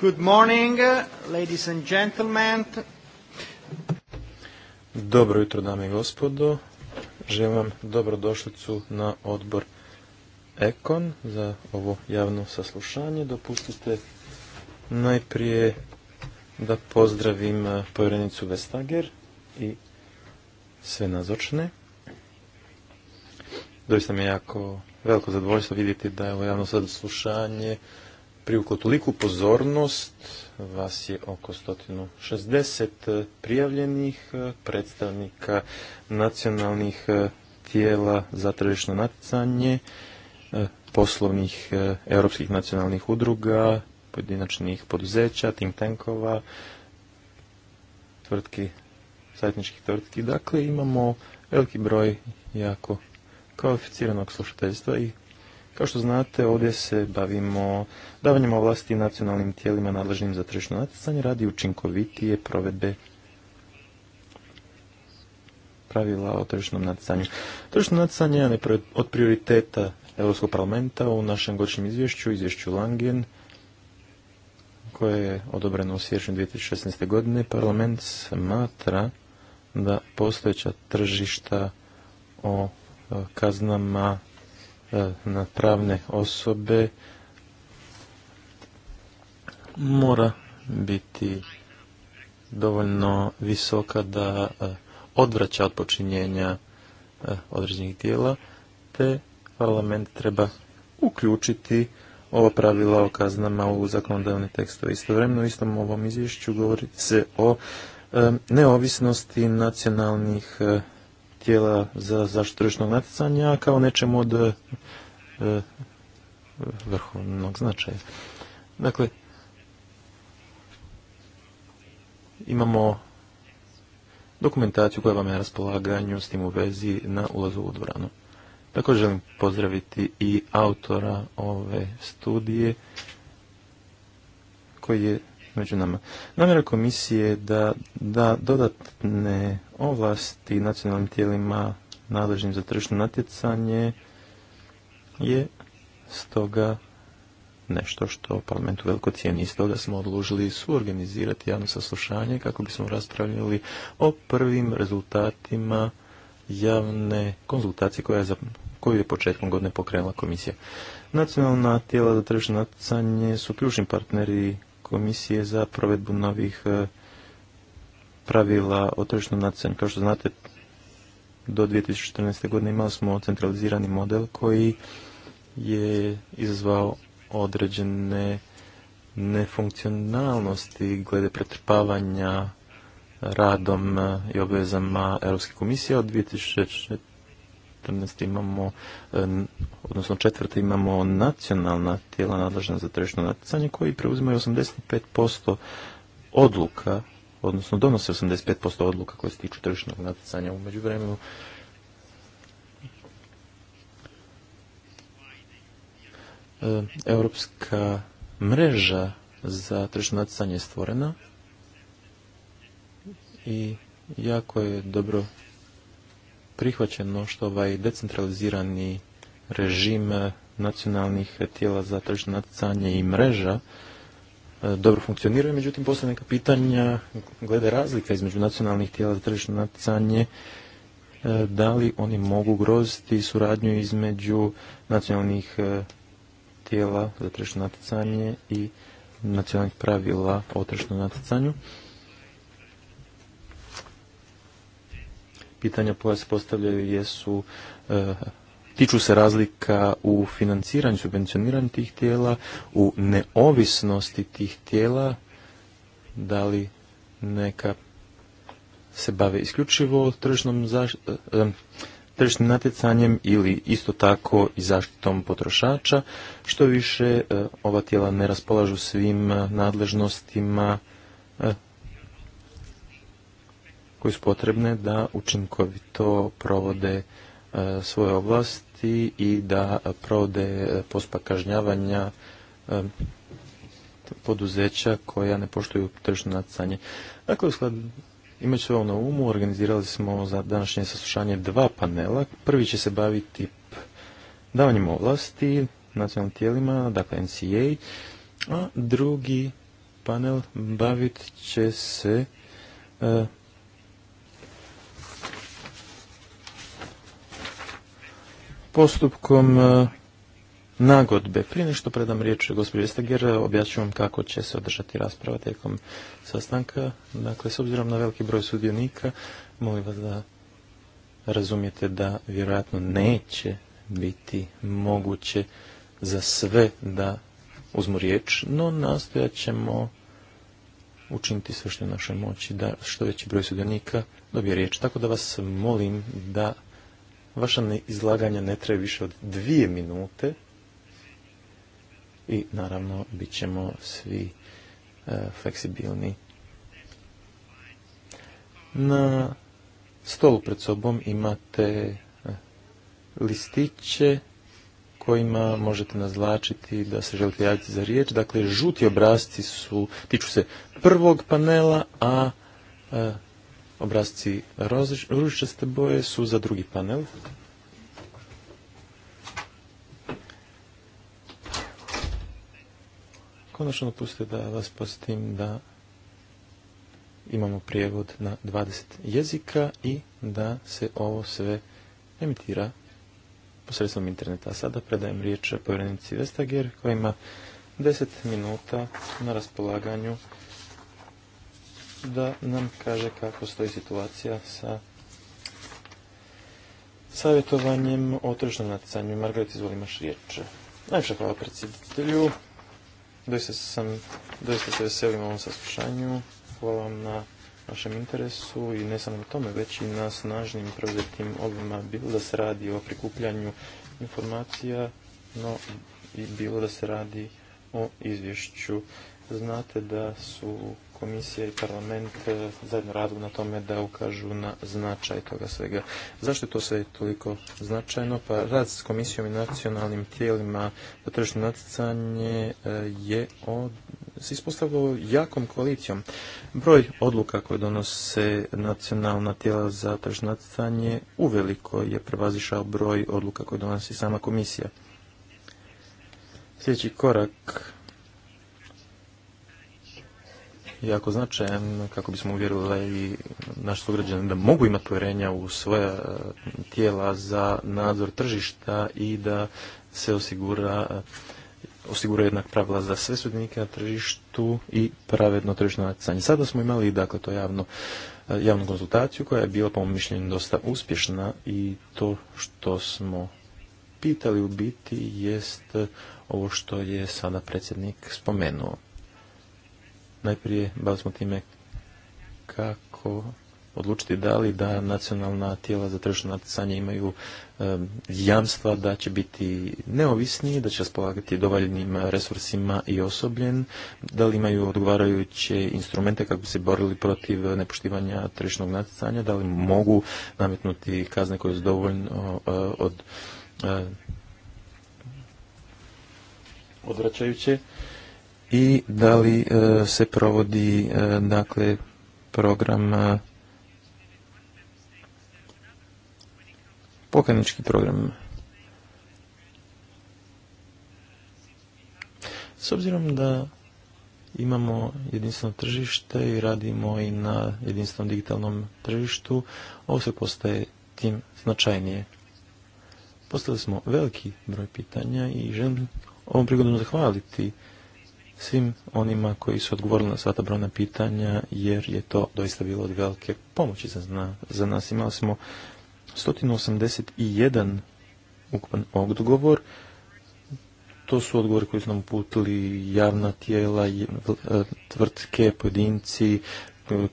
Good morning, ladies and gentlemen. Dobro jutro, dame i gospodo. Želim vam dobrodošlicu na odbor Ekon za ovo javno saslušanje. Dopustite najprije da pozdravim eh, povjerenicu Vestager i sve nazočne. Doista mi je jako veliko zadovoljstvo vidjeti da je ovo javno saslušanje privuklo toliku pozornost. Vas je oko 160 e, prijavljenih e, predstavnika nacionalnih e, tijela za tržišno natjecanje, poslovnih europskih nacionalnih udruga, pojedinačnih poduzeća, think tankova, tvrtki, sajtničkih tvrtki. Dakle, imamo veliki broj jako kvalificiranog slušateljstva i kao što znate, ovdje se bavimo davanjem ovlasti nacionalnim tijelima nadležnim za tržišno natjecanje radi učinkovitije provedbe pravila o tržišnom natjecanju. Tržišno natjecanje je od prioriteta Europskog parlamenta u našem godišnjem izvješću, izvješću Langen, koje je odobreno u siječnju 2016. godine, parlament smatra da postojeća tržišta o e, kaznama E, na pravne osobe mora biti dovoljno visoka da e, odvraća od počinjenja e, određenih dijela, te parlament treba uključiti ova pravila o kaznama u zakonodavne tekstove. Istovremeno u istom ovom izvješću govori se o neovisnosti nacionalnih tijela za zaštitu tržišnog natjecanja kao nečem od e, vrhovnog značaja. Dakle, imamo dokumentaciju koja vam je na raspolaganju s tim u vezi na ulazu u dvoranu. Također želim pozdraviti i autora ove studije koji je među nama. Namjera komisije je da, da dodatne ovlasti nacionalnim tijelima nadležnim za tržišno natjecanje je stoga nešto što parlamentu veliko cijeni. i toga smo odlužili suorganizirati javno saslušanje kako bismo raspravljali o prvim rezultatima javne konzultacije koja je za, koju je početkom godine pokrenula komisija. Nacionalna tijela za tržišno natjecanje su ključni partneri komisije za provedbu novih e, pravila o tržišnom nacenju. Kao što znate, do 2014. godine imali smo centralizirani model koji je izazvao određene nefunkcionalnosti glede pretrpavanja radom e, i obvezama Europske komisije od 2014 imamo, e, odnosno četvrta imamo nacionalna tijela nadležna za tržišno natjecanje koji preuzimaju 85% odluka, odnosno donose 85% odluka koje se tiču tržišnog natjecanja. U međuvremenu e, europska mreža za tržišno natjecanje je stvorena i jako je dobro prihvaćeno što ovaj decentralizirani režim nacionalnih tijela za tržno natjecanje i mreža e, dobro funkcioniraju, međutim postoje neka pitanja glede razlika između nacionalnih tijela za tržišno natjecanje e, da li oni mogu groziti suradnju između nacionalnih e, tijela za tržišno natjecanje i nacionalnih pravila o tržišnom natjecanju. pitanja koja se postavljaju jesu e, tiču se razlika u financiranju, subvencioniranju tih tijela, u neovisnosti tih tijela, da li neka se bave isključivo tržišnom zaš... E, tržišnim natjecanjem ili isto tako i zaštitom potrošača. Što više, e, ova tijela ne raspolažu svim nadležnostima koje su potrebne da učinkovito provode e, svoje oblasti i da provode postupak kažnjavanja e, poduzeća koja ne poštuju tržno natjecanje. Dakle, imajući ću ovo na umu, organizirali smo za današnje saslušanje dva panela. Prvi će se baviti davanjem ovlasti nacionalnim tijelima, dakle NCA, a drugi panel bavit će se e, postupkom e, nagodbe. Prije nešto predam riječ gospođi Vestager, objačujem vam kako će se održati rasprava tijekom sastanka. Dakle, s obzirom na veliki broj sudionika, molim vas da razumijete da vjerojatno neće biti moguće za sve da uzmu riječ, no nastojat ćemo učiniti sve što je našoj moći da što veći broj sudionika dobije riječ. Tako da vas molim da vaša izlaganja ne traju više od dvije minute i naravno bit ćemo svi e, fleksibilni. Na stolu pred sobom imate e, listiće kojima možete nazlačiti da se želite javiti za riječ. Dakle, žuti obrazci su, tiču se prvog panela, a e, Obrazci ružičaste boje su za drugi panel. Konačno pustite da vas postim da imamo prijevod na 20 jezika i da se ovo sve emitira posredstvom interneta. sada predajem riječ povjerenici Vestager koja ima 10 minuta na raspolaganju da nam kaže kako stoji situacija sa savjetovanjem o tržnom natjecanju. Margaret, izvoli riječ. Najviše hvala predsjedatelju. Doista, sam, se veselim ovom saslušanju. Hvala vam na našem interesu i ne samo na tome, već i na snažnim preuzetim obima bilo da se radi o prikupljanju informacija, no i bilo da se radi o izvješću. Znate da su komisija i parlament e, zajedno radili na tome da ukažu na značaj toga svega. Zašto je to sve toliko značajno? Pa rad s komisijom i nacionalnim tijelima za tržišno natjecanje e, je od, se ispostavilo jakom koalicijom. Broj odluka koje donose nacionalna tijela za tržišno natjecanje uveliko je prevazišao broj odluka koje donosi sama komisija. Sljedeći korak jako značajan kako bismo uvjerili naši sugrađani da mogu imati povjerenja u svoja e, tijela za nadzor tržišta i da se osigura osigura jednak pravila za sve sudionike na tržištu i pravedno tržišno natjecanje. Sada smo imali dakle to javno e, javnu konzultaciju koja je bila po mom mišljenju dosta uspješna i to što smo pitali u biti jest ovo što je sada predsjednik spomenuo. Najprije bavili smo time kako odlučiti da li da nacionalna tijela za tržišno natjecanje imaju jamstva da će biti neovisni, da će raspolagati dovoljnim resursima i osobljen, da li imaju odgovarajuće instrumente kako bi se borili protiv nepoštivanja tržišnog natjecanja, da li mogu nametnuti kazne koje su dovoljno e, od, e, odvraćajuće i da li e, se provodi e, dakle program e, pokajnički program S obzirom da imamo jedinstveno tržište i radimo i na jedinstvenom digitalnom tržištu, ovo se postaje tim značajnije. Postavili smo veliki broj pitanja i želim ovom prigodom zahvaliti svim onima koji su odgovorili na sva ta brojna pitanja, jer je to doista bilo od velike pomoći za, nas. Imali smo 181 ukupan odgovor. To su odgovori koji su nam uputili javna tijela, e, tvrtke, pojedinci,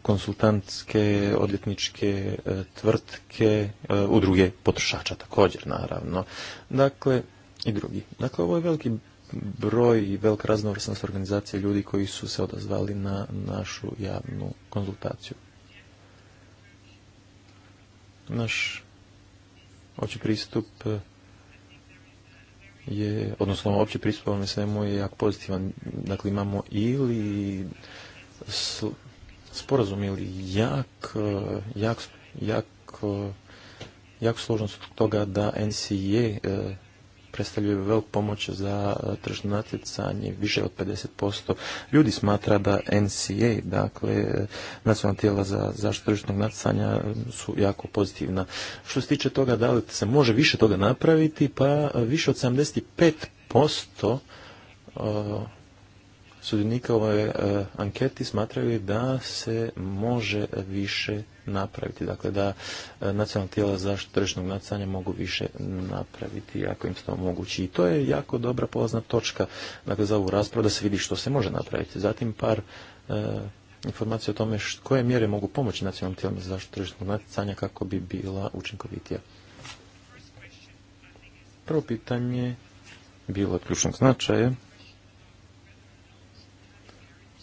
konsultantske, odvjetničke e, tvrtke, e, udruge potrošača također, naravno. Dakle, i drugi. Dakle, ovo je veliki broj i velika raznovrsnost organizacije ljudi koji su se odazvali na našu javnu konzultaciju. Naš opći pristup je, odnosno opći pristup ovome svemu je jako pozitivan. Dakle, imamo ili sporazum ili jak, jak, jako, jako složnost toga da NCA predstavljaju veliku pomoć za e, tržno natjecanje. Više od 50% ljudi smatra da NCA, dakle e, nacionalna tijela za zaštitu tržišnog natjecanja su jako pozitivna. Što se tiče toga da li se može više toga napraviti, pa e, više od 75% sudionika ove anketi smatraju da se može više napraviti. Dakle, da e, nacionalna tijela zaštitu tržišnog nacanja mogu više napraviti ako im se to omogući. I to je jako dobra polazna točka dakle, za ovu raspravu da se vidi što se može napraviti. Zatim par e, informacija o tome koje mjere mogu pomoći nacionalnim tijelima za zaštitu tržišnog natjecanja kako bi bila učinkovitija. Prvo pitanje bilo od ključnog značaja.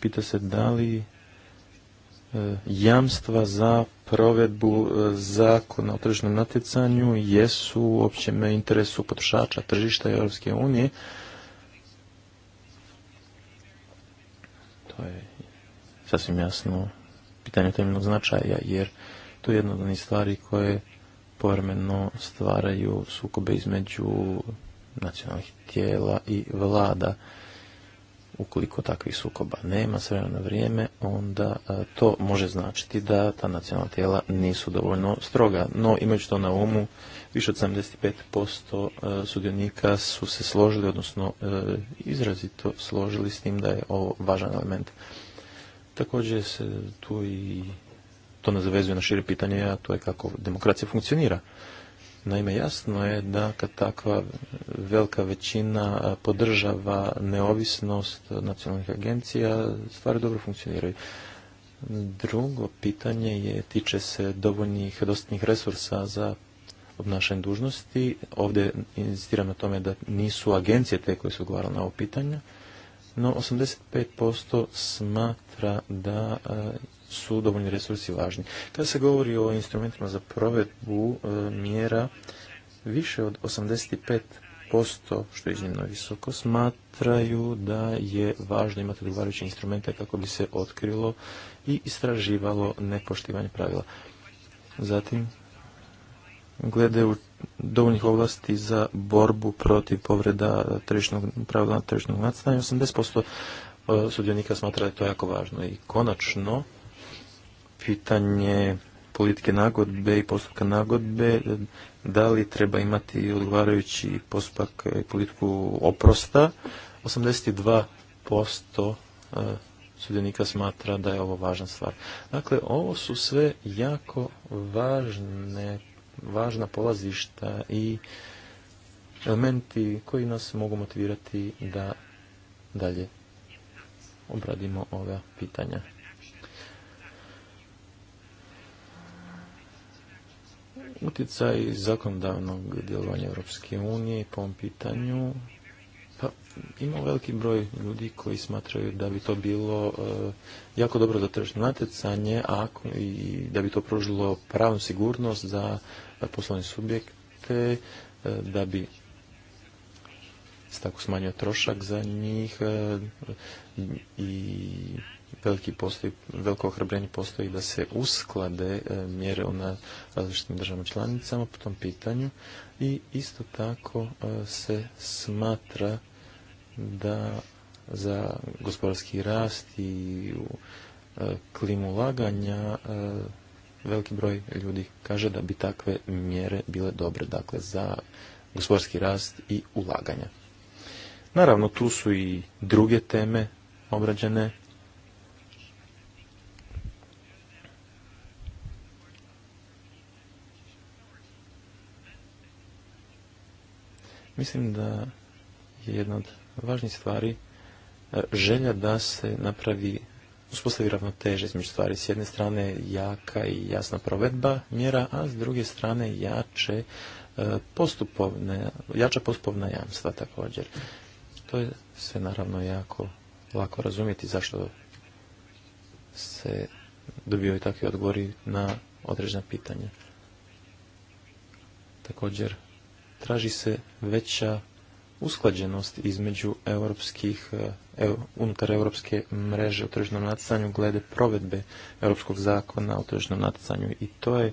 Pita se da li jamstva za provedbu e, zakona o tržišnom natjecanju jesu u općem interesu potrošača tržišta Europske unije. To je sasvim jasno pitanje temeljnog značaja, jer to je jedna od onih stvari koje povremeno stvaraju sukobe između nacionalnih tijela i vlada. Ukoliko takvih sukoba nema s vremena na vrijeme, onda e, to može značiti da ta nacionalna tijela nisu dovoljno stroga. No, imajući to na umu, više od 75% e, sudionika su se složili, odnosno e, izrazito složili s tim da je ovo važan element. Također se tu i to ne zavezuje na šire pitanje, a to je kako demokracija funkcionira. Naime, jasno je da kad takva velika većina podržava neovisnost nacionalnih agencija, stvari dobro funkcioniraju. Drugo pitanje je, tiče se dovoljnih dostatnih resursa za obnašanje dužnosti. Ovdje insistiram na tome da nisu agencije te koje su govarali na ovo pitanje, no 85% smatra da su dovoljni resursi važni. Kada se govori o instrumentima za provedbu e, mjera, više od 85% što je iznimno visoko, smatraju da je važno imati odgovarajuće instrumente kako bi se otkrilo i istraživalo nepoštivanje pravila. Zatim, glede u dovoljnih oblasti za borbu protiv povreda tržišnog, pravila tržišnog osamdeset 80% e, sudionika smatra da je to jako važno. I konačno, pitanje politike nagodbe i postupka nagodbe, da li treba imati odgovarajući postupak i e, politiku oprosta. 82% e, sudionika smatra da je ovo važna stvar. Dakle, ovo su sve jako važne, važna polazišta i elementi koji nas mogu motivirati da dalje obradimo ova pitanja. utjecaj zakonodavnog djelovanja Europske unije po ovom pitanju pa ima veliki broj ljudi koji smatraju da bi to bilo eh, jako dobro za tržno natjecanje i da bi to pružilo pravnu sigurnost za poslovne subjekte eh, da bi se tako smanjio trošak za njih eh, i veliki postoji, veliko ohrabrenje postoji da se usklade e, mjere na različitim državama članicama po tom pitanju i isto tako e, se smatra da za gospodarski rast i e, klimu ulaganja veliki broj ljudi kaže da bi takve mjere bile dobre dakle za gospodarski rast i ulaganja. Naravno tu su i druge teme obrađene Mislim da je jedna od važnijih stvari e, želja da se napravi uspostavi ravnoteže između stvari. S jedne strane jaka i jasna provedba mjera, a s druge strane jače e, postupovne, jača postupovna jamstva također. To je sve naravno jako lako razumjeti zašto se dobivaju takvi odgovori na određena pitanja. Također traži se veća usklađenost između europskih, e, ev, unutar europske mreže o tržnom natjecanju glede provedbe europskog zakona o tržnom natjecanju i to je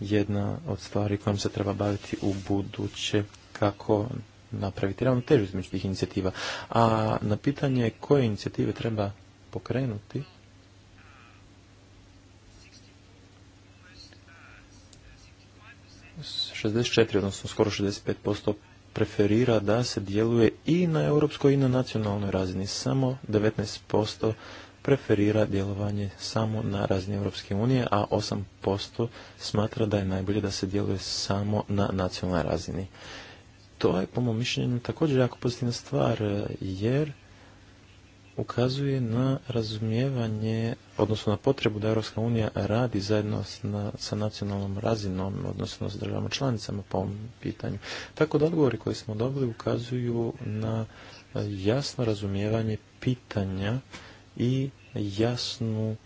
jedna od stvari kojom se treba baviti u buduće kako napraviti ravnotežu između tih inicijativa. A na pitanje koje inicijative treba pokrenuti, 64, odnosno skoro 65% preferira da se djeluje i na europskoj i na nacionalnoj razini. Samo 19% preferira djelovanje samo na razini Europske unije, a 8% smatra da je najbolje da se djeluje samo na nacionalnoj razini. To je, po mom mišljenju, također jako pozitivna stvar, jer ukazuje na razumijevanje, odnosno na potrebu da Europska unija radi zajedno sa nacionalnom razinom, odnosno s državama članicama po ovom pitanju. Tako da odgovori koje smo dobili ukazuju na jasno razumijevanje pitanja i jasnu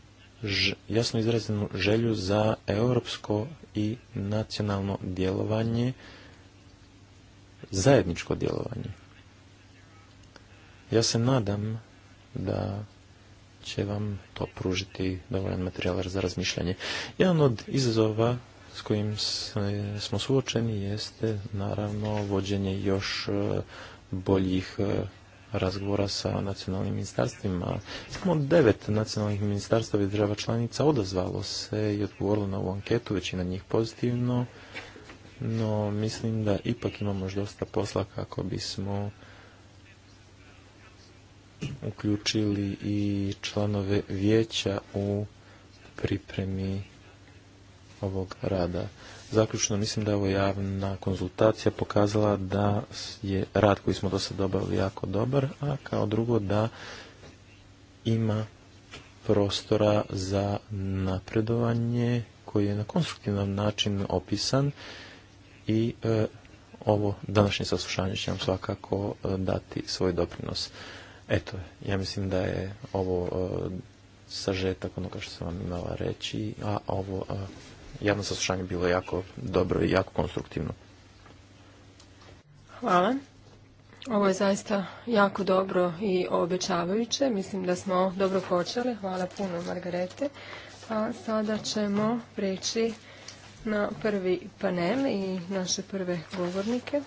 jasno izrazenu želju za europsko i nacionalno djelovanje, zajedničko djelovanje. Ja se nadam da će vam to pružiti dovoljan materijal za razmišljanje. Jedan od izazova s kojim smo suočeni jeste naravno vođenje još e, boljih e, razgovora sa nacionalnim ministarstvima. Samo devet nacionalnih ministarstava i država članica odazvalo se i odgovorilo na ovu anketu, većina njih pozitivno, no mislim da ipak imamo još dosta posla kako bismo uključili i članove vijeća u pripremi ovog rada. Zaključno mislim da je ovo javna konzultacija pokazala da je rad koji smo do sada obavili jako dobar, a kao drugo da ima prostora za napredovanje koji je na konstruktivan način opisan i e, ovo današnje saslušanje će nam svakako e, dati svoj doprinos. Eto, ja mislim da je ovo e, sažetak onoga što sam vam imala reći, a ovo e, javno saslušanje bilo jako dobro i jako konstruktivno. Hvala. Ovo je zaista jako dobro i obećavajuće. Mislim da smo dobro počeli. Hvala puno Margarete. A sada ćemo preći na prvi panel i naše prve govornike.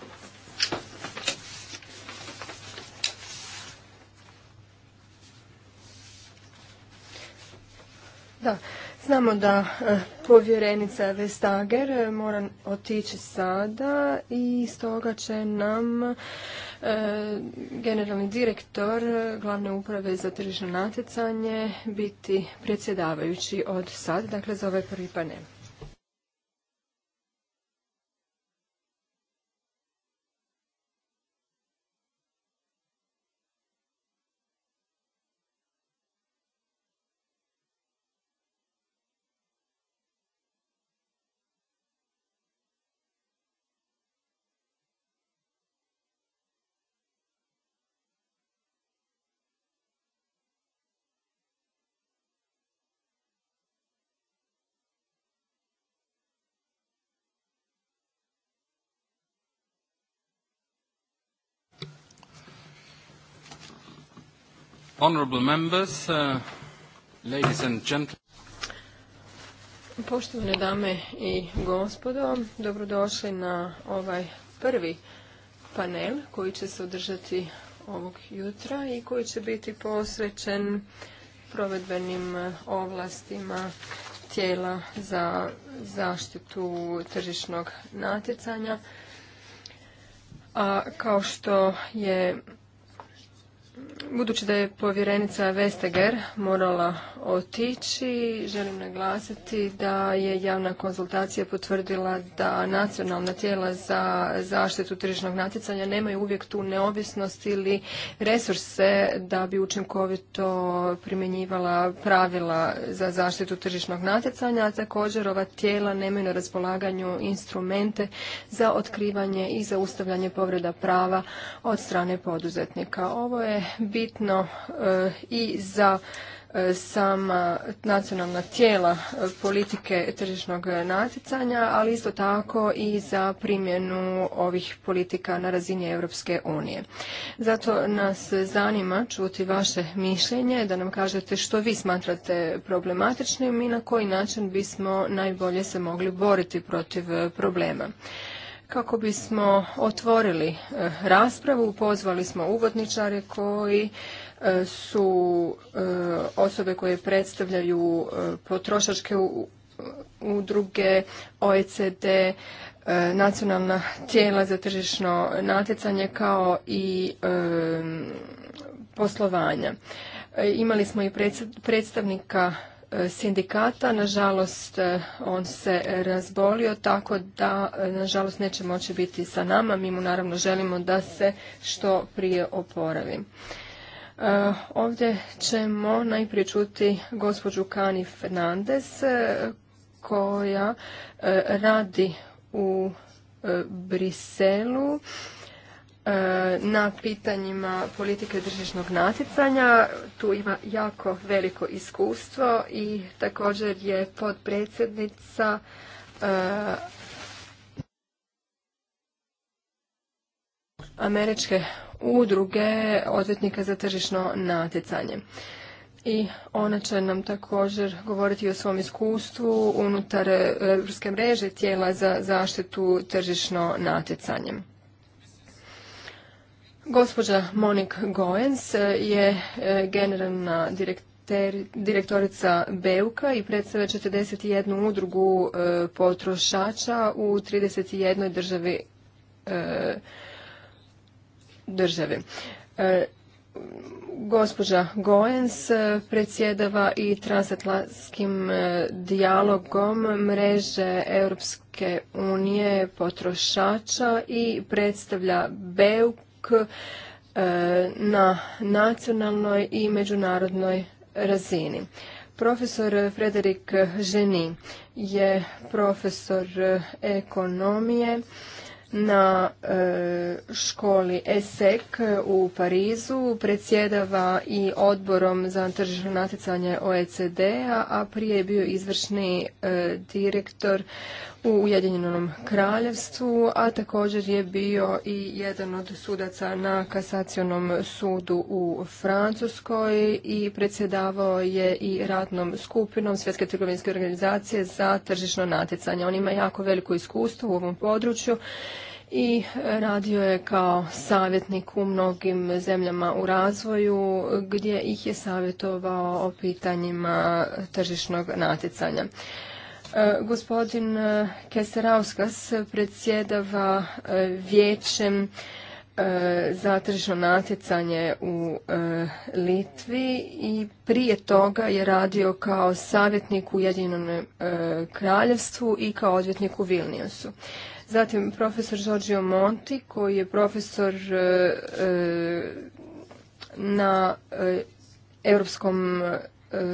Da, znamo da eh, povjerenica Vestager eh, mora otići sada i stoga će nam eh, generalni direktor glavne uprave za tržišno natjecanje biti predsjedavajući od sad, dakle za ovaj prvi panel. Honorable uh, Poštovane dame i gospodo, dobrodošli na ovaj prvi panel koji će se održati ovog jutra i koji će biti posvećen provedbenim e, ovlastima tijela za zaštitu tržišnog natjecanja. A kao što je Budući da je povjerenica Vestager morala otići, želim naglasiti da je javna konzultacija potvrdila da nacionalna tijela za zaštitu tržišnog natjecanja nemaju uvijek tu neovisnost ili resurse da bi učinkovito primjenjivala pravila za zaštitu tržišnog natjecanja, a također ova tijela nemaju na raspolaganju instrumente za otkrivanje i zaustavljanje povreda prava od strane poduzetnika. Ovo je bitno e, i za e, sama nacionalna tijela e, politike tržišnog natjecanja, ali isto tako i za primjenu ovih politika na razini Europske unije. Zato nas zanima čuti vaše mišljenje, da nam kažete što vi smatrate problematičnim i na koji način bismo najbolje se mogli boriti protiv problema. Kako bismo otvorili eh, raspravu, pozvali smo uvodničare koji eh, su eh, osobe koje predstavljaju potrošačke udruge, OECD, nacionalna tijela za tržišno natjecanje kao i poslovanja. Imali smo i predstavnika sindikata. Nažalost, e, on se razbolio, tako da, e, nažalost, neće moći biti sa nama. Mi mu naravno želimo da se što prije oporavi. E, ovdje ćemo najprije čuti gospođu Kani Fernandez, koja radi u Briselu E, na pitanjima politike tržišnog natjecanja. Tu ima jako veliko iskustvo i također je podpredsjednica e, Američke udruge odvjetnika za tržišno natjecanje. I ona će nam također govoriti o svom iskustvu unutar e, Europske mreže tijela za zaštitu tržišno natjecanje. Gospođa Monik Goens e, je e, generalna direktorica Beuka i predstavlja 41 udrugu e, potrošača u 31 državi državi. Gospođa Goens predsjedava i transatlantskim dijalogom mreže Europske unije potrošača i predstavlja BEUK E, na nacionalnoj i međunarodnoj razini. Profesor Frederik Ženi je profesor ekonomije na e, školi ESEC u Parizu, predsjedava i odborom za tržišno natjecanje OECD-a, a prije je bio izvršni e, direktor u Ujedinjenom kraljevstvu, a također je bio i jedan od sudaca na kasacionom sudu u Francuskoj i predsjedavao je i ratnom skupinom Svjetske trgovinske organizacije za tržišno natjecanje. On ima jako veliko iskustvo u ovom području i radio je kao savjetnik u mnogim zemljama u razvoju gdje ih je savjetovao o pitanjima tržišnog natjecanja. E, gospodin e, Keserauskas predsjedava e, vijećem za tržno natjecanje u Litvi i prije toga je radio kao savjetnik u Jedinom kraljevstvu i kao odvjetnik u Vilniusu. Zatim profesor Giorgio Monti koji je profesor na Europskom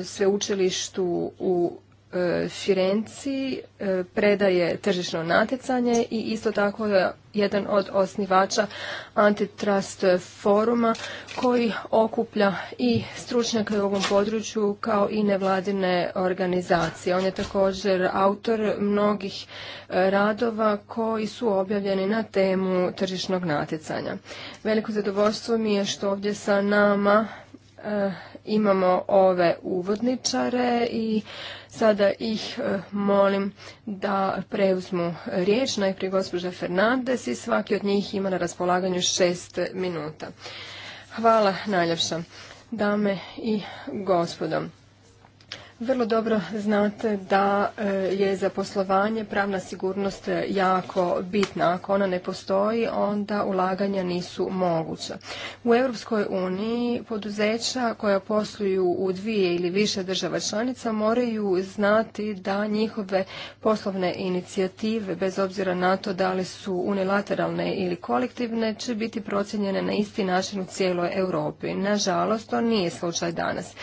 sveučilištu u E, Firenci e, predaje tržišno natjecanje i isto tako je jedan od osnivača antitrust foruma koji okuplja i stručnjake u ovom području kao i nevladine organizacije. On je također autor mnogih e, radova koji su objavljeni na temu tržišnog natjecanja. Veliko zadovoljstvo mi je što ovdje sa nama imamo ove uvodničare i Sada ih e, molim da preuzmu riječ. Najprije gospođa Fernandez i svaki od njih ima na raspolaganju šest minuta. Hvala najljepša. Dame i gospodo, vrlo dobro znate da e, je za poslovanje pravna sigurnost e, jako bitna. Ako ona ne postoji, onda ulaganja nisu moguća. U Europskoj uniji poduzeća koja posluju u dvije ili više država članica moraju znati da njihove poslovne inicijative, bez obzira na to da li su unilateralne ili kolektivne, će biti procijenjene na isti način u cijeloj Europi. Nažalost, to nije slučaj danas.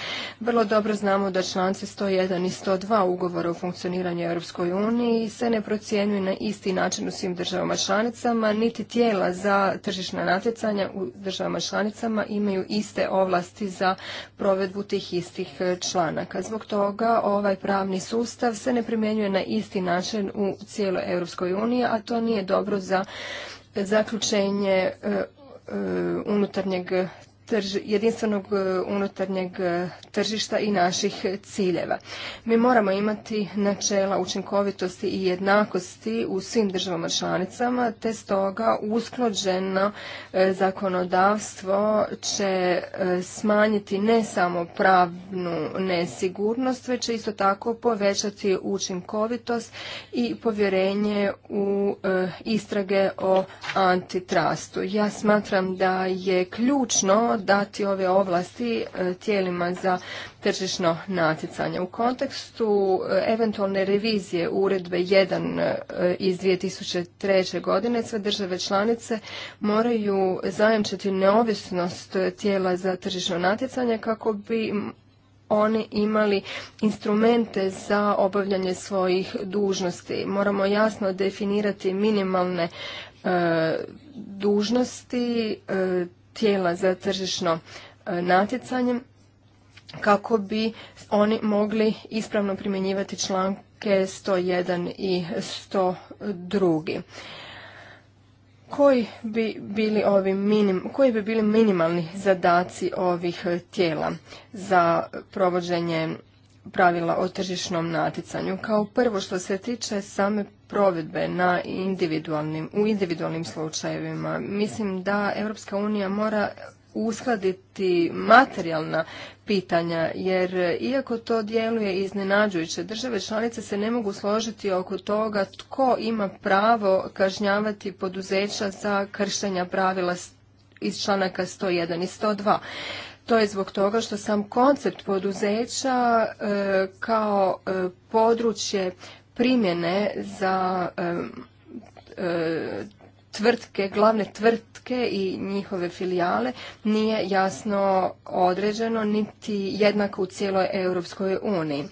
Vrlo dobro znamo da članci 101 i 102 ugovora o funkcioniranju Europskoj uniji se ne procjenjuje na isti način u svim državama članicama, niti tijela za tržišna natjecanja u državama članicama imaju iste ovlasti za provedbu tih istih e, članaka. Zbog toga ovaj pravni sustav se ne primjenjuje na isti način u cijeloj Europskoj uniji, a to nije dobro za zaključenje e, e, unutarnjeg jedinstvenog e, unutarnjeg e, tržišta i naših ciljeva. Mi moramo imati načela učinkovitosti i jednakosti u svim državama članicama, te stoga usklađeno e, zakonodavstvo će smanjiti ne samo pravnu nesigurnost, već će isto tako povećati učinkovitost i povjerenje u istrage o antitrastu. Ja smatram da je ključno dati ove ovlasti e, tijelima za tržišno natjecanje. U kontekstu e, eventualne revizije uredbe 1 e, iz 2003. godine sve države članice moraju zajamčiti neovisnost tijela za tržišno natjecanje kako bi oni imali instrumente za obavljanje svojih dužnosti. Moramo jasno definirati minimalne dužnosti tijela za tržišno e, natjecanje kako bi oni mogli ispravno primjenjivati članke 101 i 102 koji bi bili ovi minim, koji bi bili minimalni zadaci ovih tijela za provođenje pravila o tržišnom natjecanju. Kao prvo što se tiče same provedbe na individualnim, u individualnim slučajevima, mislim da Europska unija mora uskladiti materijalna pitanja, jer iako to djeluje iznenađujuće, države članice se ne mogu složiti oko toga tko ima pravo kažnjavati poduzeća za kršenja pravila iz članaka 101 i 102. To je zbog toga što sam koncept poduzeća e, kao e, područje primjene za e, tvrtke, glavne tvrtke i njihove filijale nije jasno određeno niti jednako u cijeloj Europskoj uniji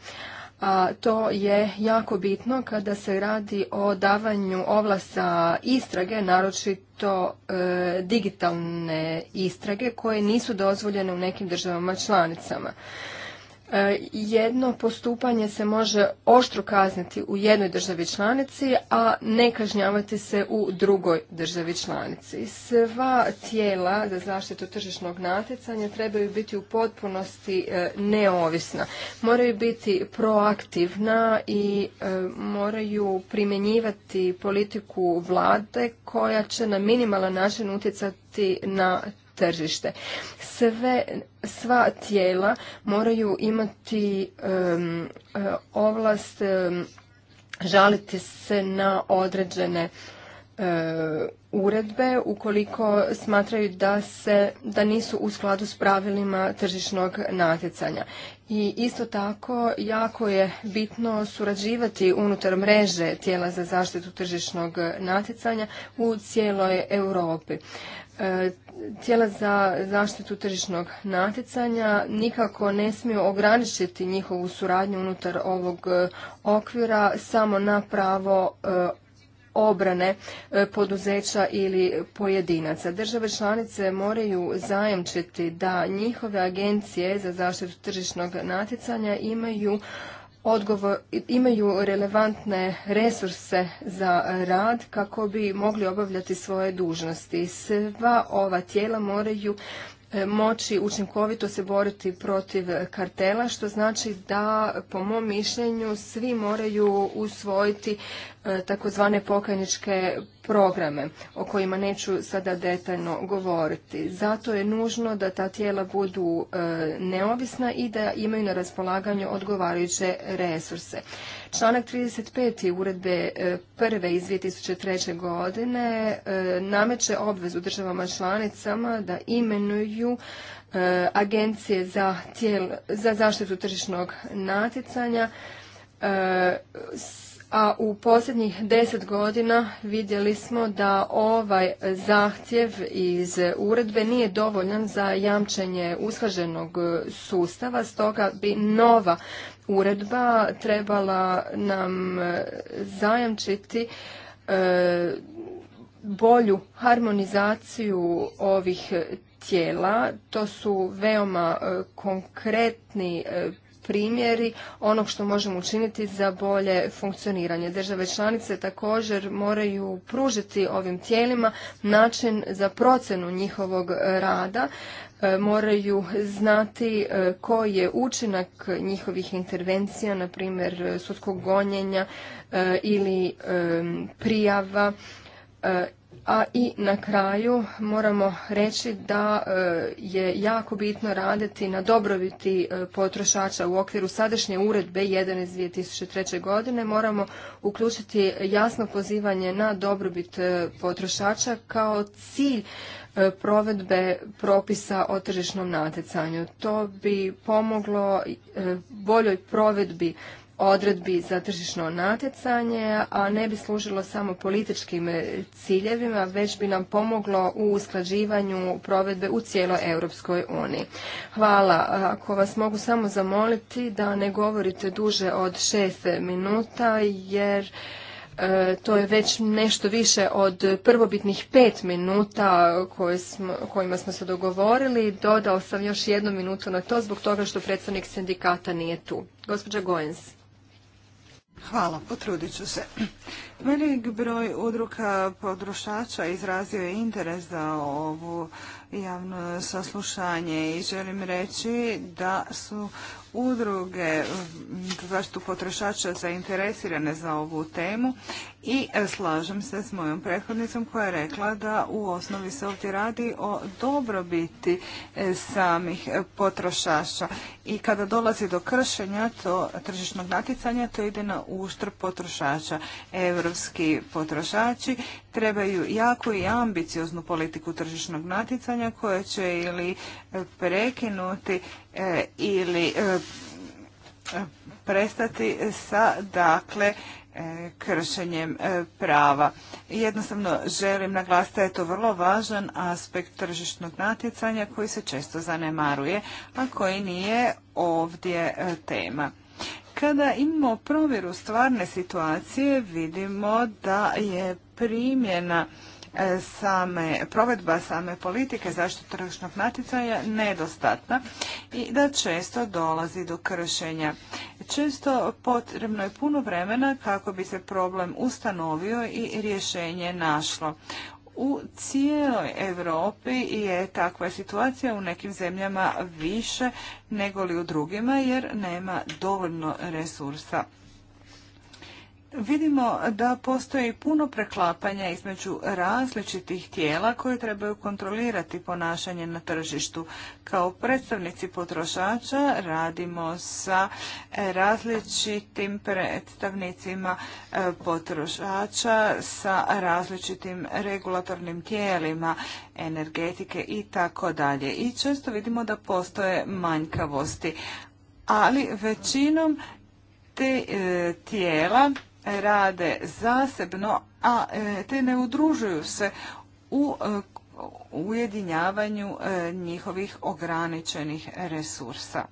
a to je jako bitno kada se radi o davanju ovlasa istrage, naročito e, digitalne istrage koje nisu dozvoljene u nekim državama članicama. E, jedno postupanje se može oštro kazniti u jednoj državi članici, a ne kažnjavati se u drugoj državi članici. Sva tijela za zaštitu tržišnog natjecanja trebaju biti u potpunosti e, neovisna. Moraju biti proaktivna i e, moraju primjenjivati politiku vlade koja će na minimalan način utjecati na tržište. Sve, sva tijela moraju imati e, ovlast žaliti se na određene e, uredbe ukoliko smatraju da se da nisu u skladu s pravilima tržišnog natjecanja. I isto tako jako je bitno surađivati unutar mreže tijela za zaštitu tržišnog natjecanja u cijeloj Europi. E, tijela za zaštitu tržišnog natjecanja nikako ne smiju ograničiti njihovu suradnju unutar ovog e, okvira samo na pravo e, obrane poduzeća ili pojedinaca. Države članice moraju zajamčiti da njihove agencije za zaštitu tržišnog natjecanja imaju odgovor, imaju relevantne resurse za rad kako bi mogli obavljati svoje dužnosti. Sva ova tijela moraju E, moći učinkovito se boriti protiv kartela, što znači da, po mom mišljenju, svi moraju usvojiti e, takozvane pokajničke programe, o kojima neću sada detaljno govoriti. Zato je nužno da ta tijela budu e, neovisna i da imaju na raspolaganju odgovarajuće resurse. Članak 35. uredbe e, prve iz 2003. godine e, nameće obvezu državama članicama da imenuju e, agencije za, za zaštitu tržišnog natjecanja a u posljednjih deset godina vidjeli smo da ovaj zahtjev iz uredbe nije dovoljan za jamčenje usklaženog sustava, stoga bi nova uredba trebala nam e, zajamčiti e, bolju harmonizaciju ovih tijela. To su veoma e, konkretni primjeri onog što možemo učiniti za bolje funkcioniranje. Države članice također moraju pružiti ovim tijelima način za procenu njihovog rada, e, moraju znati e, koji je učinak njihovih intervencija, na primjer sudskog gonjenja e, ili prijava a i na kraju moramo reći da e, je jako bitno raditi na dobrobiti e, potrošača u okviru sadašnje uredbe 1 iz 2003. godine. Moramo uključiti jasno pozivanje na dobrobit e, potrošača kao cilj provedbe propisa o tržišnom natjecanju. To bi pomoglo boljoj provedbi odredbi za tržišno natjecanje, a ne bi služilo samo političkim ciljevima, već bi nam pomoglo u usklađivanju provedbe u cijeloj Europskoj uniji. Hvala. Ako vas mogu samo zamoliti da ne govorite duže od šest minuta, jer e, to je već nešto više od prvobitnih pet minuta koje kojima smo se dogovorili. Dodao sam još jednu minutu na to zbog toga što predstavnik sindikata nije tu. Gospođa Gojens. Hvala, potrudit ću se. Velik broj udruka potrošača izrazio je interes za ovu javno saslušanje i želim reći da su udruge za mm, zaštitu potrošača zainteresirane za ovu temu i e, slažem se s mojom prethodnicom koja je rekla da u osnovi se ovdje radi o dobrobiti e, samih e, potrošača i kada dolazi do kršenja to tržišnog natjecanja to ide na uštrb potrošača. Europski potrošači trebaju jako i ambicioznu politiku tržišnog natjecanja koja će ili prekinuti E, ili e, prestati sa dakle e, kršenjem prava. Jednostavno želim naglasiti da je to vrlo važan aspekt tržišnog natjecanja koji se često zanemaruje, a koji nije ovdje tema. Kada imamo provjeru stvarne situacije vidimo da je primjena same provedba same politike zaštite tržišnog natjecanja nedostatna i da često dolazi do kršenja. Često potrebno je puno vremena kako bi se problem ustanovio i rješenje našlo. U cijeloj Europi je takva situacija u nekim zemljama više nego li u drugima jer nema dovoljno resursa vidimo da postoji puno preklapanja između različitih tijela koje trebaju kontrolirati ponašanje na tržištu. Kao predstavnici potrošača radimo sa različitim predstavnicima e, potrošača, sa različitim regulatornim tijelima energetike i tako dalje. I često vidimo da postoje manjkavosti. Ali većinom te e, tijela rade zasebno, a e, te ne udružuju se u e, ujedinjavanju e, njihovih ograničenih resursa.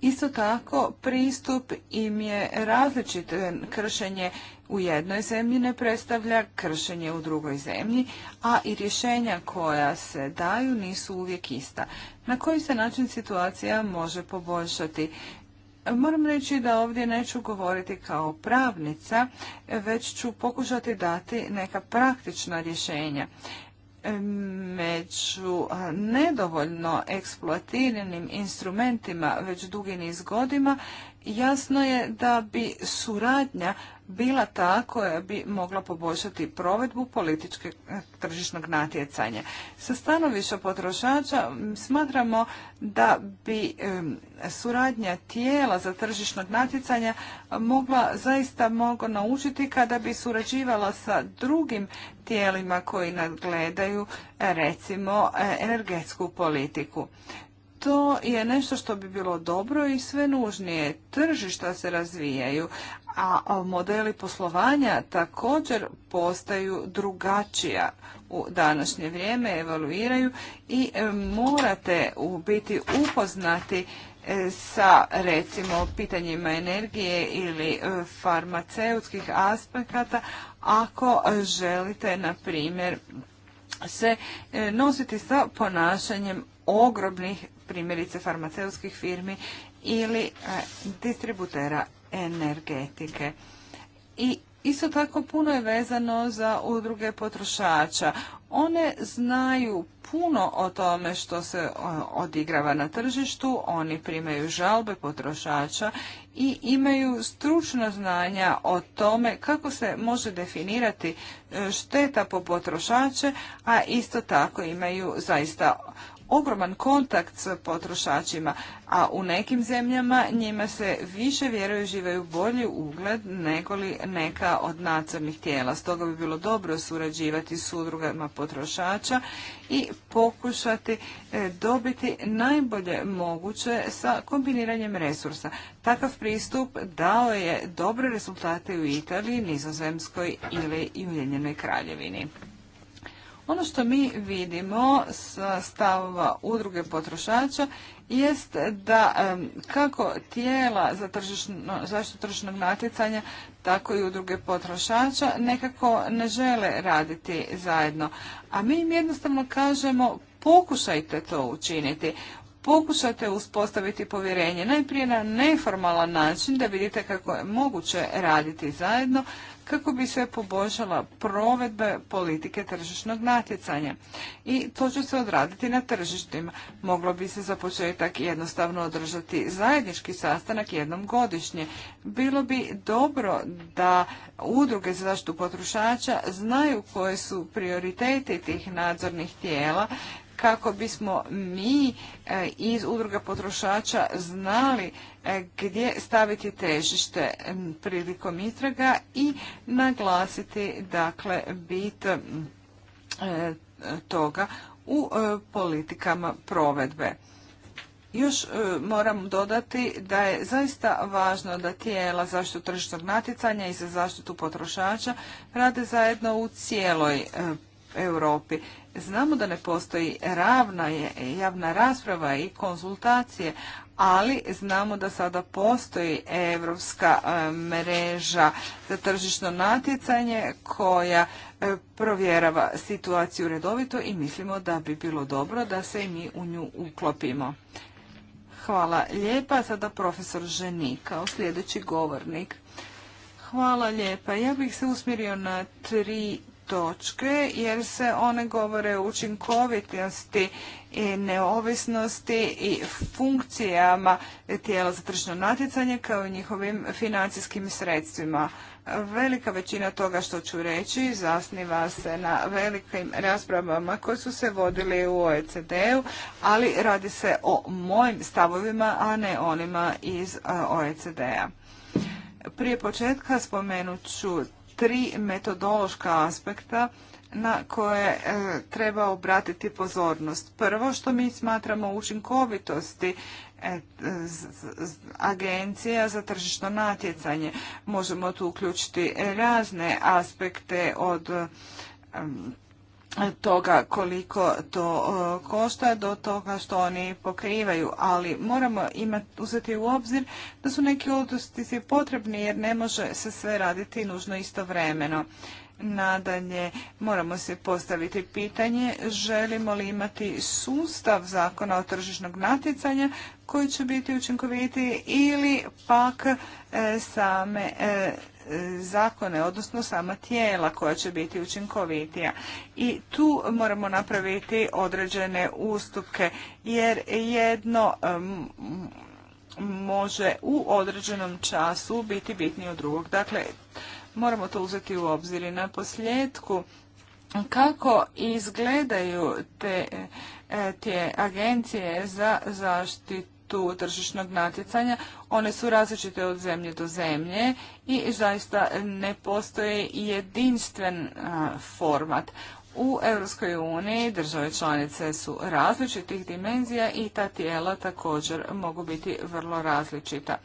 Isto tako, pristup im je različit. Kršenje u jednoj zemlji ne predstavlja kršenje u drugoj zemlji, a i rješenja koja se daju nisu uvijek ista. Na koji se način situacija može poboljšati? Moram reći da ovdje neću govoriti kao pravnica, već ću pokušati dati neka praktična rješenja. Među nedovoljno eksploatiranim instrumentima već dugi niz godina jasno je da bi suradnja bila ta koja bi mogla poboljšati provedbu političke eh, tržišnog natjecanja. Sa stanovišta potrošača smatramo da bi suradnja tijela za tržišnog natjecanja mogla zaista mogo naučiti kada bi surađivala sa drugim tijelima koji nadgledaju eh, recimo eh, energetsku politiku to je nešto što bi bilo dobro i sve nužnije. Tržišta se razvijaju, a modeli poslovanja također postaju drugačija u današnje vrijeme, evaluiraju i e, morate biti upoznati e, sa recimo pitanjima energije ili e, farmaceutskih aspekata ako želite na primjer se nositi sa ponašanjem ogromnih primjerice farmaceutskih firmi ili e, distributera energetike. I isto tako puno je vezano za udruge potrošača. One znaju puno o tome što se e, odigrava na tržištu, oni primaju žalbe potrošača i imaju stručna znanja o tome kako se može definirati e, šteta po potrošače, a isto tako imaju zaista ogroman kontakt s potrošačima, a u nekim zemljama njima se više vjeruju živaju bolji ugled nego li neka od nadzornih tijela. Stoga bi bilo dobro surađivati s udrugama potrošača i pokušati e, dobiti najbolje moguće sa kombiniranjem resursa. Takav pristup dao je dobre rezultate u Italiji, Nizozemskoj ili Ujedinjenoj kraljevini. Ono što mi vidimo s stavova udruge potrošača jest da kako tijela za zaštitu tržišnog natjecanja, tako i udruge potrošača nekako ne žele raditi zajedno. A mi im jednostavno kažemo pokušajte to učiniti. Pokušajte uspostaviti povjerenje najprije na neformalan način da vidite kako je moguće raditi zajedno, kako bi se poboljšala provedbe politike tržišnog natjecanja. I to će se odraditi na tržištima. Moglo bi se za početak jednostavno održati zajednički sastanak jednom godišnje. Bilo bi dobro da udruge za zaštitu potrošača znaju koje su prioriteti tih nadzornih tijela kako bismo mi e, iz udruga potrošača znali e, gdje staviti težište prilikom istraga i naglasiti dakle bit e, toga u politikama provedbe. Još moram dodati da je zaista važno da tijela zaštitu tržišnog natjecanja i za zaštitu potrošača rade zajedno u cijeloj Europi. Znamo da ne postoji ravna javna rasprava i konzultacije, ali znamo da sada postoji europska e, mreža za tržišno natjecanje koja e, provjerava situaciju redovito i mislimo da bi bilo dobro da se i mi u nju uklopimo. Hvala lijepa. Sada profesor Ženi kao sljedeći govornik. Hvala lijepa. Ja bih se usmjerio na tri točke jer se one govore o učinkovitosti i neovisnosti i funkcijama tijela za tržno natjecanje kao i njihovim financijskim sredstvima. Velika većina toga što ću reći zasniva se na velikim raspravama koje su se vodili u OECD-u, ali radi se o mojim stavovima, a ne onima iz OECD-a. Prije početka spomenut ću tri metodološka aspekta na koje e, treba obratiti pozornost. Prvo što mi smatramo učinkovitosti e, agencija za tržišno natjecanje. Možemo tu uključiti razne aspekte od toga koliko to e, košta do toga što oni pokrivaju, ali moramo imati, uzeti u obzir da su neki se potrebni jer ne može se sve raditi nužno istovremeno. Nadalje, moramo se postaviti pitanje želimo li imati sustav zakona o tržišnog natjecanja koji će biti učinkovitiji ili pak e, same e, zakone, odnosno sama tijela koja će biti učinkovitija. I tu moramo napraviti određene ustupke jer jedno može u određenom času biti bitnije od drugog. Dakle, moramo to uzeti u obzir i na posljedku kako izgledaju te, e, te agencije za zaštitu tu tržišnog natjecanja. One su različite od zemlje do zemlje i zaista ne postoji jedinstven format. U Europskoj uniji države članice su različitih dimenzija i ta tijela također mogu biti vrlo različita.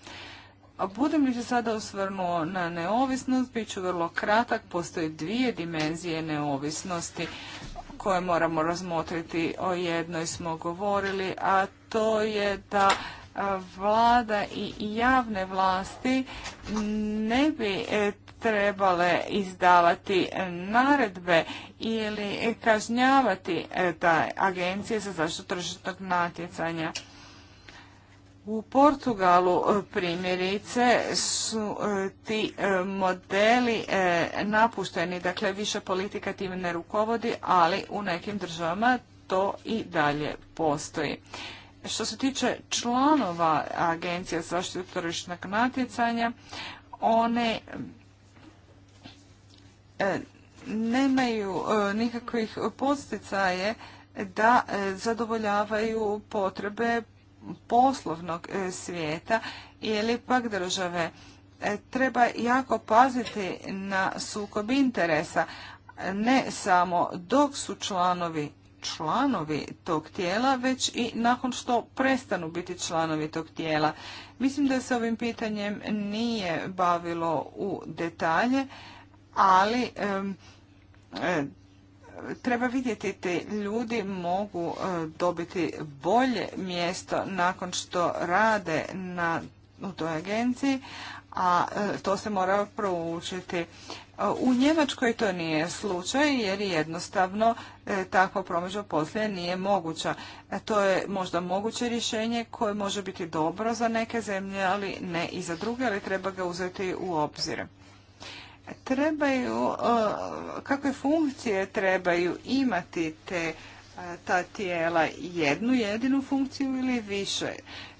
budem li se sada osvrnuo na neovisnost, bit ću vrlo kratak, postoje dvije dimenzije neovisnosti koje moramo razmotriti. O jednoj smo govorili, a to je da vlada i javne vlasti ne bi e, trebale izdavati naredbe ili kažnjavati e, agencije za zaštitu tržišnog natjecanja. U Portugalu e, primjerice su e, ti e, modeli napušteni, dakle više politika tim ne rukovodi, ali u nekim državama to i dalje postoji. Što se tiče članova Agencije za zaštitu tržišnog natjecanja, one nemaju nikakvih posticaje da zadovoljavaju potrebe poslovnog e, svijeta ili pak države. E, treba jako paziti na sukob interesa, ne samo dok su članovi članovi tog tijela, već i nakon što prestanu biti članovi tog tijela. Mislim da se ovim pitanjem nije bavilo u detalje, ali e, treba vidjeti te ljudi mogu e, dobiti bolje mjesto nakon što rade na, u toj agenciji, a e, to se mora proučiti. E, u Njemačkoj to nije slučaj jer jednostavno takva promeđa poslije nije moguća. To je možda moguće rješenje koje može biti dobro za neke zemlje, ali ne i za druge, ali treba ga uzeti u obzir trebaju, kakve funkcije trebaju imati te ta tijela jednu jedinu funkciju ili više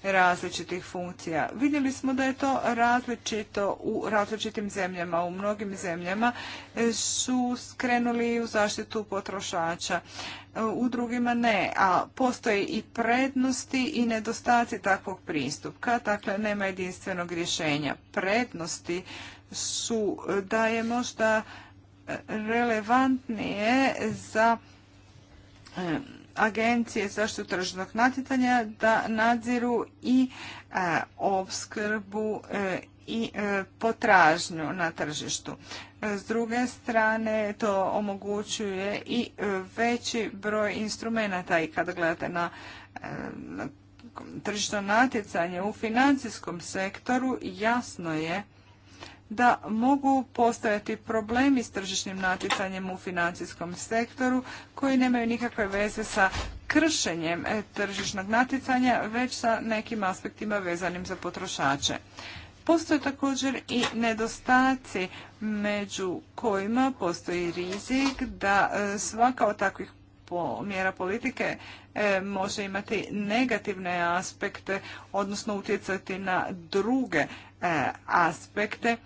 različitih funkcija. Vidjeli smo da je to različito u različitim zemljama. U mnogim zemljama e, su skrenuli u zaštitu potrošača, e, u drugima ne, a postoje i prednosti i nedostaci takvog pristupka, dakle nema jedinstvenog rješenja. Prednosti su, e, da je možda e, relevantnije za e, agencije zaštitu tržnog natjecanja da nadziru i opskrbu i potražnju na tržištu. S druge strane, to omogućuje i veći broj instrumenata i kada gledate na tržišno natjecanje u financijskom sektoru, jasno je da mogu postojati problemi s tržišnim natjecanjem u financijskom sektoru koji nemaju nikakve veze sa kršenjem e, tržišnog natjecanja, već sa nekim aspektima vezanim za potrošače. Postoje također i nedostaci među kojima postoji rizik da e, svaka od takvih mjera politike e, može imati negativne aspekte, odnosno utjecati na druge aspekte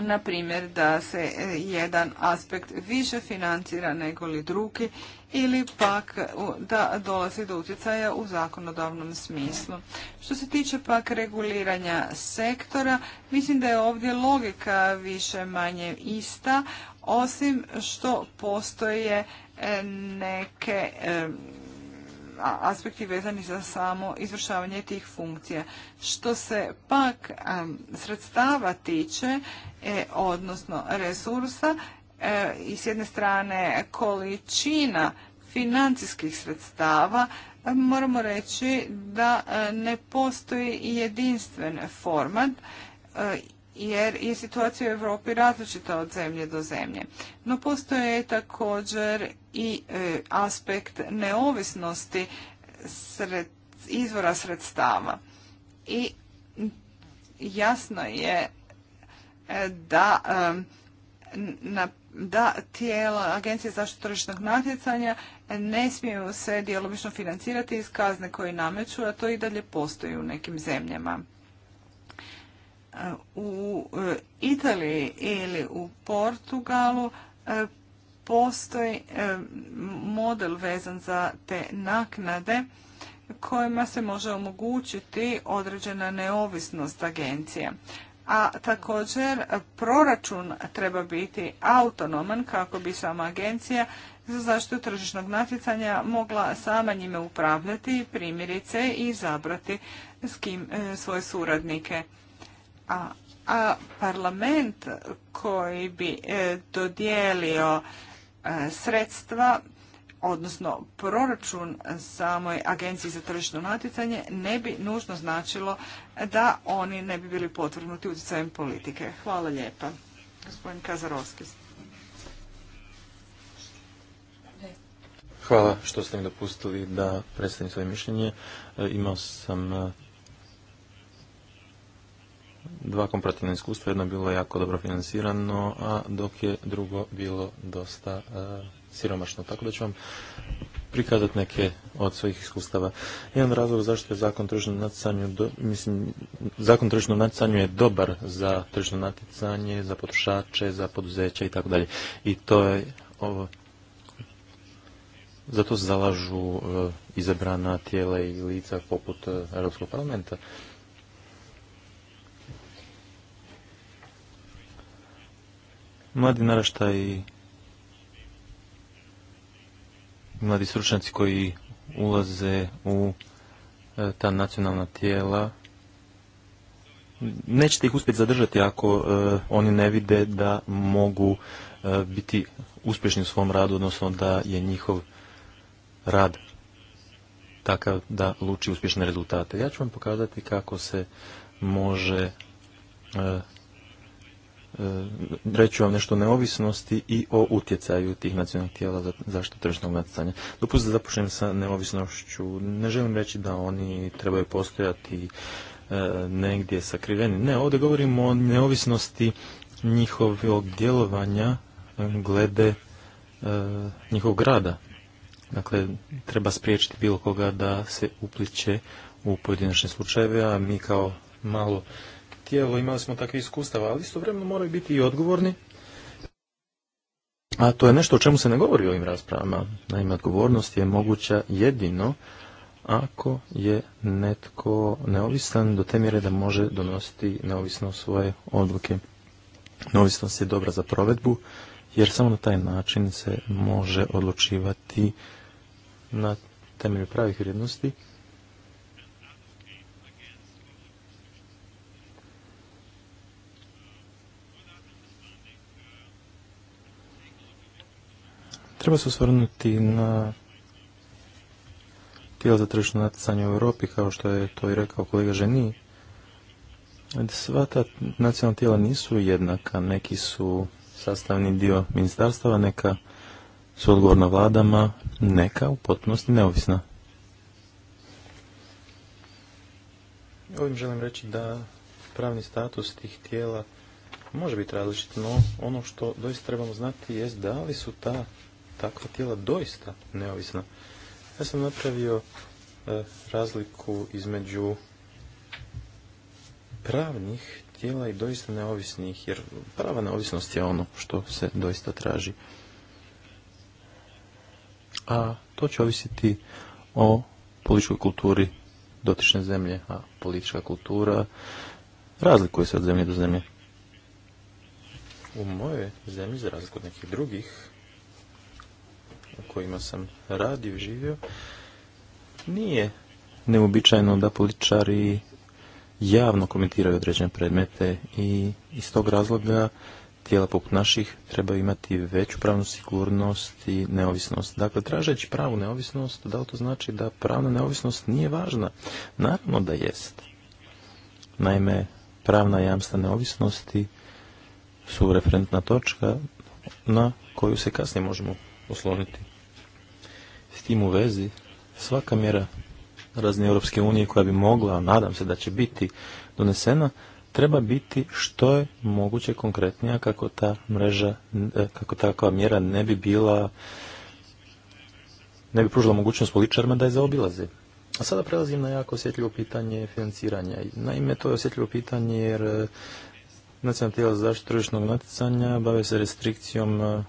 na primjer da se e, jedan aspekt više financira nego li drugi ili pak da dolazi do utjecaja u zakonodavnom smislu. Što se tiče pak reguliranja sektora, mislim da je ovdje logika više manje ista, osim što postoje e, neke aspekti vezani za samo izvršavanje tih funkcija. Što se pak sredstava tiče, e, odnosno resursa, e, i s jedne strane količina financijskih sredstava, moramo reći da e, ne postoji jedinstven format jer je situacija u Europi različita od zemlje do zemlje. No postoje također i e, aspekt neovisnosti izvora sredstava. I jasno je e, da e, na da tijela Agencije zaštite tržišnog natjecanja ne smiju se djelomično financirati iz kazne koje nameću, a to i dalje postoji u nekim zemljama. U Italiji ili u Portugalu postoji e, model vezan za te naknade kojima se može omogućiti određena neovisnost agencije. A također proračun treba biti autonoman kako bi sama agencija za zaštitu tržišnog natjecanja mogla sama njime upravljati, primjerice i izabrati s kim e, svoje suradnike. A, a parlament koji bi e, dodijelio E, sredstva odnosno proračun samoj agenciji za tržišno natjecanje ne bi nužno značilo da oni ne bi bili potvrnuti utjecajem politike. Hvala lijepa. Gospodin Kazarovski. Hvala što ste mi dopustili da predstavim svoje mišljenje. E, imao sam e, dva komparativna iskustva, jedno je bilo jako dobro financirano, a dok je drugo bilo dosta e, siromašno. Tako da ću vam prikazati neke od svojih iskustava. Jedan razlog zašto je zakon tržišnom natjecanju, mislim, zakon tržišnom natjecanju je dobar za tržišno natjecanje, za potrošače, za poduzeća i tako dalje. I to je ovo, zato se zalažu e, izabrana tijela i lica poput e, Europskog parlamenta. mladi naraštaj i mladi stručnjaci koji ulaze u e, ta nacionalna tijela nećete ih uspjeti zadržati ako e, oni ne vide da mogu e, biti uspješni u svom radu, odnosno da je njihov rad takav da luči uspješne rezultate. Ja ću vam pokazati kako se može E, reći vam nešto o neovisnosti i o utjecaju tih nacionalnih tijela za zaštitu tržišnog natjecanja. Dopustite da započnem sa neovisnošću. Ne želim reći da oni trebaju postojati e, negdje sakriveni. Ne, ovdje govorimo o neovisnosti njihovog djelovanja glede e, njihovog rada. Dakle, treba spriječiti bilo koga da se upliče u pojedinačne slučajeve, a mi kao malo tijelo, imali smo takve iskustava, ali istovremeno moraju biti i odgovorni. A to je nešto o čemu se ne govori u ovim raspravama. Naime, odgovornost je moguća jedino ako je netko neovisan do te mjere da može donositi neovisno svoje odluke. Neovisnost je dobra za provedbu, jer samo na taj način se može odlučivati na temelju pravih vrijednosti Treba se osvrnuti na tijela za tržišno natjecanje u Europi, kao što je to i rekao kolega Ženi. Sva ta nacionalna tijela nisu jednaka, neki su sastavni dio ministarstava, neka su odgovorna vladama, neka u potpunosti neovisna. Ovim želim reći da pravni status tih tijela može biti različit, no ono što doista trebamo znati jest da li su ta takva tijela doista neovisna. Ja sam napravio e, razliku između pravnih tijela i doista neovisnih, jer prava neovisnost je ono što se doista traži. A to će ovisiti o političkoj kulturi dotične zemlje, a politička kultura razlikuje se od zemlje do zemlje. U mojoj zemlji, za razliku od nekih drugih, u kojima sam radio i živio, nije neobičajno da političari javno komentiraju određene predmete i iz tog razloga tijela poput naših trebaju imati veću pravnu sigurnost i neovisnost. Dakle, tražeći pravu neovisnost, da li to znači da pravna neovisnost nije važna? Naravno da jest. Naime, pravna jamstva neovisnosti su referentna točka na koju se kasnije možemo osloniti s tim u vezi svaka mjera razne Europske unije koja bi mogla, a nadam se da će biti donesena, treba biti što je moguće konkretnija kako ta mreža, e, kako takva mjera ne bi bila, ne bi pružila mogućnost političarima da je zaobilaze. A sada prelazim na jako osjetljivo pitanje financiranja. Naime, to je osjetljivo pitanje jer e, nacionalna tijela za zaštitu tržišnog natjecanja bave se restrikcijom e,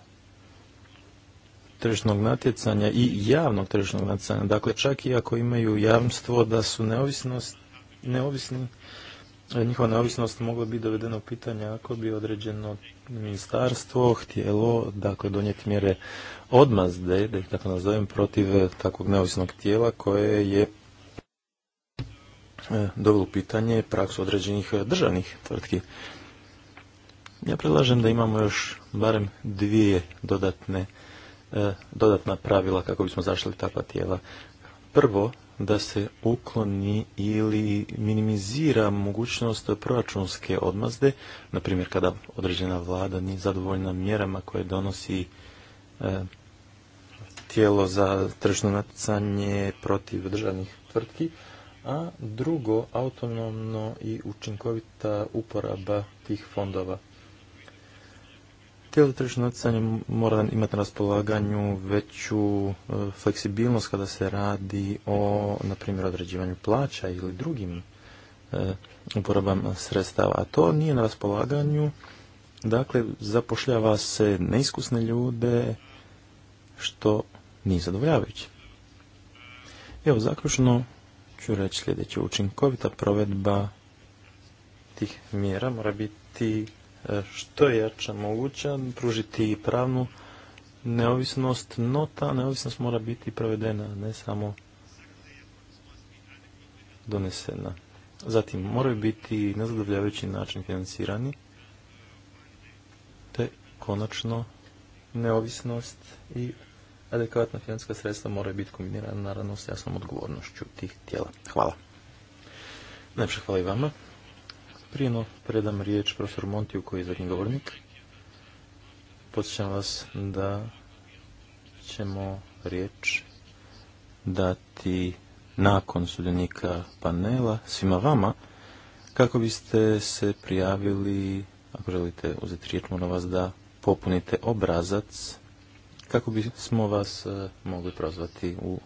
tržišnog natjecanja i javnog tržišnog natjecanja. Dakle, čak i ako imaju jamstvo da su neovisnost, neovisni, njihova neovisnost mogla bi dovedena u pitanje ako bi određeno ministarstvo htjelo dakle, donijeti mjere odmazde, da ih tako nazovem, protiv eh, takvog neovisnog tijela koje je eh, dovelo pitanje praksu određenih eh, državnih tvrtki. Ja predlažem da imamo još barem dvije dodatne E, dodatna pravila kako bismo zašli takva tijela. Prvo, da se ukloni ili minimizira mogućnost proračunske odmazde, na primjer kada određena vlada nije zadovoljna mjerama koje donosi e, tijelo za tržno natjecanje protiv državnih tvrtki, a drugo autonomno i učinkovita uporaba tih fondova. Tijelo tržišno natjecanje mora imati na raspolaganju veću e, fleksibilnost kada se radi o, na primjer, određivanju plaća ili drugim e, uporabama sredstava. A to nije na raspolaganju, dakle, zapošljava se neiskusne ljude, što nije zadovoljavajuće. Evo, zaključno ću reći sljedeće. Učinkovita provedba tih mjera mora biti E, što je jača moguća, pružiti pravnu neovisnost, no ta neovisnost mora biti provedena, ne samo donesena. Zatim, moraju biti na način financirani, te konačno neovisnost i adekvatna financijska sredstva moraju biti kombinirana naravno s jasnom odgovornošću tih tijela. Hvala. Najprej hvala i vama. Prije no predam riječ profesor u koji je zadnji govornik. Podsjećam vas da ćemo riječ dati nakon sudionika panela svima vama kako biste se prijavili ako želite uzeti riječ molim vas da popunite obrazac kako bismo vas eh, mogli prozvati u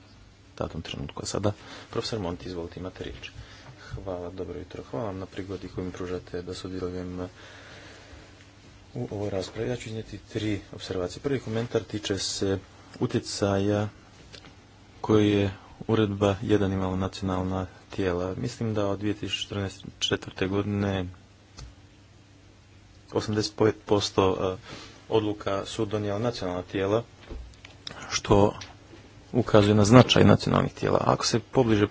datom trenutku. A sada profesor Monti, izvolite, imate riječ. Hvala, dobro jutro. Hvala vam na prigodi koju mi pružate da sudjelujem eh, u ovoj raspravi. Ja ću iznijeti tri observacije. Prvi komentar tiče se utjecaja koji je uredba jedan imala nacionalna tijela. Mislim da od 2014. godine 85% eh, odluka su donijela nacionalna tijela, što ukazuje na značaj nacionalnih tijela. Ako se pobliže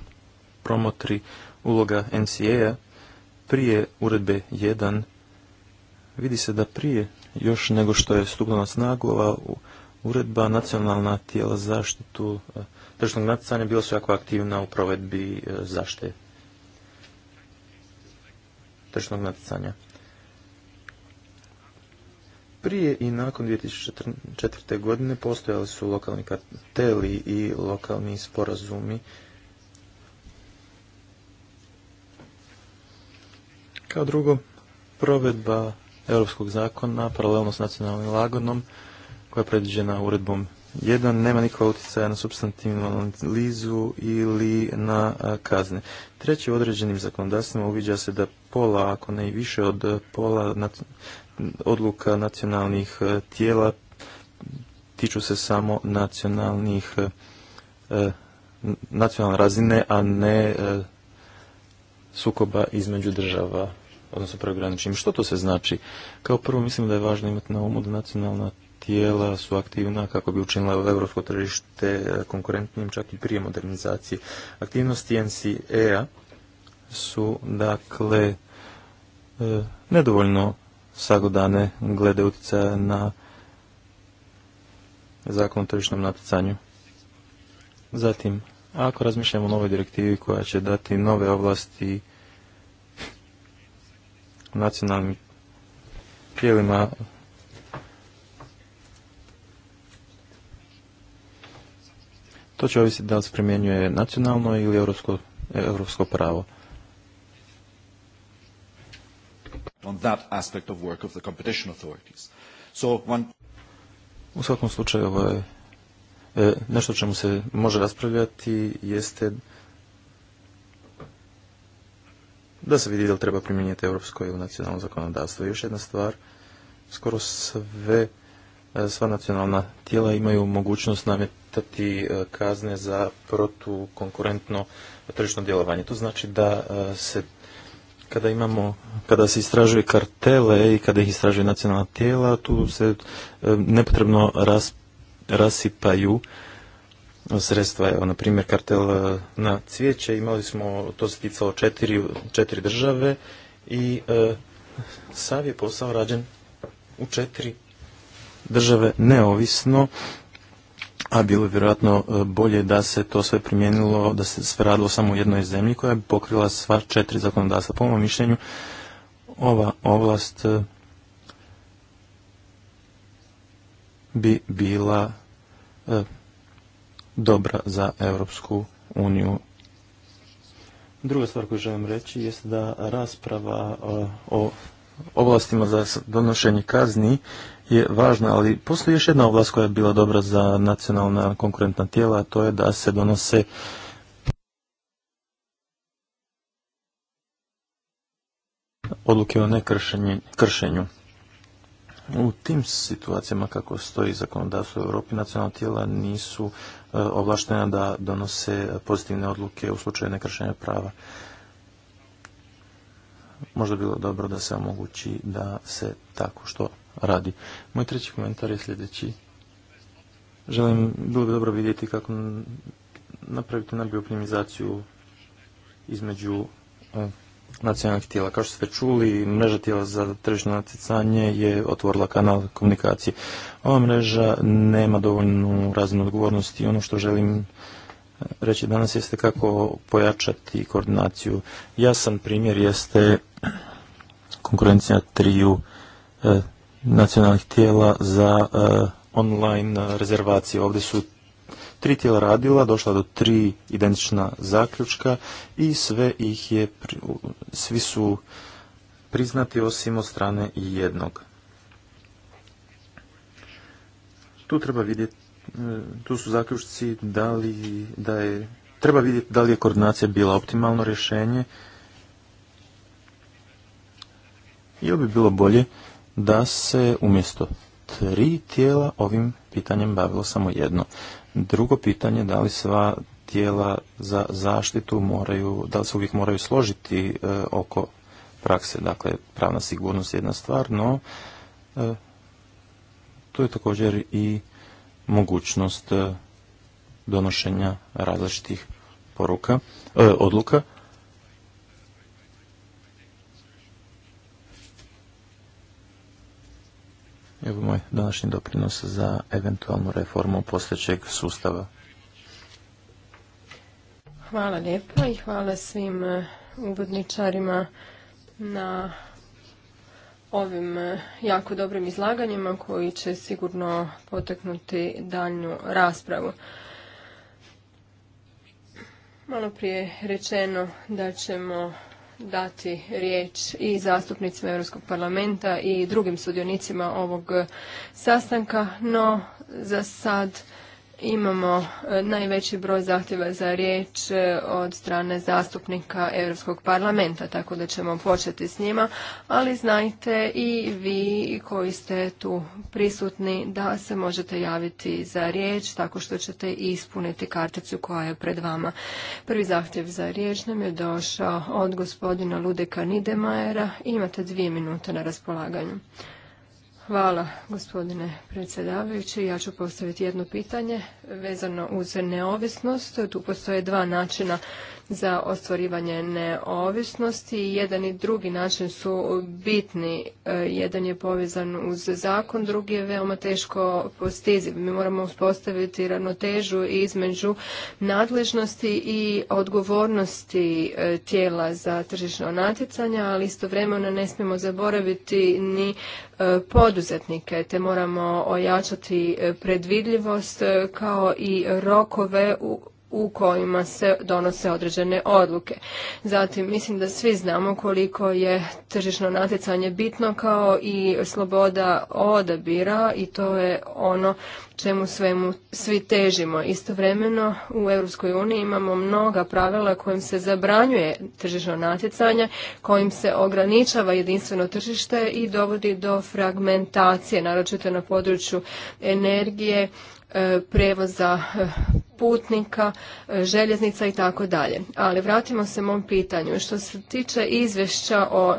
promotri uloga NCA-a prije uredbe 1 vidi se da prije još nego što je stupila na snagu ova uredba nacionalna tijela zaštitu e, tržnog natjecanja bila su jako aktivna u provedbi e, zaštite tržnog natjecanja. Prije i nakon 2004. godine postojali su lokalni teli i lokalni sporazumi Kao drugo, provedba europskog zakona paralelno s nacionalnim lagodnom koja je predviđena uredbom 1 nema nikakva utjecaja na substantivnu analizu ili na kazne. Treće, u određenim zakonodavstvima uviđa se da pola, ako ne i više od pola odluka nacionalnih tijela tiču se samo nacionalnih nacionalne razine, a ne sukoba između država odnosno preograničnim. Što to se znači? Kao prvo mislim da je važno imati na umu da nacionalna tijela su aktivna kako bi učinila europsko tržište e, konkurentnijim čak i prije modernizacije. Aktivnosti NCE-a su dakle e, nedovoljno sagodane glede utjecaja na zakon o tržišnom natjecanju. Zatim, ako razmišljamo o novoj direktivi koja će dati nove ovlasti nacionalnim tijelima to će ovisiti da li se primjenjuje nacionalno ili europsko, pravo. on that aspect of work of the competition authorities. So one... U svakom slučaju, ovaj, e, nešto o čemu se može raspravljati jeste da se vidi da li treba primjenjati europsko ili nacionalno zakonodavstvo. još jedna stvar, skoro sve e, sva nacionalna tijela imaju mogućnost nametati e, kazne za protukonkurentno tržišno djelovanje. To znači da e, se kada imamo, kada se istražuje kartele i kada ih istražuje nacionalna tijela, tu se nepotrebno rasipaju sredstva. Evo, na primjer, kartel e, na cvijeće imali smo, to se ticalo četiri, četiri države i e, sav je posao rađen u četiri države neovisno, a bilo je vjerojatno e, bolje da se to sve primijenilo, da se sve radilo samo u jednoj zemlji koja bi pokrila sva četiri zakonodavstva. Po mom mišljenju, ova ovlast bi bila dobra za Europsku uniju. Druga stvar koju želim reći je da rasprava eh, o oblastima za donošenje kazni je važna, ali postoji još jedna oblast koja je bila dobra za nacionalna konkurentna tijela, a to je da se donose odluke o nekršenju. U tim situacijama kako stoji zakonodavstvo u Europi, nacionalna tijela nisu E, ovlaštena da donose pozitivne odluke u slučaju nekršenja prava. Možda bilo dobro da se omogući da se tako što radi. Moj treći komentar je sljedeći. Želim, bilo bi dobro vidjeti kako napraviti najbolju optimizaciju između e, nacionalnih tijela. Kao što ste čuli, mreža tijela za tržišno natjecanje je otvorila kanal komunikacije. Ova mreža nema dovoljnu razinu odgovornosti ono što želim eh, reći danas jeste kako pojačati koordinaciju. Jasan primjer jeste konkurencija triju eh, nacionalnih tijela za eh, online rezervacije. Ovdje su tri tijela radila, došla do tri identična zaključka i sve ih je, svi su priznati osim od strane jednog. Tu treba vidjeti, tu su zaključci da li, da je, treba vidjeti da li je koordinacija bila optimalno rješenje ili bi bilo bolje da se umjesto tri tijela ovim pitanjem bavilo samo jedno. Drugo pitanje, da li sva tijela za zaštitu moraju, da li se uvijek moraju složiti e, oko prakse, dakle pravna sigurnost je jedna stvar, no e, to je također i mogućnost e, donošenja različitih poruka, odluka Evo moj današnji doprinos za eventualnu reformu postojećeg sustava. Hvala lijepa i hvala svim e, uvodničarima na ovim e, jako dobrim izlaganjima koji će sigurno poteknuti daljnju raspravu. Malo prije rečeno da ćemo dati riječ i zastupnicima Europskog parlamenta i drugim sudionicima ovog sastanka, no za sad imamo e, najveći broj zahtjeva za riječ e, od strane zastupnika Europskog parlamenta, tako da ćemo početi s njima, ali znajte i vi koji ste tu prisutni da se možete javiti za riječ tako što ćete ispuniti karticu koja je pred vama. Prvi zahtjev za riječ nam je došao od gospodina Ludeka Nidemajera. Imate dvije minute na raspolaganju. Hvala gospodine predsjedavajući. Ja ću postaviti jedno pitanje vezano uz neovisnost. Tu postoje dva načina za ostvarivanje neovisnosti. Jedan i drugi način su bitni. E, jedan je povezan uz zakon, drugi je veoma teško postiziv. Mi moramo uspostaviti ravnotežu između nadležnosti i odgovornosti e, tijela za tržišno natjecanje, ali istovremeno ne smijemo zaboraviti ni e, poduzetnike, te moramo ojačati predvidljivost kao i rokove u u kojima se donose određene odluke. Zatim mislim da svi znamo koliko je tržišno natjecanje bitno kao i sloboda odabira i to je ono čemu svemu svi težimo. Istovremeno u Europskoj uniji imamo mnoga pravila kojim se zabranjuje tržišno natjecanje, kojim se ograničava jedinstveno tržište i dovodi do fragmentacije, naročito na području energije, E, prevoza e, putnika, e, željeznica i tako dalje. Ali vratimo se mom pitanju. Što se tiče izvješća o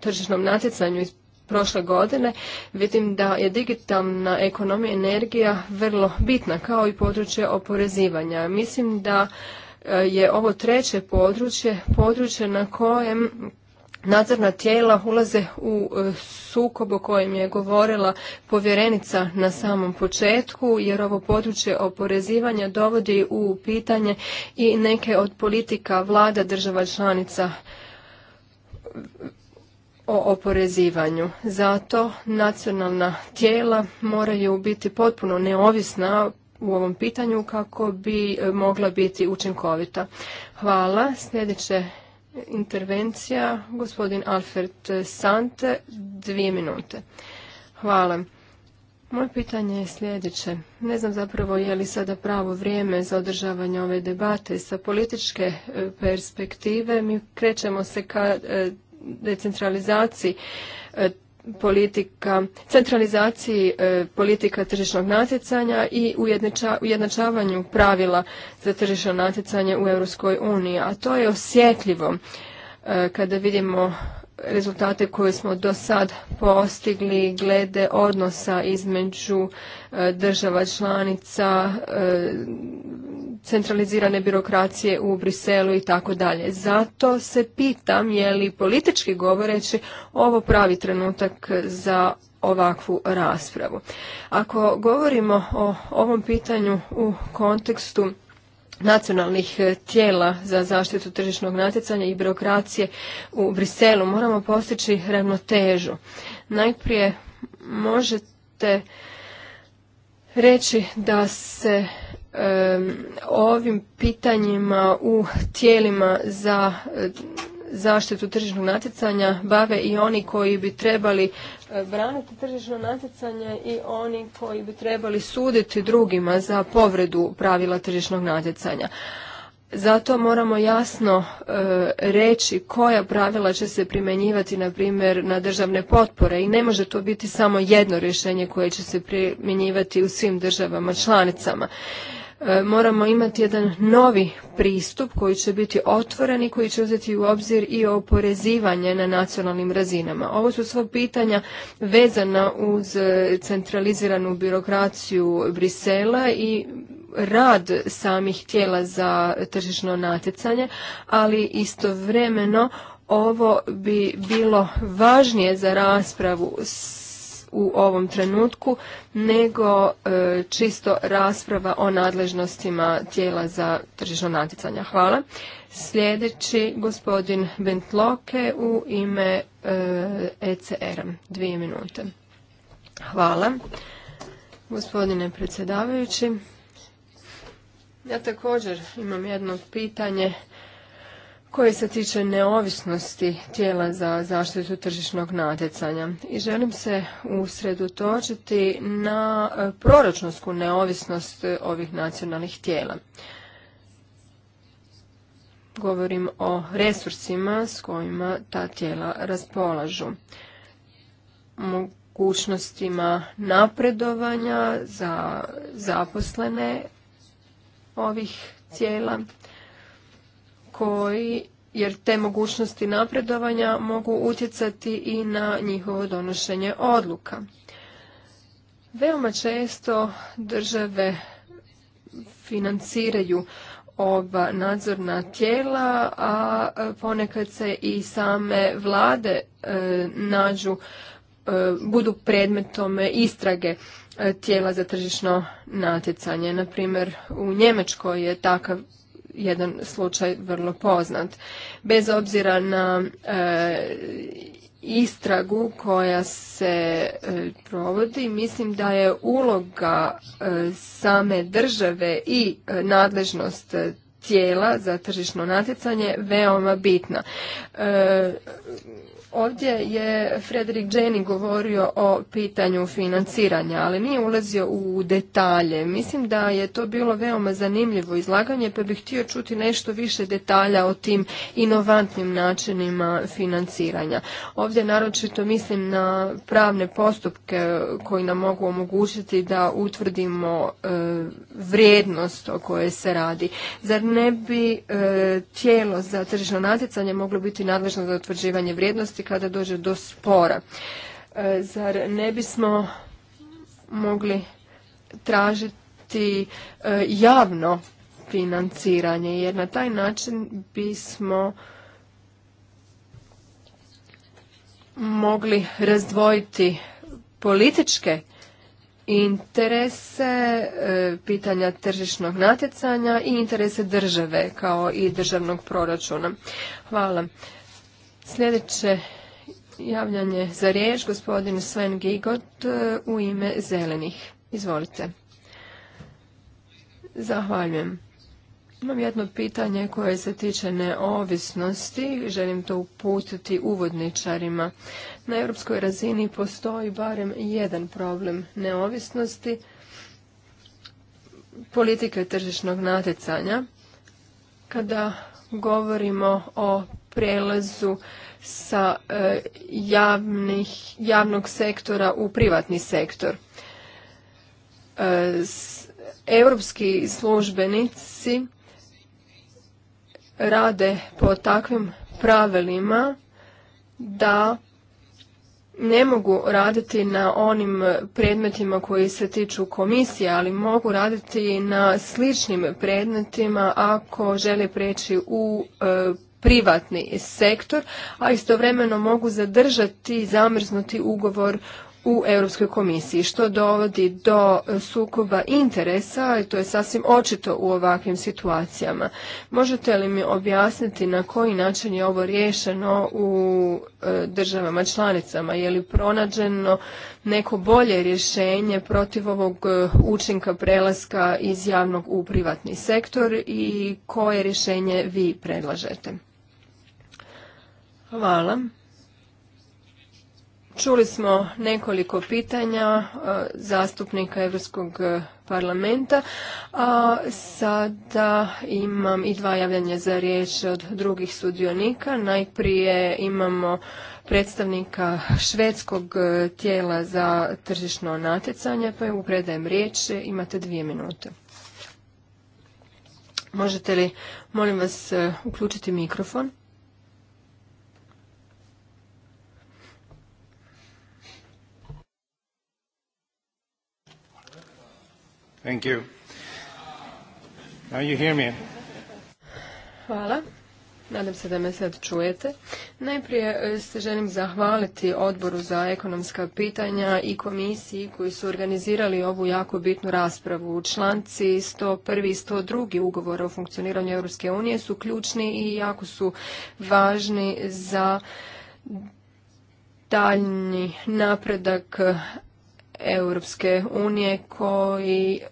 tržišnom natjecanju iz prošle godine, vidim da je digitalna ekonomija energija vrlo bitna, kao i područje oporezivanja. Mislim da je ovo treće područje, područje na kojem nadzorna tijela ulaze u e, sukob o kojem je govorila povjerenica na samom početku, jer ovo područje oporezivanja dovodi u pitanje i neke od politika vlada država članica o oporezivanju. Zato nacionalna tijela moraju biti potpuno neovisna u ovom pitanju kako bi e, mogla biti učinkovita. Hvala. Sljedeće intervencija. Gospodin Alfred Sante, dvije minute. Hvala. Moje pitanje je sljedeće. Ne znam zapravo je li sada pravo vrijeme za održavanje ove debate. Sa političke e, perspektive mi krećemo se ka e, decentralizaciji e, politika, centralizaciji e, politika tržišnog natjecanja i ujednačavanju pravila za tržišno natjecanje u Europskoj a to je osjetljivo e, kada vidimo rezultate koje smo do sad postigli glede odnosa između e, država članica, e, centralizirane birokracije u Briselu i tako dalje. Zato se pitam je li politički govoreći ovo pravi trenutak za ovakvu raspravu. Ako govorimo o ovom pitanju u kontekstu nacionalnih e, tijela za zaštitu tržišnog natjecanja i birokracije u Briselu. Moramo postići ravnotežu. Najprije možete reći da se ovim pitanjima u tijelima za e, zaštitu tržišnog natjecanja bave i oni koji bi trebali braniti tržišno natjecanje i oni koji bi trebali suditi drugima za povredu pravila tržišnog natjecanja. Zato moramo jasno e, reći koja pravila će se primjenjivati na primjer na državne potpore i ne može to biti samo jedno rješenje koje će se primjenjivati u svim državama članicama. E, moramo imati jedan novi pristup koji će biti otvoren i koji će uzeti u obzir i oporezivanje na nacionalnim razinama. Ovo su sva pitanja vezana uz e, centraliziranu birokraciju Brisela i rad samih tijela za tržišno natjecanje, ali istovremeno ovo bi bilo važnije za raspravu s u ovom trenutku, nego e, čisto rasprava o nadležnostima tijela za tržišno natjecanje. Hvala. Sljedeći gospodin Bentloke u ime ECR-a. E Dvije minute. Hvala. Gospodine predsjedavajući, ja također imam jedno pitanje koji se tiče neovisnosti tijela za zaštitu tržišnog natjecanja. I želim se usredotočiti na e, proračunsku neovisnost e, ovih nacionalnih tijela. Govorim o resursima s kojima ta tijela raspolažu. Mogućnostima napredovanja za zaposlene ovih tijela koji jer te mogućnosti napredovanja mogu utjecati i na njihovo donošenje odluka. Veoma često države financiraju oba nadzorna tijela, a ponekad se i same vlade e, nađu, e, budu predmetom istrage e, tijela za tržišno natjecanje. Naprimjer, u Njemačkoj je takav jedan slučaj vrlo poznat. Bez obzira na e, istragu koja se e, provodi mislim da je uloga e, same države i nadležnost tijela za tržišno natjecanje veoma bitna. Ovdje je Frederik Jenny govorio o pitanju financiranja, ali nije ulazio u detalje. Mislim da je to bilo veoma zanimljivo izlaganje, pa bih htio čuti nešto više detalja o tim inovantnim načinima financiranja. Ovdje naročito mislim na pravne postupke koji nam mogu omogućiti da utvrdimo e, vrijednost o kojoj se radi. Zar ne bi e, tijelo za tržišno natjecanje moglo biti nadležno za utvrđivanje vrijednosti kada dođe do spora. E, zar ne bismo mogli tražiti e, javno financiranje jer na taj način bismo mogli razdvojiti političke interese e, pitanja tržišnog natjecanja i interese države kao i državnog proračuna. Hvala. Sljedeće javljanje za riječ, gospodin Sven Gigot e, u ime Zelenih. Izvolite. Zahvaljujem. Imam jedno pitanje koje se tiče neovisnosti. Želim to uputiti uvodničarima. Na europskoj razini postoji barem jedan problem neovisnosti politike tržišnog natjecanja. Kada govorimo o prelazu sa e, javnih, javnog sektora u privatni sektor. Europski službenici rade po takvim pravilima da ne mogu raditi na onim predmetima koji se tiču komisije, ali mogu raditi na sličnim predmetima ako žele preći u e, privatni sektor, a istovremeno mogu zadržati zamrznuti ugovor u Europskoj komisiji, što dovodi do sukoba interesa i to je sasvim očito u ovakvim situacijama. Možete li mi objasniti na koji način je ovo riješeno u e, državama članicama? Je li pronađeno neko bolje rješenje protiv ovog e, učinka prelaska iz javnog u privatni sektor i koje rješenje vi predlažete? Hvala. Čuli smo nekoliko pitanja e, zastupnika Europskog e, parlamenta, a sada imam i dva javljanja za riječ od drugih sudionika. Najprije imamo predstavnika švedskog e, tijela za tržišno natjecanje, pa mu predajem riječ, imate dvije minute. Možete li, molim vas, uključiti mikrofon? Thank you. Hvala. Nadam se da me sad čujete. Najprije e, se želim zahvaliti odboru za ekonomska pitanja i komisiji koji su organizirali ovu jako bitnu raspravu. Članci 101. i 102. ugovora o funkcioniranju Europske unije su ključni i jako su važni za daljni napredak Europske unije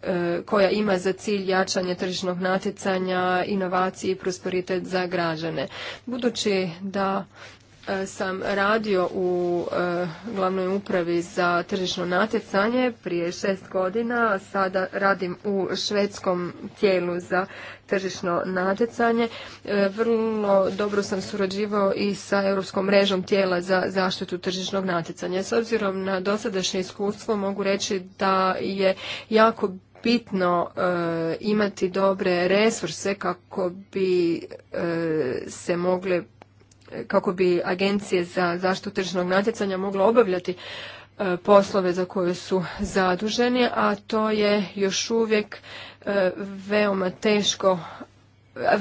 e, koja ima za cilj jačanje tržišnog natjecanja, inovacije i prosperitet za građane. Budući da sam radio u e, glavnoj upravi za tržišno natjecanje prije šest godina, sada radim u švedskom tijelu za tržišno natjecanje. E, vrlo dobro sam surađivao i sa Europskom mrežom tijela za zaštitu tržišnog natjecanja. S obzirom na dosadašnje iskustvo mogu reći da je jako bitno e, imati dobre resurse kako bi se mogle kako bi agencije za zaštitu tržišnog natjecanja mogla obavljati e, poslove za koje su zaduženi, a to je još uvijek e, veoma teško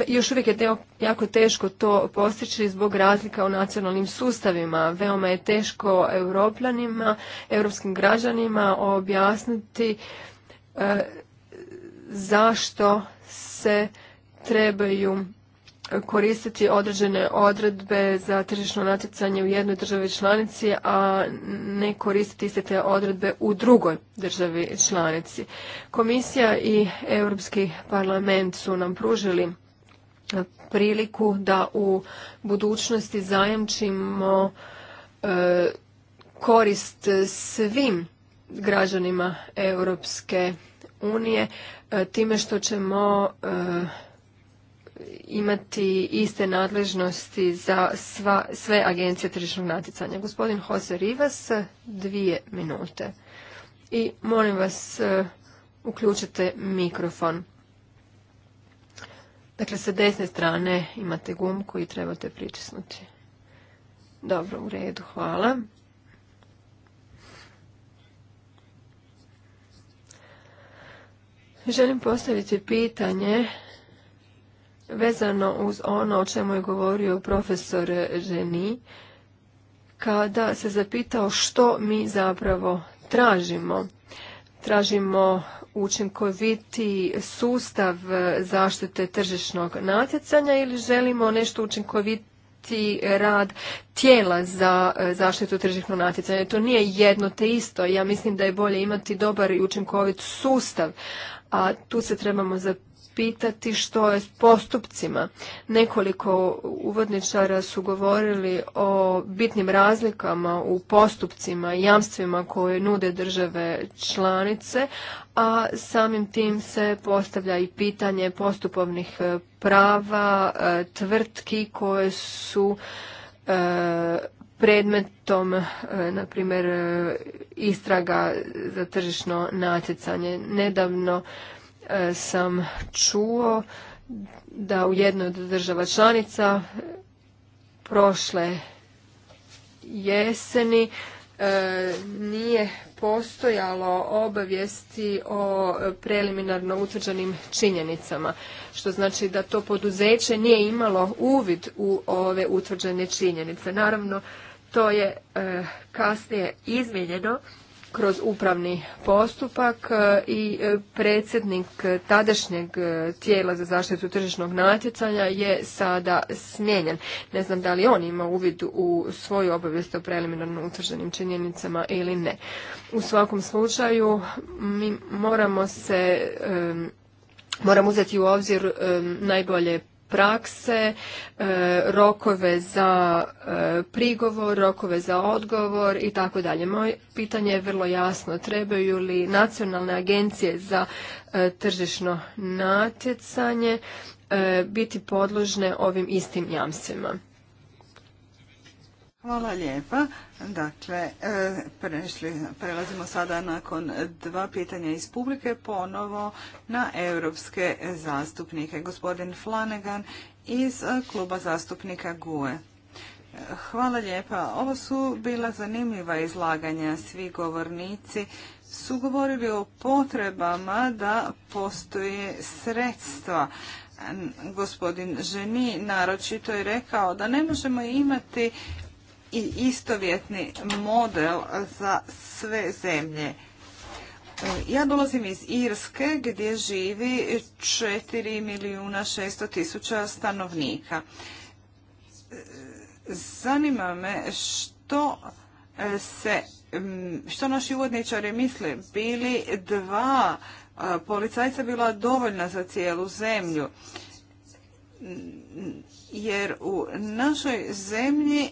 još uvijek je jako teško to postići zbog razlika u nacionalnim sustavima. Veoma je teško europljanima, europskim građanima objasniti e, zašto se trebaju koristiti određene odredbe za tržišno natjecanje u jednoj državi članici, a ne koristiti iste te odredbe u drugoj državi članici. Komisija i Europski parlament su nam pružili priliku da u budućnosti zajamčimo e, korist svim građanima Europske unije e, time što ćemo e, imati iste nadležnosti za sve agencije tržišnog natjecanja. Gospodin Jose Rivas, dvije minute. I molim vas, e, uključite mikrofon. Dakle, sa desne strane imate gum koji trebate pritisnuti. Dobro, u redu, hvala. Želim postaviti pitanje vezano uz ono o čemu je govorio profesor Ženi, kada se zapitao što mi zapravo tražimo. Tražimo učinkoviti sustav zaštite tržišnog natjecanja ili želimo nešto učinkoviti rad tijela za zaštitu tržišnog natjecanja. To nije jedno te isto. Ja mislim da je bolje imati dobar i učinkovit sustav, a tu se trebamo zapitati pitati što je s postupcima. Nekoliko uvodničara su govorili o bitnim razlikama u postupcima i jamstvima koje nude države članice, a samim tim se postavlja i pitanje postupovnih e, prava e, tvrtki koje su e, predmetom, na primjer, istraga za tržišno natjecanje. Nedavno sam čuo da u jednoj od država članica prošle jeseni e, nije postojalo obavijesti o preliminarno utvrđenim činjenicama, što znači da to poduzeće nije imalo uvid u ove utvrđene činjenice. Naravno, to je e, kasnije izmijenjeno kroz upravni postupak e, i e, predsjednik tadašnjeg e, tijela za zaštitu tržišnog natjecanja je sada smijenjen. Ne znam da li on ima uvid u svoju obavijest o preliminarno utvrđenim činjenicama ili ne. U svakom slučaju mi moramo se Moram uzeti u obzir najbolje prakse, e, rokove za e, prigovor, rokove za odgovor i tako dalje. Moje pitanje je vrlo jasno. Trebaju li nacionalne agencije za e, tržišno natjecanje biti podložne ovim istim jamstvima? Hvala lijepa. Dakle, e, prelazimo sada nakon dva pitanja iz publike ponovo na europske zastupnike. Gospodin Flanagan iz kluba zastupnika GUE. Hvala lijepa. Ovo su bila zanimljiva izlaganja. Svi govornici su govorili o potrebama da postoje sredstva gospodin Ženi naročito je rekao da ne možemo imati i istovjetni model za sve zemlje. E, ja dolazim iz Irske gdje živi 4 milijuna 600 tisuća stanovnika. E, zanima me što e, se što naši uvodničari misle, bili dva policajca bila dovoljna za cijelu zemlju jer u našoj zemlji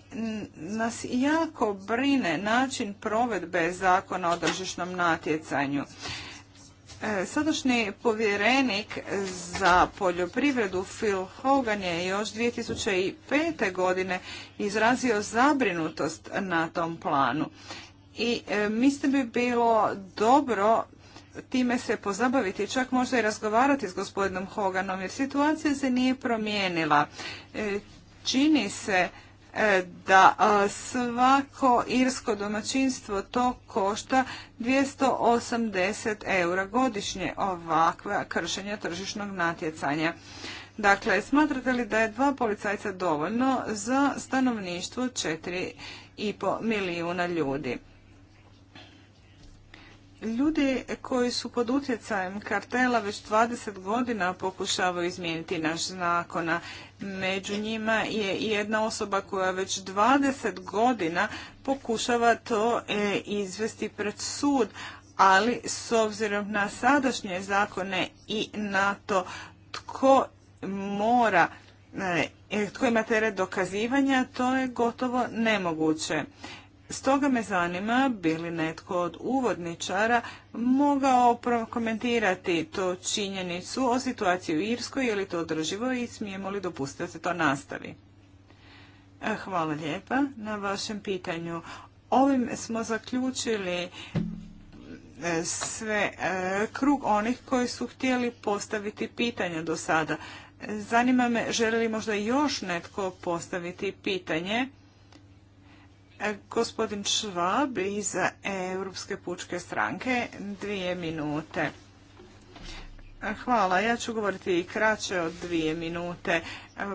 nas jako brine način provedbe zakona o tržišnom natjecanju. E, sadašnji povjerenik za poljoprivredu Phil Hogan je još 2005. godine izrazio zabrinutost na tom planu. I e, mislim bi bilo dobro time se pozabaviti, čak možda i razgovarati s gospodinom Hoganom, jer situacija se nije promijenila. E, čini se e, da e, svako irsko domaćinstvo to košta 280 eura godišnje ovakva kršenja tržišnog natjecanja. Dakle, smatrate li da je dva policajca dovoljno za stanovništvo 4,5 milijuna ljudi? Ljudi koji su pod utjecajem kartela već 20 godina pokušavaju izmijeniti naš zakona. Među njima je jedna osoba koja već 20 godina pokušava to e, izvesti pred sud, ali s obzirom na sadašnje zakone i na to tko mora e, tko ima teret dokazivanja, to je gotovo nemoguće. Stoga me zanima bi li netko od uvodničara mogao prokomentirati to činjenicu o situaciji u Irskoj, je li to održivo i smijemo li dopustiti da se to nastavi. E, hvala lijepa na vašem pitanju. Ovim smo zaključili e, sve e, krug onih koji su htjeli postaviti pitanja do sada. Zanima me, želi li možda još netko postaviti pitanje? E, gospodin Švab iz Europske pučke stranke, dvije minute. E, hvala, ja ću govoriti i kraće od dvije minute. E,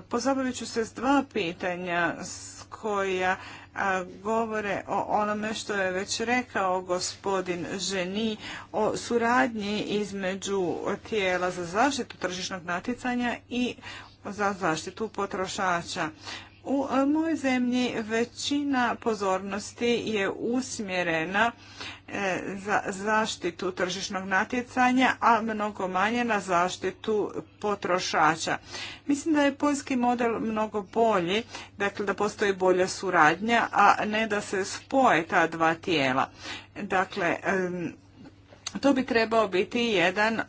pozabavit ću se s dva pitanja koja govore o onome što je već rekao gospodin Ženi o suradnji između tijela za zaštitu tržišnog natjecanja i za zaštitu potrošača. U e, mojoj zemlji većina pozornosti je usmjerena e, za zaštitu tržišnog natjecanja, a mnogo manje na zaštitu potrošača. Mislim da je poljski model mnogo bolji, dakle da postoji bolja suradnja, a ne da se spoje ta dva tijela. Dakle, to bi trebao biti jedan e,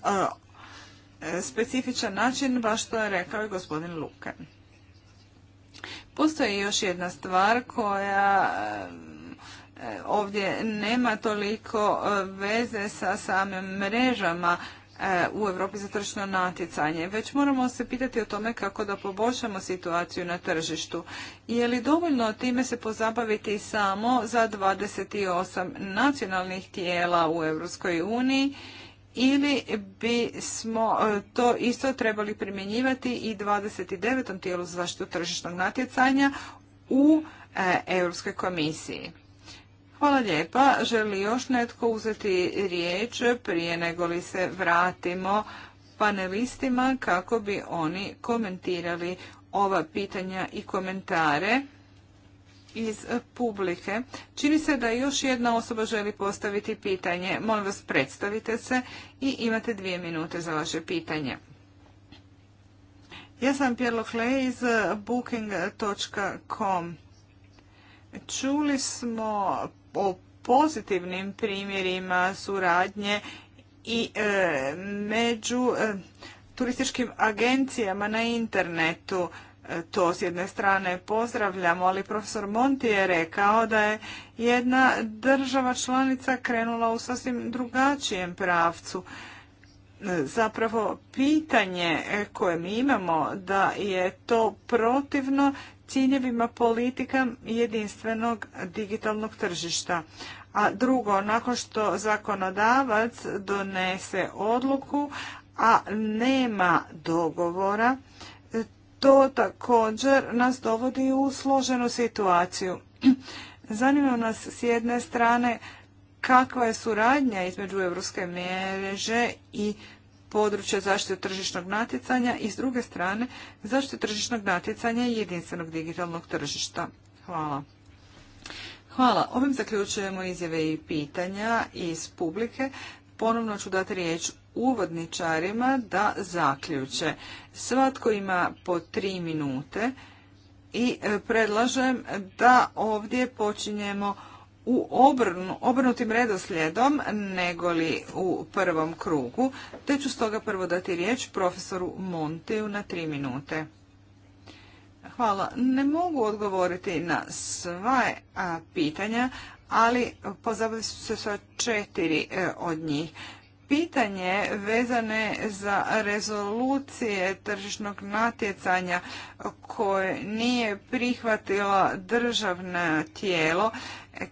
specifičan način, baš to je rekao i gospodin Lukan. Postoji još jedna stvar koja e, ovdje nema toliko e, veze sa samim mrežama e, u Europi za tržišno natjecanje, već moramo se pitati o tome kako da poboljšamo situaciju na tržištu. Je li dovoljno time se pozabaviti samo za 28 nacionalnih tijela u Europskoj uniji? ili bismo e, to isto trebali primjenjivati i 29. tijelu za zaštitu tržišnog natjecanja u e, Europskoj komisiji. Hvala lijepa. Želi još netko uzeti riječ prije nego li se vratimo panelistima kako bi oni komentirali ova pitanja i komentare iz publike. Čini se da još jedna osoba želi postaviti pitanje. Molim vas, predstavite se i imate dvije minute za vaše pitanje. Ja sam Pierlo Klej iz booking.com. Čuli smo o pozitivnim primjerima suradnje i e, među e, turističkim agencijama na internetu. E, to s jedne strane pozdravljamo, ali profesor Monti je rekao da je jedna država članica krenula u sasvim drugačijem pravcu. E, zapravo pitanje e, koje mi imamo da je to protivno ciljevima politika jedinstvenog digitalnog tržišta. A drugo, nakon što zakonodavac donese odluku, a nema dogovora, to također nas dovodi u složenu situaciju. Zanima nas s jedne strane kakva je suradnja između Europske mreže i područja zaštite tržišnog natjecanja i s druge strane zaštite tržišnog natjecanja i jedinstvenog digitalnog tržišta. Hvala. Hvala. Ovim zaključujemo izjave i pitanja iz publike. Ponovno ću dati riječ uvodničarima da zaključe. Svatko ima po tri minute i e, predlažem da ovdje počinjemo u obrnutim redoslijedom negoli u prvom krugu, te ću stoga prvo dati riječ profesoru Montiju na tri minute. Hvala. Ne mogu odgovoriti na sva pitanja, ali pozabavili su se sa četiri e, od njih pitanje vezane za rezolucije tržišnog natjecanja koje nije prihvatila državno tijelo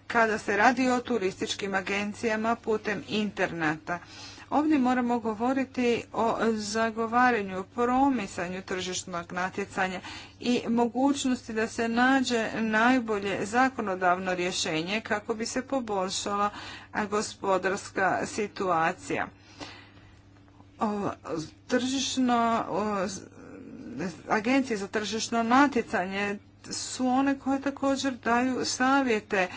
kada se radi o turističkim agencijama putem interneta. Ovdje moramo govoriti o zagovaranju, promisanju tržišnog natjecanja i mogućnosti da se nađe najbolje zakonodavno rješenje kako bi se poboljšala gospodarska situacija. Tržišno, agencije za tržišno natjecanje su one koje također daju savjete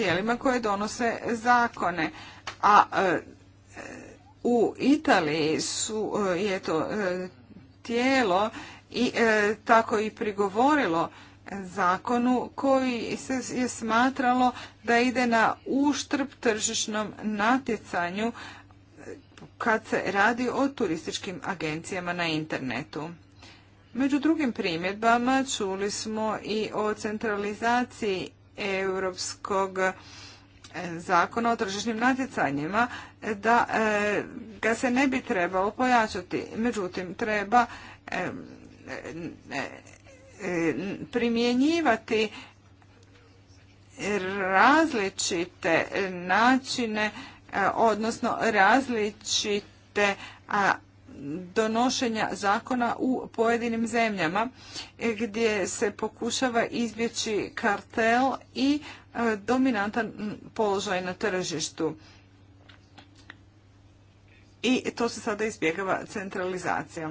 tijelima koje donose zakone. A e, u Italiji su, je to e, tijelo i e, tako i prigovorilo zakonu koji se je smatralo da ide na uštrb tržišnom natjecanju kad se radi o turističkim agencijama na internetu. Među drugim primjedbama čuli smo i o centralizaciji europskog e, zakona o tržišnim natjecanjima da e, ga se ne bi trebalo pojačati. Međutim, treba e, primjenjivati različite načine, odnosno različite donošenja zakona u pojedinim zemljama e, gdje se pokušava izbjeći kartel i e, dominantan položaj na tržištu. I to se sada izbjegava centralizacija.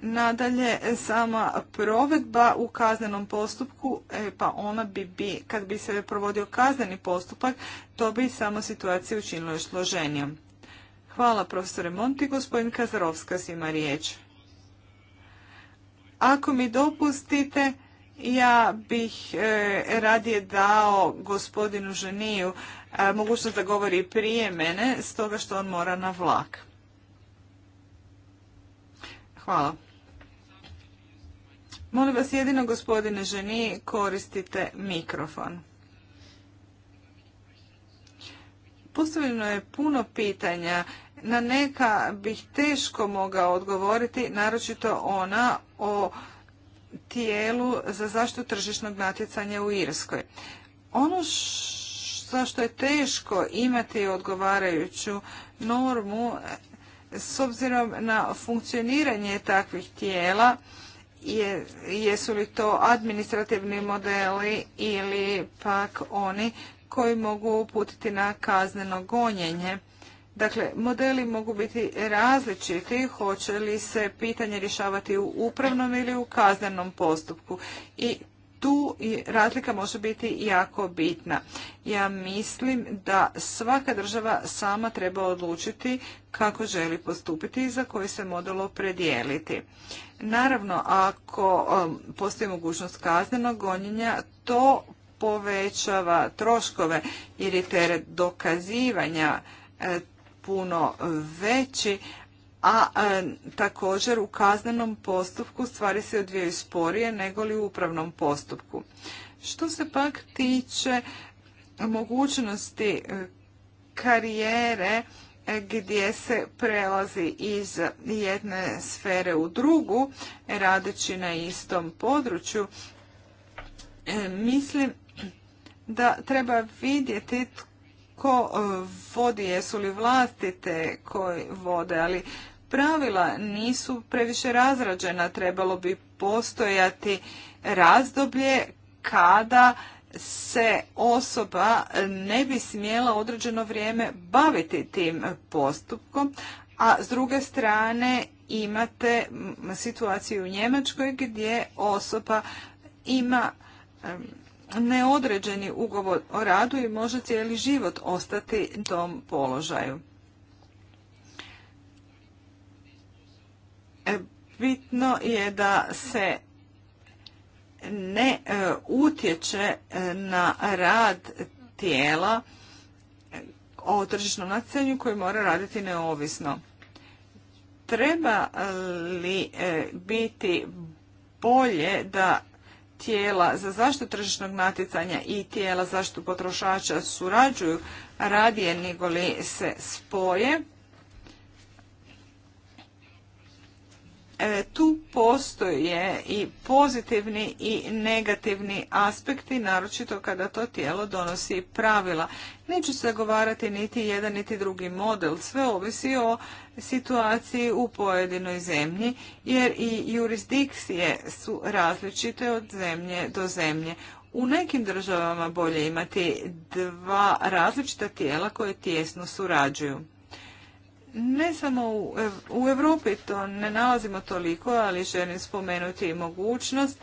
Nadalje, sama provedba u kaznenom postupku, e, pa ona bi, bi kad bi se provodio kazneni postupak, to bi samo situaciju učinilo još složenijom. Hvala profesore Monti. Gospodin Kazarovskas ima riječ. Ako mi dopustite, ja bih e, radije dao gospodinu Ženiju e, mogućnost da govori prije mene, stoga što on mora na vlak. Hvala. Molim vas jedino gospodine Ženi koristite mikrofon. Postavljeno je puno pitanja na neka bih teško mogao odgovoriti, naročito ona o tijelu za zaštitu tržišnog natjecanja u Irskoj. Ono što je teško imati odgovarajuću normu s obzirom na funkcioniranje takvih tijela, je, jesu li to administrativni modeli ili pak oni koji mogu uputiti na kazneno gonjenje. Dakle, modeli mogu biti različiti, hoće li se pitanje rješavati u upravnom ili u kaznenom postupku. I tu razlika može biti jako bitna. Ja mislim da svaka država sama treba odlučiti kako želi postupiti i za koji se model opredijeliti. Naravno, ako um, postoji mogućnost kaznenog gonjenja, to povećava troškove ili teret dokazivanja e, puno veći, a e, također u kaznenom postupku stvari se odvijaju sporije nego li u upravnom postupku. Što se pak tiče mogućnosti e, karijere e, gdje se prelazi iz jedne sfere u drugu, radeći na istom području, mislim da treba vidjeti ko e, vodi, jesu li vlastite koji vode, ali pravila nisu previše razrađena. Trebalo bi postojati razdoblje kada se osoba ne bi smjela određeno vrijeme baviti tim postupkom, a s druge strane imate situaciju u Njemačkoj gdje osoba ima neodređeni ugovor o radu i može cijeli život ostati u tom položaju. E, bitno je da se ne e, utječe e, na rad tijela o tržišnom nacenju koji mora raditi neovisno. Treba li biti bolje da tijela za zaštitu tržišnog natjecanja i tijela zaštitu potrošača surađuju radije nego li se spoje E, tu postoje i pozitivni i negativni aspekti, naročito kada to tijelo donosi pravila. Neću se govarati niti jedan niti drugi model, sve ovisi o situaciji u pojedinoj zemlji, jer i jurisdikcije su različite od zemlje do zemlje. U nekim državama bolje imati dva različita tijela koje tijesno surađuju ne samo u, Europi to ne nalazimo toliko, ali želim spomenuti i mogućnost.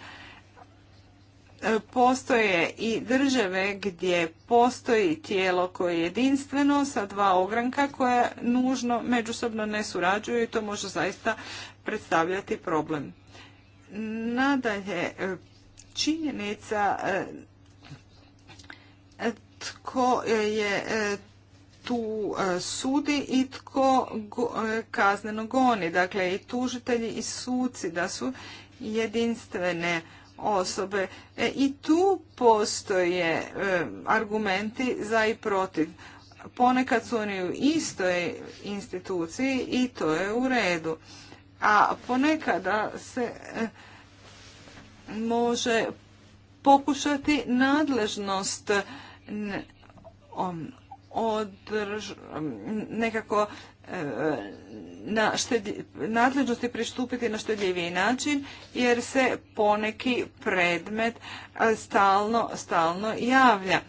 E, postoje i države gdje postoji tijelo koje je jedinstveno sa dva ogranka koja nužno međusobno ne surađuju i to može zaista predstavljati problem. Nadalje, e, činjenica e, tko je tu e, sudi i tko e, kazneno goni. Dakle, i tužitelji i suci da su jedinstvene osobe. E, I tu postoje argumenti za i protiv. Ponekad su oni u istoj instituciji i to je u redu. A ponekada se može pokušati nadležnost od nekako e, nadležnosti pristupiti na štedljiviji način jer se poneki predmet e, stalno, stalno javlja.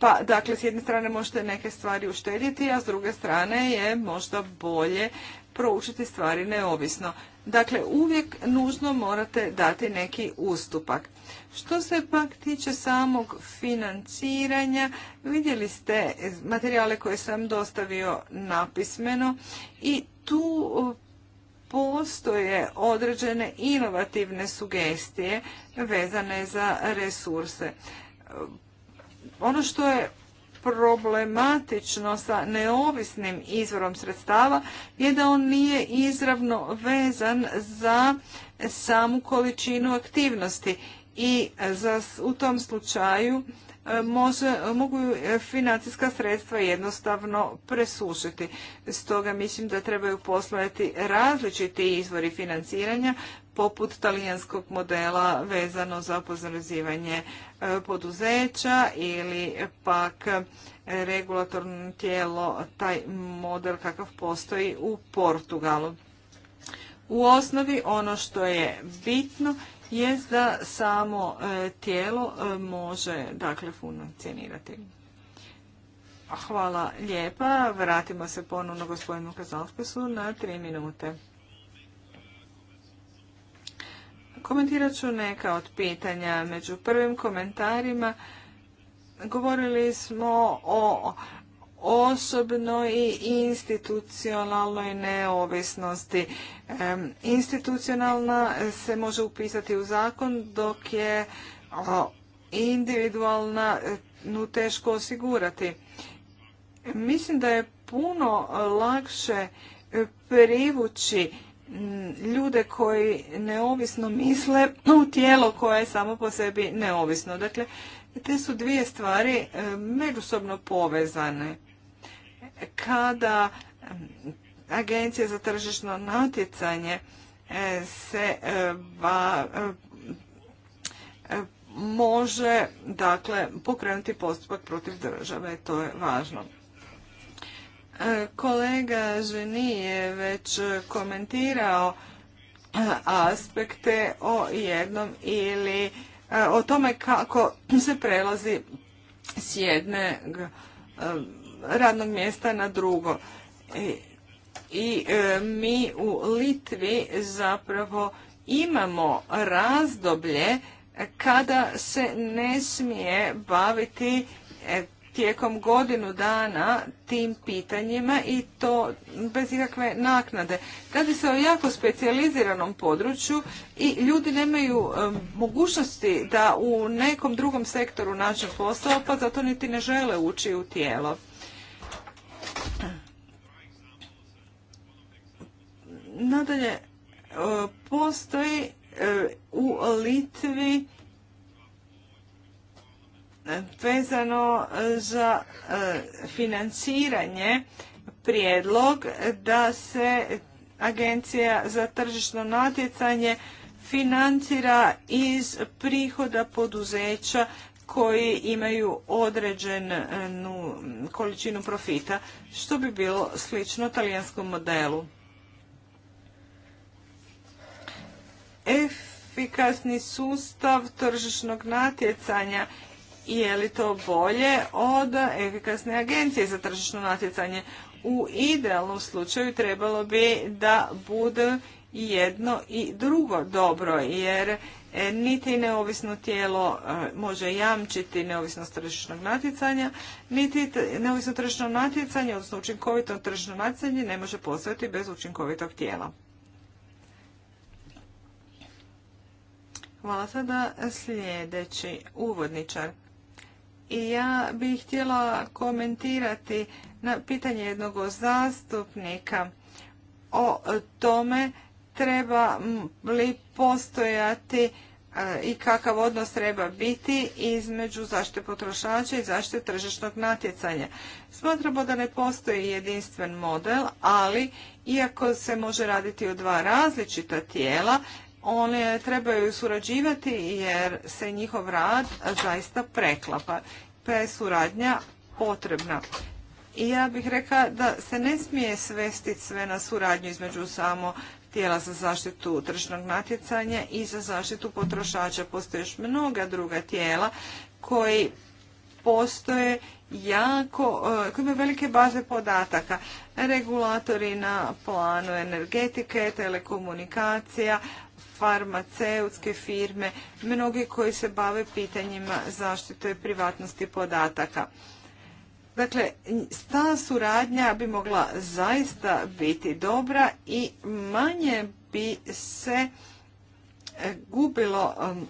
Pa, dakle, s jedne strane možete neke stvari uštedjeti, a s druge strane je možda bolje proučiti stvari neovisno. Dakle, uvijek nužno morate dati neki ustupak. Što se pak tiče samog financiranja, vidjeli ste materijale koje sam dostavio napismeno i tu postoje određene inovativne sugestije vezane za resurse. Ono što je problematično sa neovisnim izvorom sredstava je da on nije izravno vezan za samu količinu aktivnosti i za, u tom slučaju e, može, mogu financijska sredstva jednostavno presušiti. Stoga mislim da trebaju postojati različiti izvori financiranja poput talijanskog modela vezano za pozorizivanje e, poduzeća ili pak regulatorno tijelo, taj model kakav postoji u Portugalu. U osnovi ono što je bitno je da samo e, tijelo e, može dakle funkcionirati. Hvala lijepa. Vratimo se ponovno gospodinu Kazalspesu na tri minute. Komentirat ću neka od pitanja. Među prvim komentarima govorili smo o osobno i institucionalnoj neovisnosti. institucionalna se može upisati u zakon dok je individualna nu teško osigurati. Mislim da je puno lakše privući ljude koji neovisno misle u tijelo koje je samo po sebi neovisno. Dakle, te su dvije stvari e, međusobno povezane kada Agencija za tržišno natjecanje e, se e, e, može dakle pokrenuti postupak protiv države, to je važno. Kolega Ženi je već komentirao aspekte o jednom ili o tome kako se prelazi s jedne radnog mjesta na drugo. E, I e, mi u Litvi zapravo imamo razdoblje kada se ne smije baviti e, tijekom godinu dana tim pitanjima i to bez ikakve naknade. Radi se o jako specijaliziranom području i ljudi nemaju mogućnosti da u nekom drugom sektoru nađu posao, pa zato niti ne žele ući u tijelo. Nadalje, e, postoji e, u Litvi e, vezano za financiranje prijedlog da se Agencija za tržišno natjecanje financira iz prihoda poduzeća koji imaju određenu količinu profita, što bi bilo slično talijanskom modelu. Efikasni sustav tržišnog natjecanja je li to bolje od efikasne agencije za tržišno natjecanje? U idealnom slučaju trebalo bi da bude jedno i drugo dobro, jer E, niti neovisno tijelo e, može jamčiti neovisnost tržišnog natjecanja, niti neovisno tržišno natjecanje, odnosno učinkovito tržišno natjecanje ne može postojati bez učinkovitog tijela. Hvala sada e, sljedeći uvodničar. I ja bih htjela komentirati na pitanje jednog zastupnika o tome treba li postojati e, i kakav odnos treba biti između zaštite potrošača i zaštite tržišnog natjecanja. Smatramo da ne postoji jedinstven model, ali iako se može raditi o dva različita tijela, one trebaju surađivati jer se njihov rad zaista preklapa. Pa je suradnja potrebna. I ja bih rekla da se ne smije svesti sve na suradnju između samo tijela za zaštitu tržnog natjecanja i za zaštitu potrošača. Postoje još mnoga druga tijela koji postoje jako, e, koji imaju velike baze podataka. Regulatori na planu energetike, telekomunikacija, farmaceutske firme, mnogi koji se bave pitanjima zaštite privatnosti podataka. Dakle, ta suradnja bi mogla zaista biti dobra i manje bi se e, gubilo um,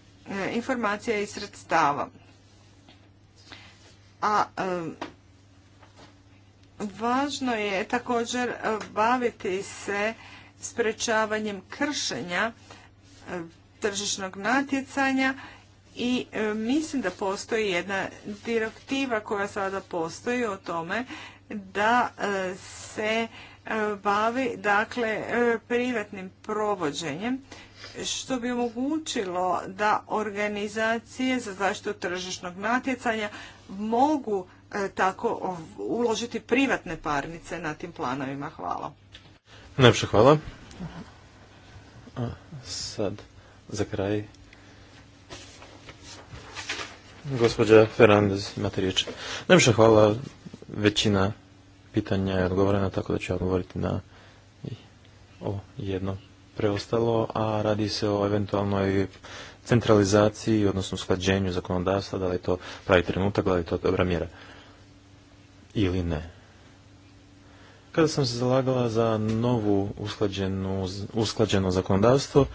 informacija i sredstava. A um, važno je također baviti se sprečavanjem kršenja e, tržišnog natjecanja i e, mislim da postoji jedna direktiva koja sada postoji o tome da e, se e, bavi dakle privatnim provođenjem što bi omogućilo da organizacije za zaštitu tržišnog natjecanja mogu tako uložiti privatne parnice na tim planovima. Hvala. hvala. sad za kraj Gospođa Fernandez, imate riječ. Najviše hvala većina pitanja je odgovorena, tako da ću ja odgovoriti na ovo jedno preostalo, a radi se o eventualnoj centralizaciji, odnosno usklađenju zakonodavstva, da li je to pravi trenutak, da li je to dobra mjera ili ne. Kada sam se zalagala za novu usklađeno zakonodavstvo,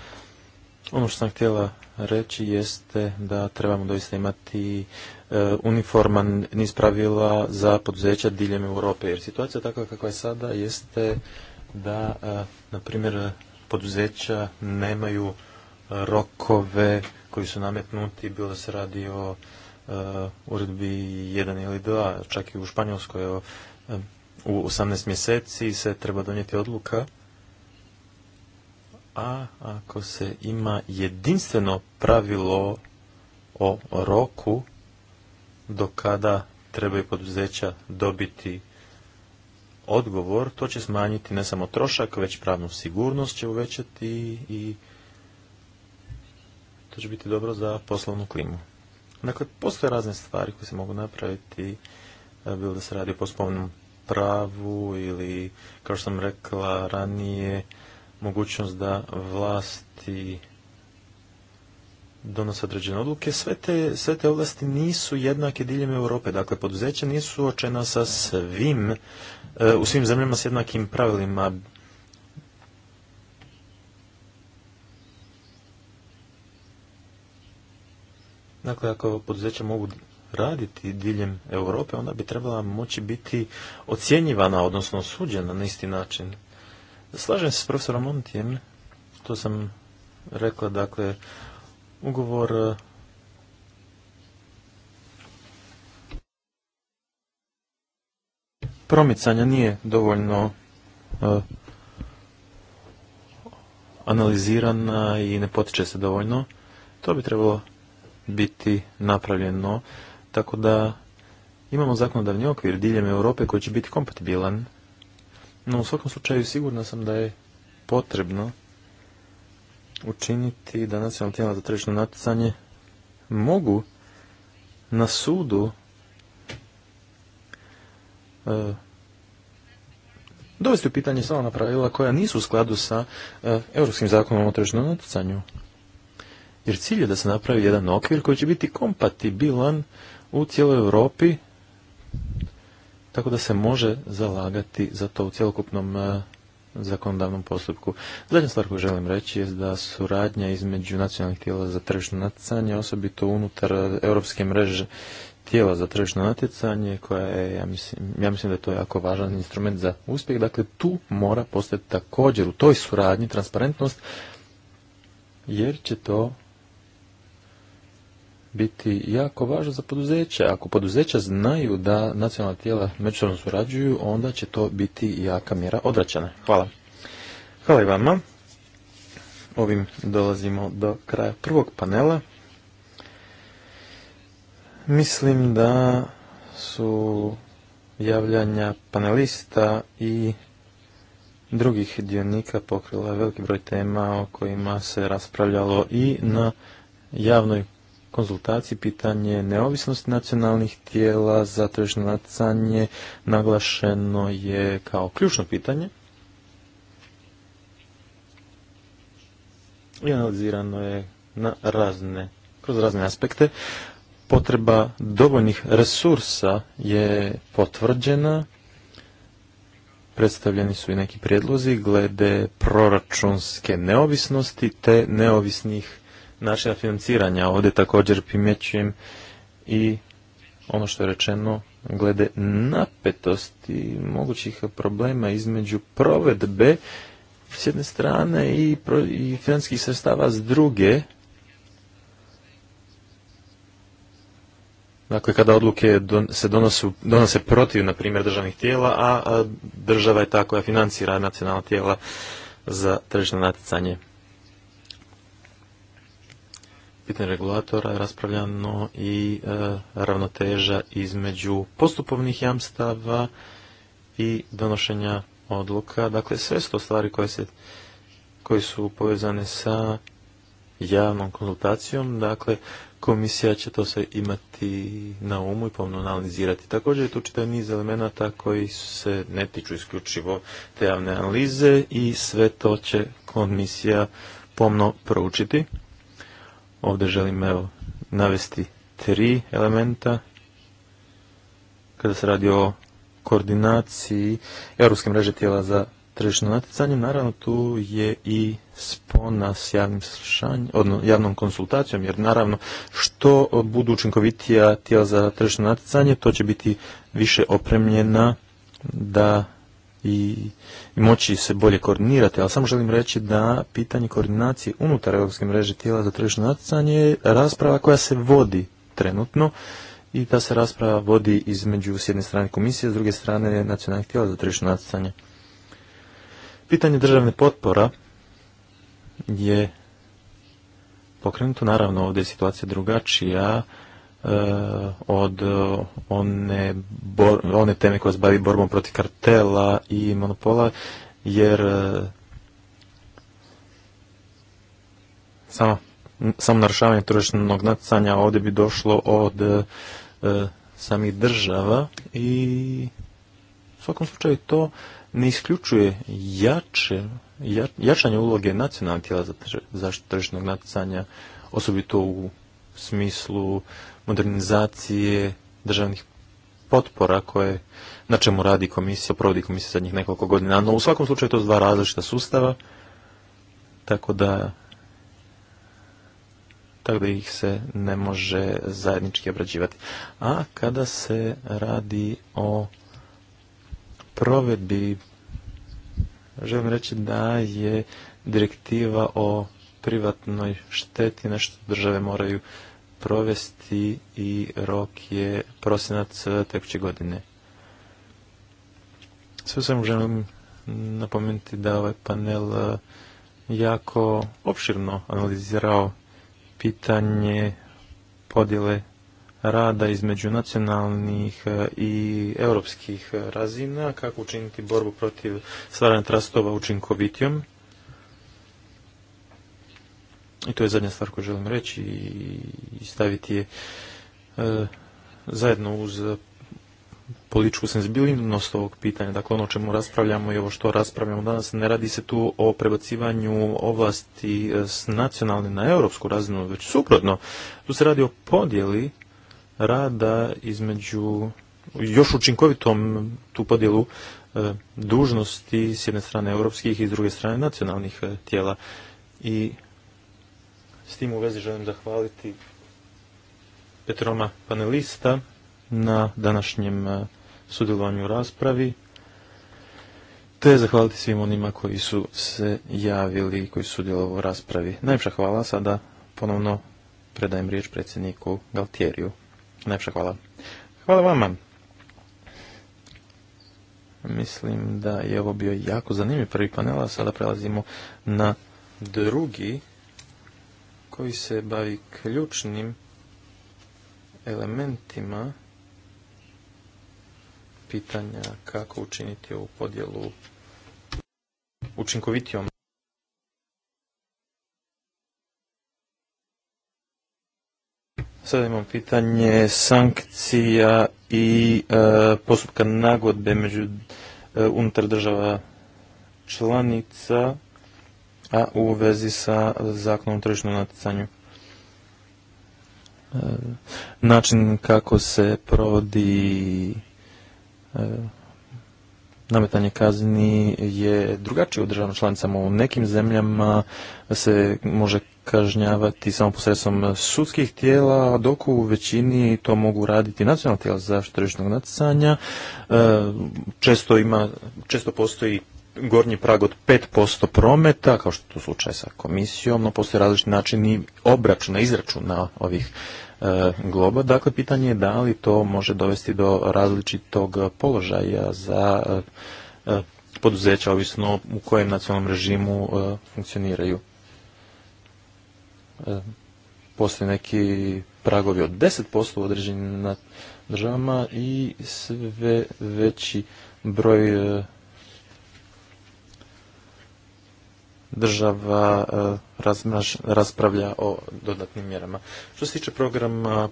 ono što sam htjela reći jeste da trebamo doista imati e, uniforman niz pravila za poduzeća diljem Europe. Jer situacija takva kakva je sada jeste da, e, na primjer, poduzeća nemaju e, rokove koji su nametnuti, bilo da se radi o uredbi 1 ili 2, čak i u Španjolskoj, u 18 mjeseci se treba donijeti odluka a ako se ima jedinstveno pravilo o roku do kada trebaju poduzeća dobiti odgovor, to će smanjiti ne samo trošak, već pravnu sigurnost će uvećati i to će biti dobro za poslovnu klimu. Dakle, postoje razne stvari koje se mogu napraviti, e, bilo da se radi o poslovnom pravu ili, kao što sam rekla ranije, mogućnost da vlasti donose određene odluke, sve te, sve te ovlasti nisu jednake diljem Europe. Dakle, poduzeća nisu očena sa svim, e, u svim zemljama s jednakim pravilima. Dakle, ako poduzeća mogu raditi diljem Europe, onda bi trebala moći biti ocjenjivana, odnosno suđena na isti način. Slažem se s profesorom Montijem, to sam rekla, dakle, ugovor eh, promicanja nije dovoljno eh, analizirana i ne potiče se dovoljno. To bi trebalo biti napravljeno, tako da imamo zakonodavni okvir diljem Europe koji će biti kompatibilan no u svakom slučaju sigurna sam da je potrebno učiniti da nacionalna tijela za tržišno natjecanje mogu na sudu e, dovesti u pitanje samo na pravila koja nisu u skladu sa e, Europskim zakonom o tržišnom natjecanju. Jer cilj je da se napravi jedan okvir koji će biti kompatibilan u cijeloj Europi tako da se može zalagati za to u cjelokupnom e, zakonodavnom postupku. Zadnja stvar koju želim reći je da suradnja između nacionalnih tijela za tržišno natjecanje, osobito unutar europske mreže tijela za tržišno natjecanje, koja je, ja mislim, ja mislim da je to jako važan instrument za uspjeh, dakle tu mora postati također u toj suradnji transparentnost, jer će to biti jako važno za poduzeća. Ako poduzeća znaju da nacionalna tijela međusobno surađuju, onda će to biti jaka mjera odvraćanja Hvala. Hvala i vama. Ovim dolazimo do kraja prvog panela. Mislim da su javljanja panelista i drugih dionika pokrila veliki broj tema o kojima se raspravljalo i na javnoj konzultaciji pitanje neovisnosti nacionalnih tijela za tržno natjecanje naglašeno je kao ključno pitanje i analizirano je na razne, kroz razne aspekte. Potreba dovoljnih resursa je potvrđena, predstavljeni su i neki prijedlozi glede proračunske neovisnosti te neovisnih načina financiranja. Ovdje također primjećujem i ono što je rečeno glede napetosti mogućih problema između provedbe s jedne strane i, financijskih sredstava s druge. Dakle, kada odluke se donosu, donose protiv, na primjer, državnih tijela, a, a država je ta koja financira nacionalna tijela za tržišno natjecanje pitanje regulatora raspravljano i e, ravnoteža između postupovnih jamstava i donošenja odluka. Dakle, sve su to stvari koje, se, koje su povezane sa javnom konzultacijom. Dakle, komisija će to sve imati na umu i pomno analizirati. Također je tu čitav niz elemenata koji se ne tiču isključivo te javne analize i sve to će komisija pomno proučiti. Ovdje želim evo, navesti tri elementa kada se radi o koordinaciji Europske mreže tijela za tržišno natjecanje. Naravno tu je i spona s javnim odnosno javnom konsultacijom, jer naravno što budu učinkovitija tijela za tržišno natjecanje, to će biti više opremljena da i moći se bolje koordinirati, ali samo želim reći da pitanje koordinacije unutar Europske mreže tijela za tržišno natjecanje je rasprava koja se vodi trenutno i ta se rasprava vodi između s jedne strane komisije, s druge strane nacionalnih tijela za tržišno natjecanje. Pitanje državne potpora je pokrenuto, naravno ovdje je situacija drugačija, Eh, od eh, one, one teme koja se bavi borbom protiv kartela i monopola, jer eh, samo, narušavanje tržišnog natjecanja ovdje bi došlo od samih država i u svakom slučaju to ne isključuje ja, jačanje uloge nacionalnih tijela za zaštitu tržišnog natjecanja, osobito u smislu modernizacije državnih potpora koje, na čemu radi komisija, provodi komisija zadnjih nekoliko godina. No u svakom slučaju to su dva različita sustava, tako da tako da ih se ne može zajednički obrađivati. A kada se radi o provedbi, želim reći da je direktiva o privatnoj šteti nešto države moraju provesti i rok je prosinac e, tekuće godine. Sve sam želim napomenuti da ovaj panel e, jako opširno analizirao pitanje podjele rada između nacionalnih e, i europskih razina, kako učiniti borbu protiv stvaranja trastova učinkovitijom i to je zadnja stvar koju želim reći i staviti je e, zajedno uz političku senzibilnost ovog pitanja. Dakle, ono o čemu raspravljamo i ovo što raspravljamo danas, ne radi se tu o prebacivanju ovlasti e, s nacionalne na europsku razinu, već suprotno. Tu se radi o podjeli rada između još učinkovitom tu podjelu e, dužnosti s jedne strane europskih i s druge strane nacionalnih tijela. I s tim u vezi želim zahvaliti Petroma panelista na današnjem e, sudjelovanju u raspravi, te zahvaliti svim onima koji su se javili i koji su sudjelovali u raspravi. Najpša hvala, sada ponovno predajem riječ predsjedniku Galtjeriju. Najpša hvala. Hvala vama. Mislim da je ovo bio jako zanimljiv prvi panel, a sada prelazimo na drugi koji se bavi ključnim elementima pitanja kako učiniti ovu podjelu učinkovitijom. Sada imam pitanje sankcija i e, postupka nagodbe među e, unutar država članica a u vezi sa zakonom o tržišnom natjecanju. E, način kako se provodi e, nametanje kazni je drugačije u državnom članicama. U nekim zemljama se može kažnjavati samo posredstvom sudskih tijela, dok u većini to mogu raditi nacionalna tijela za zaštitu tržišnog natjecanja. E, često postoji gornji prag od 5% prometa, kao što je to slučaj sa komisijom, no postoje različni načini obračuna, izračuna ovih e, globa. Dakle, pitanje je da li to može dovesti do različitog položaja za e, e, poduzeća, ovisno u kojem nacionalnom režimu funkcioniraju. Postoje neki pragovi od 10% u određenim državama i sve veći broj država e, raspravlja o dodatnim mjerama. Što se tiče programa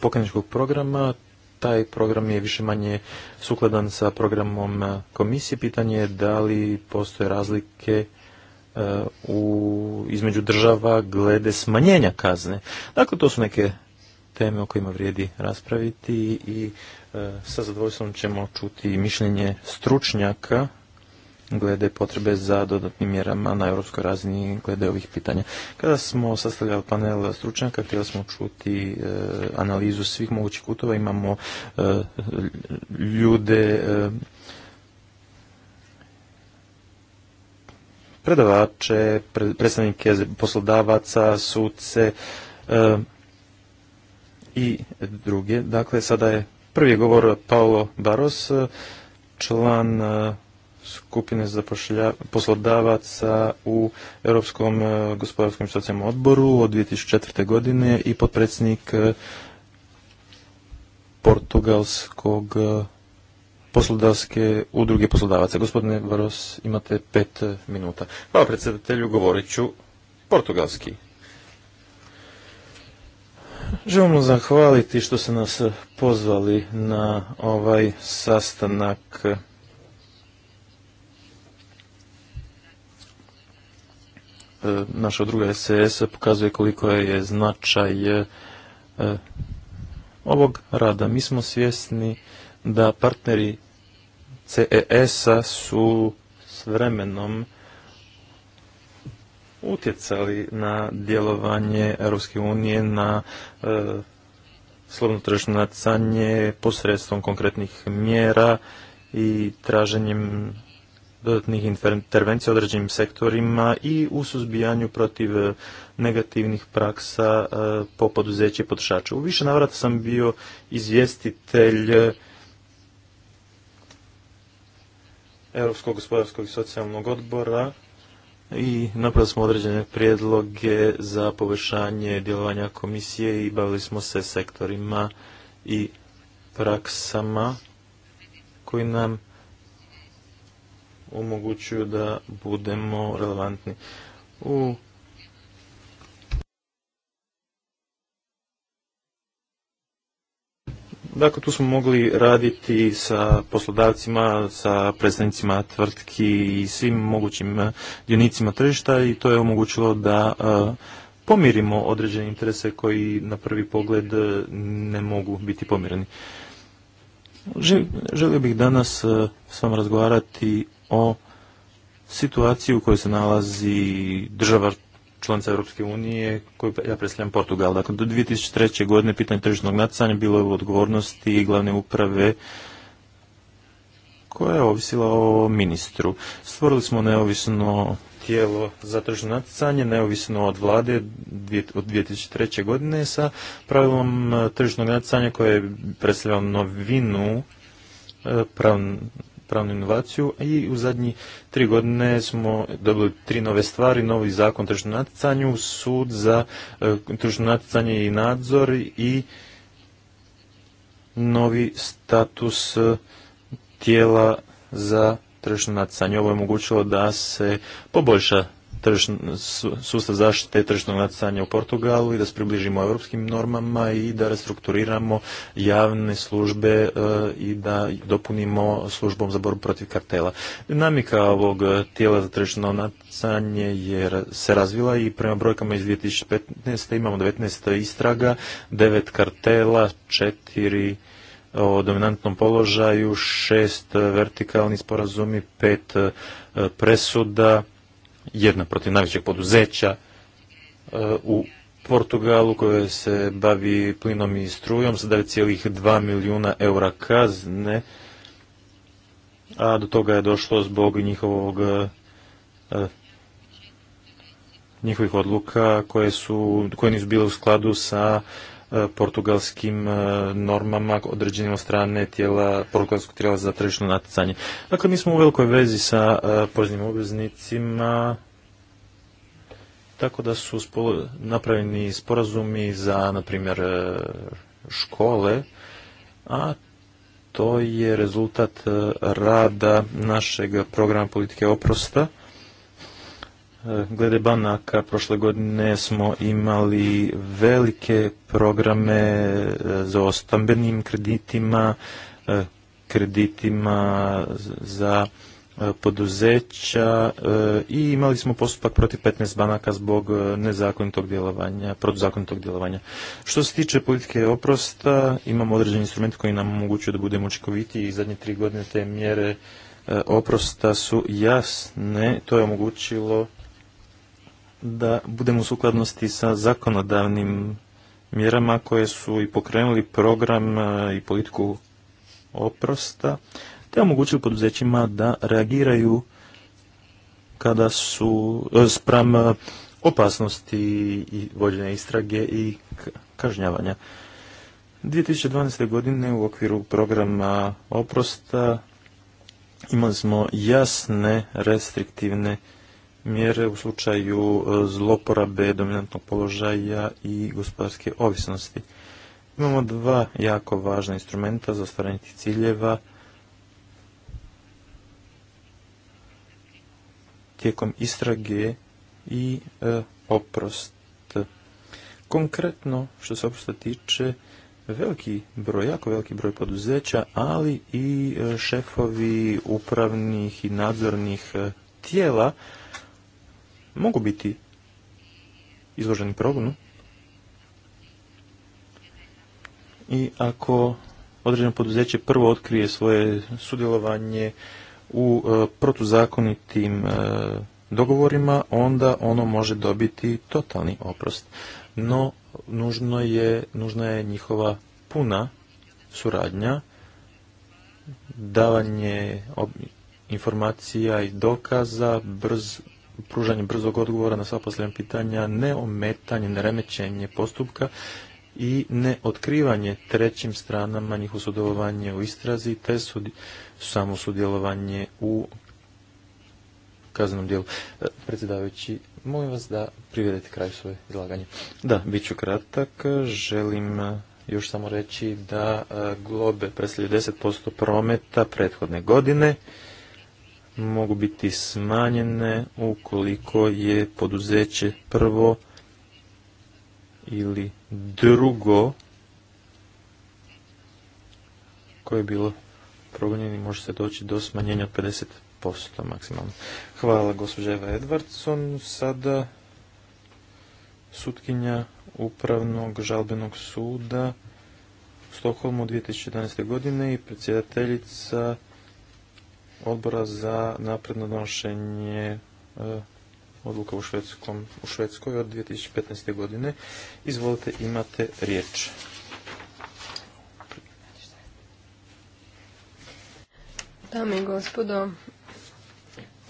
pokajničkog programa, taj program je više manje sukladan sa programom e, komisije. Pitanje je da li postoje razlike e, u, između država glede smanjenja kazne. Dakle, to su neke teme o kojima vrijedi raspraviti i sa zadovoljstvom ćemo čuti mišljenje stručnjaka glede potrebe za dodatnim mjerama na europskoj razini glede ovih pitanja. Kada smo sastavljali panel stručnjaka, htjeli smo čuti eh, analizu svih mogućih kutova. Imamo eh, ljude eh, predavače, predstavnike poslodavaca, suce i druge. Dakle, sada je prvi govor Paolo Baros, član skupine za poslodavaca u Europskom e, gospodarskom i socijalnom odboru od 2004. godine i potpredsjednik e, portugalskog e, poslodavske udruge poslodavaca. Gospodine Varos, imate pet minuta. Hvala predsjedatelju, govorit ću portugalski. Želimo zahvaliti što ste nas pozvali na ovaj sastanak E, naša druga SES pokazuje koliko je značaj e, e, ovog rada. Mi smo svjesni da partneri CES-a su s vremenom utjecali na djelovanje Europske unije na e, natjecanje posredstvom konkretnih mjera i traženjem dodatnih intervencija određenim sektorima i u suzbijanju protiv e, negativnih praksa e, po poduzeće i U više navrata sam bio izvjestitelj e, Europskog gospodarskog i socijalnog odbora i napravili smo određene prijedloge za poboljšanje djelovanja komisije i bavili smo se sektorima i praksama koji nam omogućuju da budemo relevantni. U Dakle, tu smo mogli raditi sa poslodavcima, sa predstavnicima tvrtki i svim mogućim eh, dionicima tržišta i to je omogućilo da eh, pomirimo određene interese koji na prvi pogled eh, ne mogu biti pomireni. Želio bih danas s vama razgovarati o situaciji u kojoj se nalazi država članica Europske unije koju ja predstavljam Portugal. Dakle, do 2003. godine pitanje tržišnog natjecanja bilo je u odgovornosti glavne uprave koja je ovisila o ministru. Stvorili smo neovisno tijelo za tržno natjecanje, neovisno od vlade od 2003. godine sa pravilom eh, tržišnog natjecanja koje je predstavljalo novinu eh, pravnu inovaciju i u zadnji tri godine smo dobili tri nove stvari, novi zakon tržišnom natjecanju, sud za e, tržišno natjecanje i nadzor i novi status e, tijela za tržišno natjecanje. Ovo je omogućilo da se poboljša sustav zaštite tržišnog natjecanja u Portugalu i da se približimo europskim normama i da restrukturiramo javne službe e, i da dopunimo službom za borbu protiv kartela. Dinamika ovog tijela za tržišno natjecanje je, se razvila i prema brojkama iz 2015. imamo 19 istraga, 9 kartela, 4 o dominantnom položaju, šest vertikalni sporazumi, pet e, presuda, jedna protiv najvećeg poduzeća e, u Portugalu koje se bavi plinom i strujom sa 9,2 milijuna eura kazne, a do toga je došlo zbog njihovog e, e, njihovih odluka koje, su, koje nisu bile u skladu sa E, portugalskim e, normama određenim od strane tijela, portugalskog tijela za tržišno natjecanje. Dakle, mi smo u velikoj vezi sa e, poreznim obveznicima, tako da su napravljeni sporazumi za, na primjer, škole, a to je rezultat rada našeg programa politike oprosta E, glede banaka, prošle godine smo imali velike programe e, za ostambenim kreditima, e, kreditima za poduzeća i imali smo postupak protiv 15 banaka zbog nezakonitog djelovanja, protuzakonitog djelovanja. Što se tiče politike oprosta, imamo određeni instrument koji nam omogućuje da budemo učinkoviti i zadnje tri godine te mjere oprosta su jasne. To je omogućilo da budemo u sukladnosti sa zakonodavnim mjerama koje su i pokrenuli program e, i politiku oprosta, te omogućili poduzećima da reagiraju kada su e, spram e, opasnosti i vođenja istrage i kažnjavanja. 2012. godine u okviru programa oprosta imali smo jasne restriktivne mjere u slučaju e, zloporabe dominantnog položaja i gospodarske ovisnosti. Imamo dva jako važna instrumenta za ostvarenje ciljeva tijekom istrage i e, oprost. Konkretno, što se oprosta tiče, veliki broj, jako veliki broj poduzeća, ali i e, šefovi upravnih i nadzornih tijela mogu biti izloženi progonu i ako određeno poduzeće prvo otkrije svoje sudjelovanje u e, protuzakonitim e, dogovorima, onda ono može dobiti totalni oprost. No, nužno je, nužna je njihova puna suradnja, davanje informacija i dokaza, brz pružanje brzog odgovora na sva posljedna pitanja, neometanje, neremećenje postupka i neotkrivanje trećim stranama njihovo sudjelovanje u istrazi te samo sudjelovanje u kaznenom dijelu. E, predsjedavajući, molim vas da privedete kraj svoje izlaganje. Da, bit ću kratak. Želim e, još samo reći da e, globe predstavljaju 10% prometa prethodne godine mogu biti smanjene ukoliko je poduzeće prvo ili drugo koje je bilo progonjeno i može se doći do smanjenja od 50% maksimalno. Hvala gospođa Eva Edvardson. Sada sutkinja Upravnog žalbenog suda u Stokholmu 2011. godine i predsjedateljica odbora za napredno donošenje e, odluka u, Švedskom, u Švedskoj od 2015. godine. Izvolite, imate riječ. Dame i gospodo,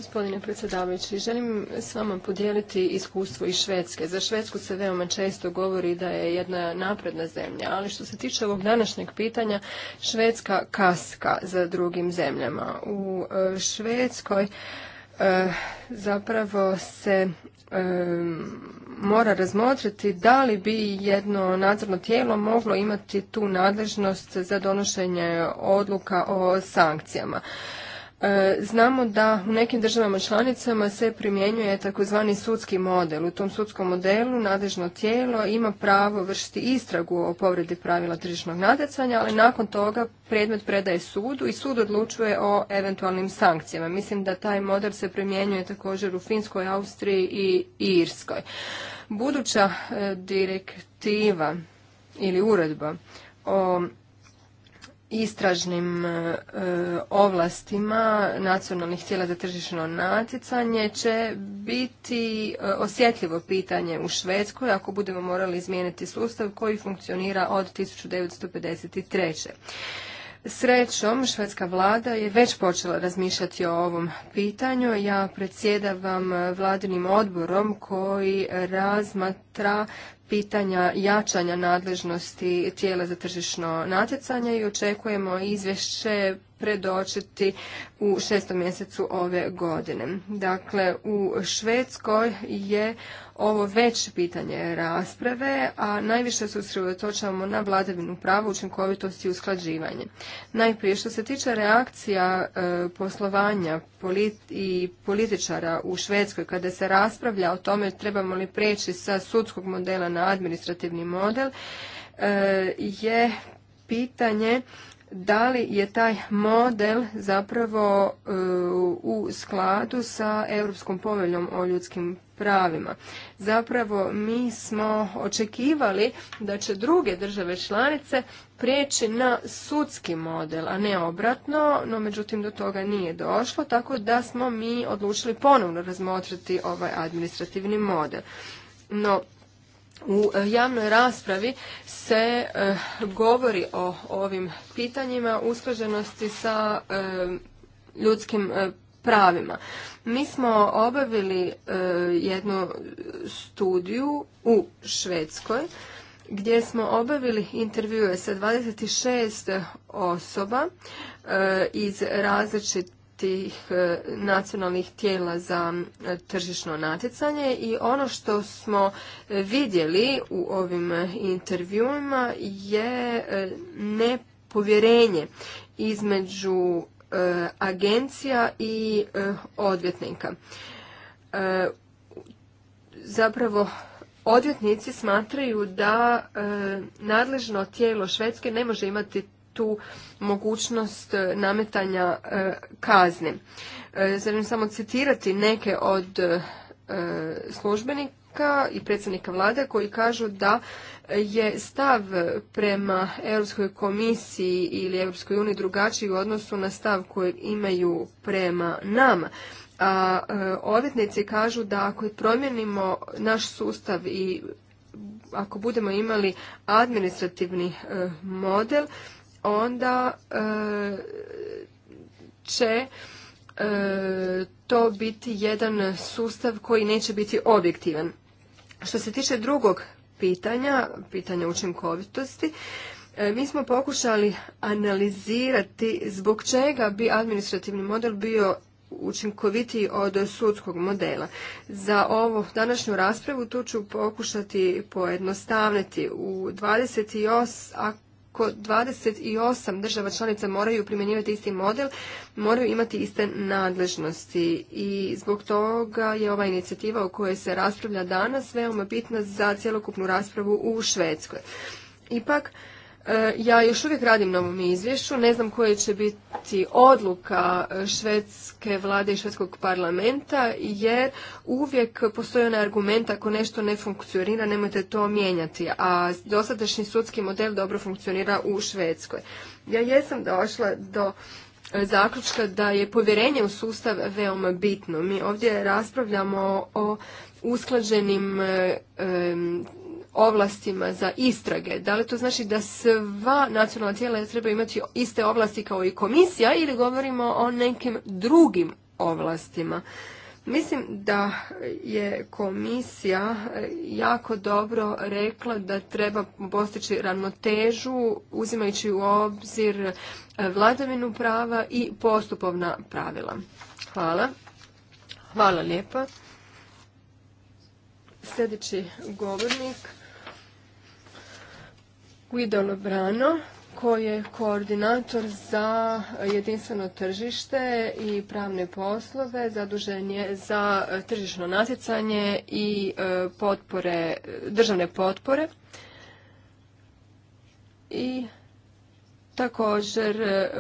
Gospodine predsjedavajući, želim s vama podijeliti iskustvo iz Švedske. Za Švedsku se veoma često govori da je jedna napredna zemlja, ali što se tiče ovog današnjeg pitanja, Švedska kaska za drugim zemljama. U e, Švedskoj e, zapravo se e, mora razmotriti da li bi jedno nadzorno tijelo moglo imati tu nadležnost za donošenje odluka o sankcijama. E, znamo da u nekim državama članicama se primjenjuje takozvani sudski model. U tom sudskom modelu nadležno tijelo ima pravo vršiti istragu o povredi pravila tržišnog nadecanja, ali nakon toga predmet predaje sudu i sud odlučuje o eventualnim sankcijama. Mislim da taj model se primjenjuje također u Finskoj, Austriji i Irskoj. Buduća e, direktiva ili uredba o istražnim e, ovlastima nacionalnih tijela za tržišno natjecanje će biti e, osjetljivo pitanje u Švedskoj ako budemo morali izmijeniti sustav koji funkcionira od 1953. Srećom, švedska vlada je već počela razmišljati o ovom pitanju. Ja predsjedavam eh, vladinim odborom koji razmatra pitanja jačanja nadležnosti tijela za tržišno natjecanje i očekujemo izvješće predočiti u šestom mjesecu ove godine. Dakle, u Švedskoj je ovo već pitanje rasprave, a najviše se usredotočavamo na vladavinu prava, učinkovitost i usklađivanje. Najprije što se tiče reakcija e, poslovanja i političara u Švedskoj kada se raspravlja o tome trebamo li preći sa sudskog modela na administrativni model, e, je pitanje da li je taj model zapravo e, u skladu sa Europskom poveljom o ljudskim pravima. Zapravo mi smo očekivali da će druge države članice prijeći na sudski model, a ne obratno, no međutim do toga nije došlo, tako da smo mi odlučili ponovno razmotriti ovaj administrativni model. No, u e, javnoj raspravi se e, govori o ovim pitanjima usklađenosti sa e, ljudskim pravima. Mi smo obavili jednu studiju u Švedskoj gdje smo obavili intervjue sa 26 osoba iz različitih tih e, nacionalnih tijela za e, tržišno natjecanje i ono što smo vidjeli u ovim e, intervjuima je nepovjerenje između agencija i odvjetnika. Zapravo odvjetnici smatraju da nadležno tijelo Švedske ne može imati tu mogućnost e, nametanja e, kazni. E, želim samo citirati neke od službenika i predsjednika vlade koji kažu da je stav prema Europskoj komisiji ili Europskoj uniji drugačiji u odnosu na stav koji imaju prema nama. A odvjetnici kažu da ako promijenimo naš sustav i ako budemo imali administrativni model, onda e, će e, to biti jedan sustav koji neće biti objektivan. Što se tiče drugog pitanja, pitanja učinkovitosti, e, mi smo pokušali analizirati zbog čega bi administrativni model bio učinkovitiji od sudskog modela. Za ovu današnju raspravu tu ću pokušati pojednostavniti. U 28, ako 28 država članica moraju primjenjivati isti model, moraju imati iste nadležnosti i zbog toga je ova inicijativa o kojoj se raspravlja danas veoma bitna za cjelokupnu raspravu u Švedskoj. Ipak, E, ja još uvijek radim na ovom izvješću, ne znam koje će biti odluka e, švedske vlade i švedskog parlamenta, jer uvijek postoji onaj argument ako nešto ne funkcionira, nemojte to mijenjati, a dosadašnji sudski model dobro funkcionira u Švedskoj. Ja jesam došla do e, zaključka da je povjerenje u sustav veoma bitno. Mi ovdje raspravljamo o usklađenim ovlastima za istrage. Da li to znači da sva nacionalna tijela treba imati iste ovlasti kao i komisija ili govorimo o nekim drugim ovlastima? Mislim da je komisija e, jako dobro rekla da treba postići ravnotežu uzimajući u obzir e, vladavinu prava i postupovna pravila. Hvala. Hvala lijepa. Sljedeći govornik Guido Lobrano koji je koordinator za jedinstveno tržište i pravne poslove, zadužen je za tržišno natjecanje i e, potpore, državne potpore. I također e,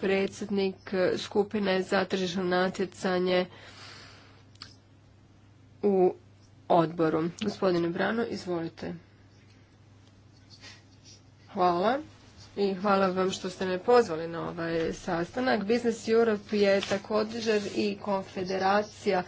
predsjednik skupine za tržišno natjecanje u odboru. Gospodine Brano, izvolite. Hvala i hvala vam što ste me pozvali na ovaj sastanak. Business Europe je također i konfederacija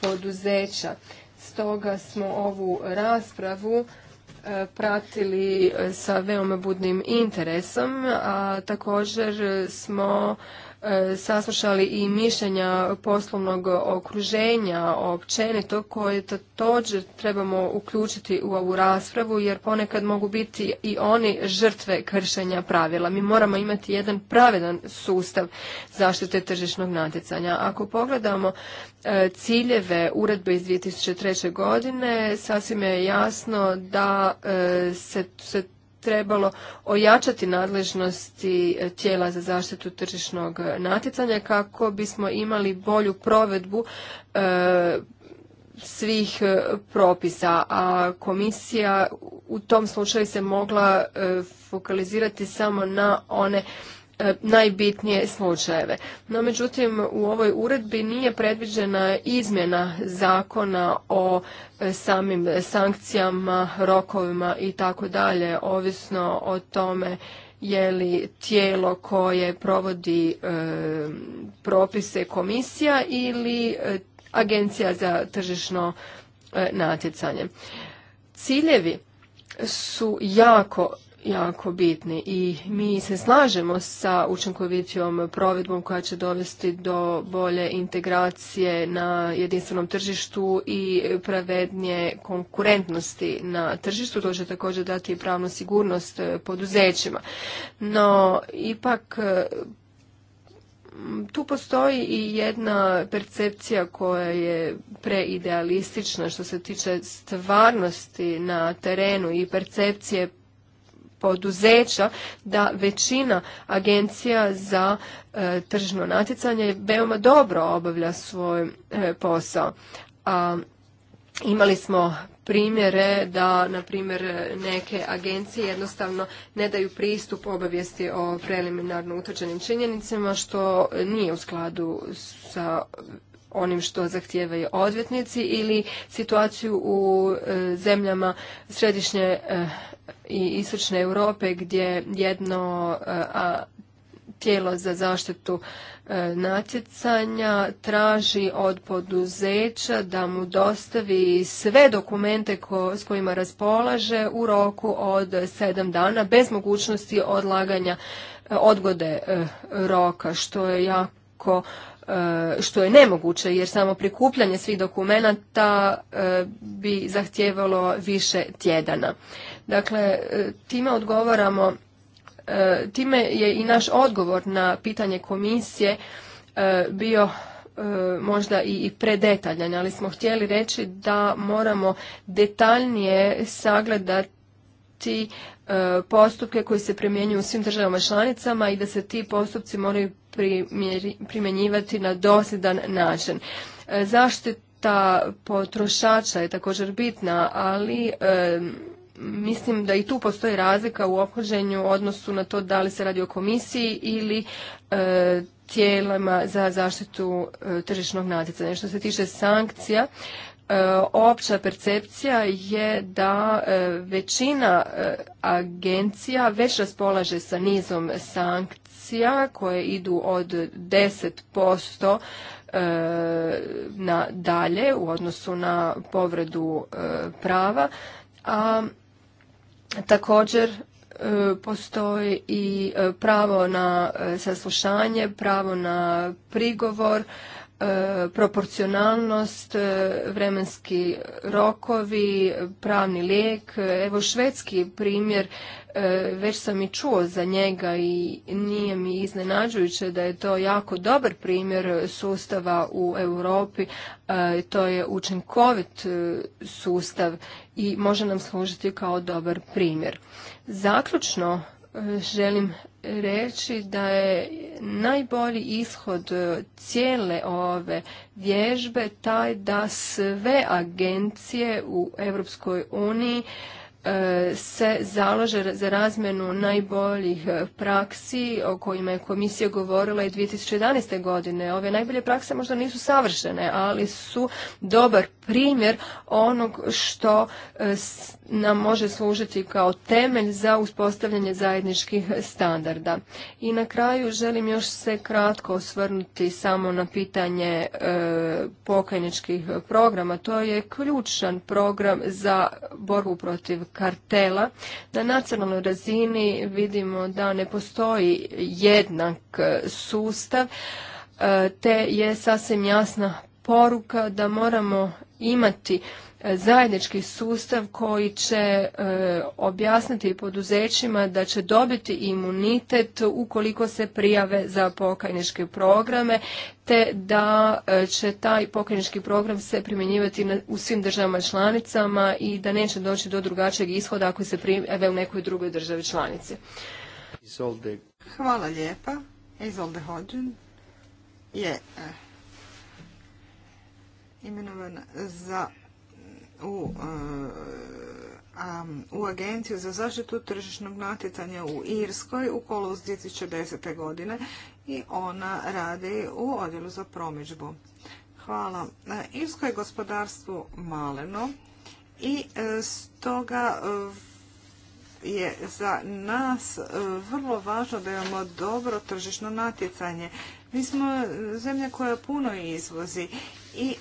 poduzeća. Stoga smo ovu raspravu e, pratili e, sa veoma budnim interesom, a također smo E, saslušali i mišljenja poslovnog okruženja općenito koje također trebamo uključiti u ovu raspravu jer ponekad mogu biti i oni žrtve kršenja pravila. Mi moramo imati jedan pravedan sustav zaštite tržišnog natjecanja. Ako pogledamo e, ciljeve uredbe iz 2003. godine sasvim je jasno da e, se, se trebalo ojačati nadležnosti e, tijela za zaštitu tržišnog e, natjecanja kako bismo imali bolju provedbu e, svih propisa, a komisija u tom slučaju se mogla fokalizirati samo na one E, najbitnije slučajeve. No međutim u ovoj uredbi nije predviđena izmjena zakona o e, samim sankcijama, rokovima i tako dalje, ovisno o tome je li tijelo koje provodi e, propise komisija ili agencija za tržišno natjecanje. Ciljevi su jako jako bitni i mi se slažemo sa učinkovitijom provedbom koja će dovesti do bolje integracije na jedinstvenom tržištu i pravednije konkurentnosti na tržištu. To će također dati i pravnu sigurnost e, poduzećima. No, ipak e, tu postoji i jedna percepcija koja je preidealistična što se tiče stvarnosti na terenu i percepcije poduzeća da većina agencija za e, tržno natjecanje veoma dobro obavlja svoj e, posao. A imali smo primjere da na primjer neke agencije jednostavno ne daju pristup obavijesti o preliminarno utvrđenim činjenicama što nije u skladu sa onim što zahtijevaju odvjetnici ili situaciju u e, zemljama središnje i istočne Europe gdje jedno e, a, tijelo za zaštitu e, natjecanja traži od poduzeća da mu dostavi sve dokumente ko, s kojima raspolaže u roku od sedam dana bez mogućnosti odlaganja e, odgode roka što je jako što je nemoguće jer samo prikupljanje svih dokumenata bi zahtijevalo više tjedana. Dakle, e, time odgovaramo, e, time je i naš odgovor na pitanje komisije e, bio možda i predetaljan, ali smo htjeli reći da moramo detaljnije sagledati postupke koji se primjenjuju u svim državama članicama i da se ti postupci moraju primjenjivati na dosljedan način. Zaštita potrošača je također bitna, ali mislim da i tu postoji razlika u u odnosu na to da li se radi o komisiji ili e, tijelima za zaštitu e, tržišnog natjecanja. Što se tiče sankcija, e, opća percepcija je da većina agencija već raspolaže sa nizom sankcija koje idu od 10% na dalje u odnosu na povredu prava, a Također e, postoji i e, pravo na e, saslušanje, pravo na prigovor, proporcionalnost, e, vremenski rokovi, pravni lijek. Evo švedski primjer, e, već sam i čuo za njega i nije mi iznenađujuće da je to jako dobar primjer sustava u Europi. E, to je učinkovit sustav i može nam služiti kao dobar primjer. Zaključno želim reći da je najbolji ishod e, cijele ove vježbe taj da sve agencije u Europskoj uniji E, se zalaže za razmenu najboljih e, praksi o kojima je komisija govorila i 2011. godine. Ove najbolje prakse možda nisu savršene, ali su dobar primjer onog što e, nam može služiti kao temelj za uspostavljanje zajedničkih standarda. I na kraju želim još se kratko osvrnuti samo na pitanje pokajničkih programa. To je ključan program za borbu protiv kartela. Na nacionalnoj razini vidimo da ne postoji jednak e, sustav, e, te je sasvim jasna poruka da moramo imati e, zajednički sustav koji će e, objasniti poduzećima da će dobiti imunitet ukoliko se prijave za pokajničke programe te da e, će taj pokajnički program se primjenjivati na, u svim državama članicama i da neće doći do drugačijeg ishoda ako se prijave u nekoj drugoj državi članici. Hvala lijepa. Izolde je e, imenovan za u, eh, u Agenciju za zaštitu tržišnog natjecanja u Irskoj u kolovoz 2010. godine i ona radi u odjelu za promidžbu. Hvala. Eh, Irsko je gospodarstvo maleno i eh, stoga je za nas vrlo važno da imamo dobro tržišno natjecanje. Mi smo zemlja koja puno izvozi i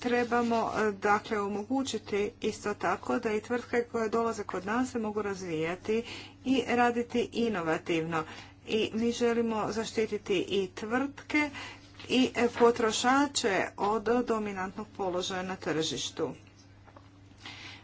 trebamo e, dakle omogućiti isto tako da i tvrtke koje dolaze kod nas se mogu razvijati i raditi inovativno. I mi želimo zaštititi i tvrtke i e, potrošače od dominantnog položaja na tržištu.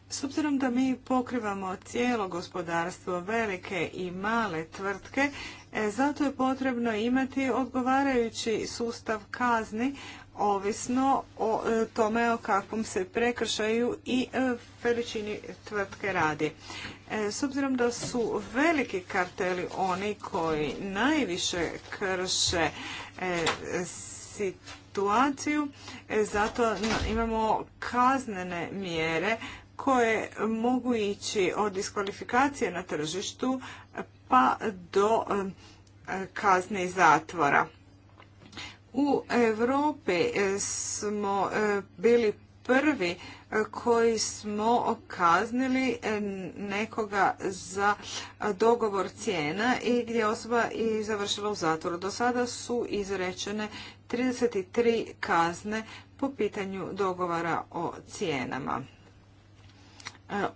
S obzirom da mi pokrivamo cijelo gospodarstvo, velike i male tvrtke, e, zato je potrebno imati odgovarajući sustav kazni ovisno o e, tome o kakvom se prekršaju i e, veličini tvrtke radi. E, s obzirom da su veliki karteli oni koji najviše krše situaciju, zato imamo kaznene mjere koje mogu ići od diskvalifikacije na tržištu pa do i zatvora. U Europi e, smo e, bili prvi e, koji smo kaznili nekoga za dogovor cijena i gdje osoba i završila u zatvoru. Do sada su izrečene 33 kazne po pitanju dogovara o cijenama.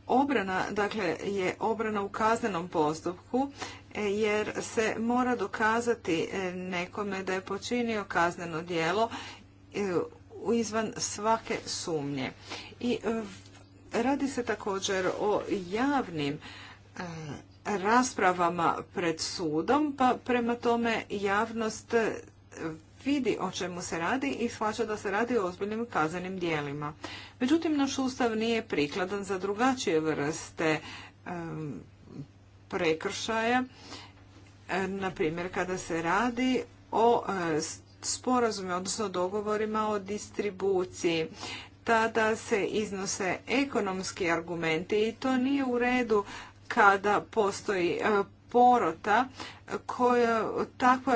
Obrana, dakle, je obrana u kaznenom postupku jer se mora dokazati e, nekome da je počinio kazneno djelo e, izvan svake sumnje. I e, radi se također o javnim raspravama pred sudom, pa prema tome javnost vidi o čemu se radi i shvaća da se radi o ozbiljnim kaznenim dijelima. Međutim, naš ustav nije prikladan za drugačije vrste prekršaja, na primjer kada se radi o e, sporazume, odnosno dogovorima o distribuciji. Tada se iznose ekonomski argumenti i to nije u redu kada postoji e, porota koja takvo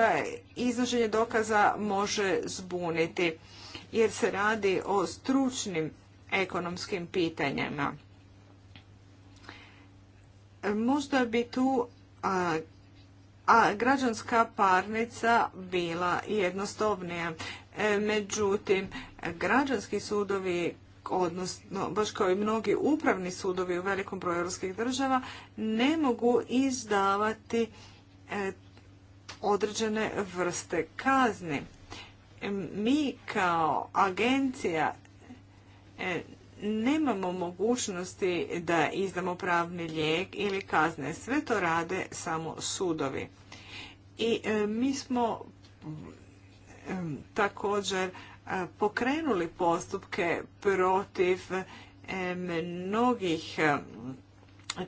iznoženje dokaza može zbuniti jer se radi o stručnim ekonomskim pitanjima. Možda bi tu a, građanska parnica bila jednostavnija. E, međutim, građanski sudovi odnosno baš kao i mnogi upravni sudovi u velikom broju europskih država, ne mogu izdavati e, određene vrste kazni. E, mi kao agencija nemamo mogućnosti da izdamo pravni lijek ili kazne. Sve to rade samo sudovi. I e, mi smo također e, pokrenuli postupke protiv e, mnogih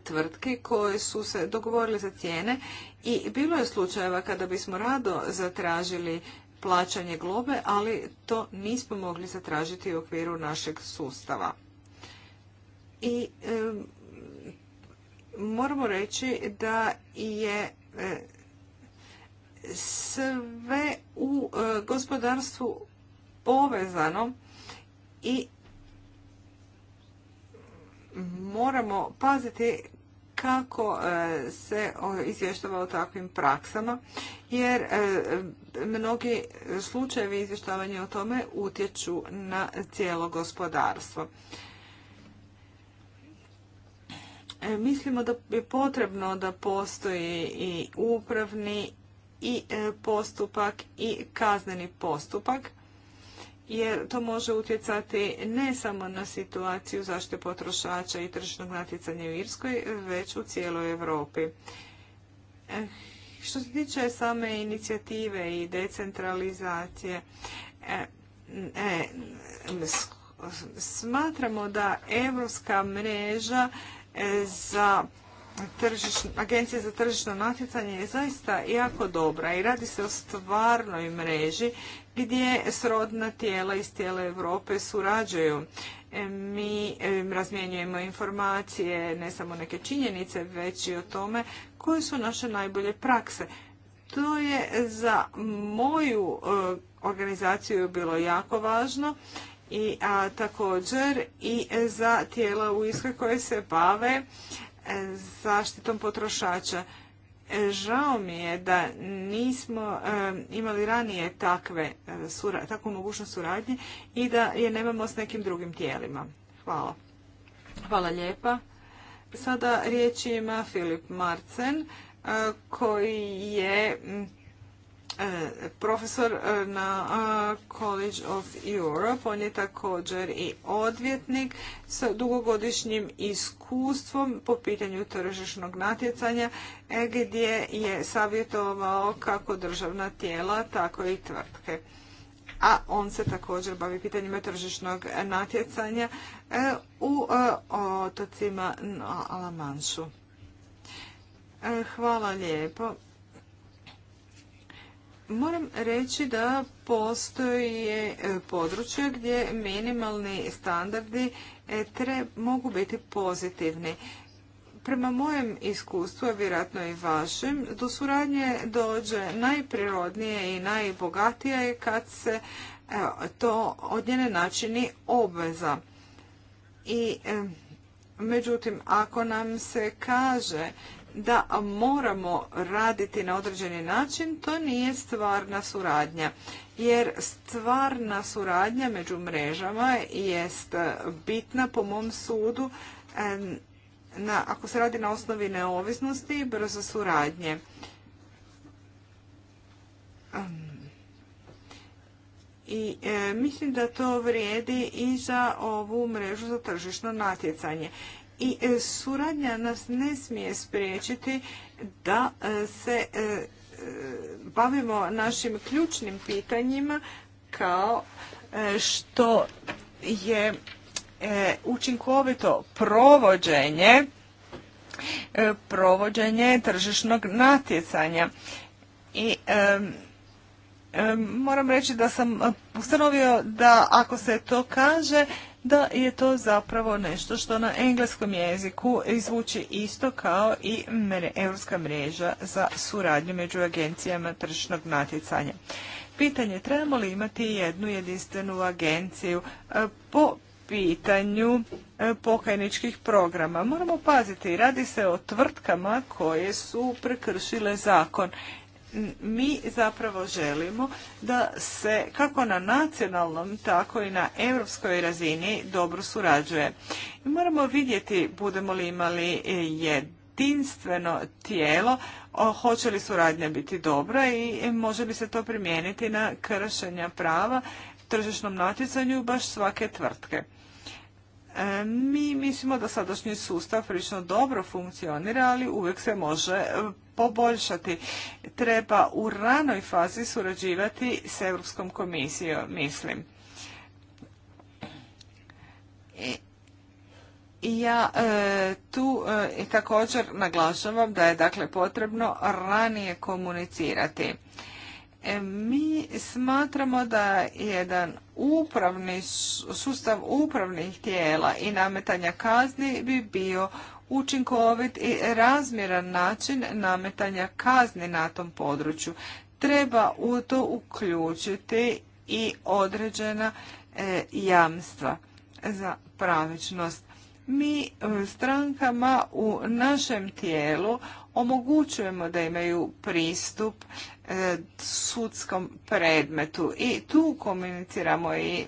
tvrtke koje su se dogovorile za cijene i bilo je slučajeva kada bismo rado zatražili plaćanje globe, ali to nismo mogli zatražiti u okviru našeg sustava. I moramo reći da je e, sve u e, gospodarstvu povezano i moramo paziti kako e, se izvještava o takvim praksama, jer e, mnogi slučajevi izvještavanja o tome utječu na cijelo gospodarstvo. E, mislimo da je potrebno da postoji i upravni i postupak i kazneni postupak jer to može utjecati ne samo na situaciju zaštite potrošača i tržišnog natjecanja u Irskoj, već u cijeloj Europi. Što se tiče same inicijative i decentralizacije, e, e, smatramo da Europska mreža e, za agencije za tržišno natjecanje je zaista jako dobra i radi se o stvarnoj mreži gdje srodna tijela iz tijela Europe surađuju. E, mi e, razmjenjujemo informacije, ne samo neke činjenice, već i o tome koje su naše najbolje prakse. To je za moju e, organizaciju bilo jako važno i a, također i za tijela u Irskoj koje se bave zaštitom potrošača. E, žao mi je da nismo e, imali ranije takve, e, takvu mogućnost suradnje i da je nemamo s nekim drugim tijelima. Hvala. Hvala lijepa. Sada riječ ima Filip Marcen koji je profesor e, na College of Europe. On je također i odvjetnik s dugogodišnjim iskustvom po pitanju tržišnog natjecanja e, gdje je savjetovao kako državna tijela, tako i tvrtke. A on se također bavi pitanjima tržišnog natjecanja e, u otocima na Alamanšu. Hvala lijepo. Moram reći da postoji e, područje gdje minimalni standardi e, mogu biti pozitivni. Prema mojem iskustvu, a vjerojatno i vašem, do suradnje dođe najprirodnije i najbogatije kad se e, to od njene načini obveza. I Međutim, ako nam se kaže da moramo raditi na određeni način, to nije stvarna suradnja. Jer stvarna suradnja među mrežama jest bitna po mom sudu na, ako se radi na osnovi neovisnosti i brzo suradnje. I e, mislim da to vrijedi i za ovu mrežu za tržišno natjecanje i e, suradnja nas ne smije spriječiti da e, se e, bavimo našim ključnim pitanjima kao što je učinkovito provođenje provođenje tržišnog natjecanja. I moram reći da sam ustanovio da ako se to kaže da je to zapravo nešto što na engleskom jeziku izvuči isto kao i Europska mreža za suradnju među agencijama tržišnog natjecanja. Pitanje trebamo li imati jednu jedinstvenu agenciju e, po pitanju e, pokajničkih programa. Moramo paziti, radi se o tvrtkama koje su prekršile zakon mi zapravo želimo da se kako na nacionalnom, tako i na europskoj razini dobro surađuje. moramo vidjeti budemo li imali jedinstveno tijelo, hoće li suradnja biti dobra i može li se to primijeniti na kršenja prava tržišnom natjecanju baš svake tvrtke. E, mi mislimo da sadašnji sustav prilično dobro funkcionira, ali uvijek se može poboljšati. Treba u ranoj fazi surađivati s Europskom komisijom, mislim. I ja e, tu e, također naglašavam da je dakle potrebno ranije komunicirati. E, mi smatramo da jedan upravni sustav upravnih tijela i nametanja kazni bi bio učinkovit i razmjeran način nametanja kazni na tom području. Treba u to uključiti i određena e, jamstva za pravičnost. Mi e, strankama u našem tijelu omogućujemo da imaju pristup E, sudskom predmetu i tu komuniciramo i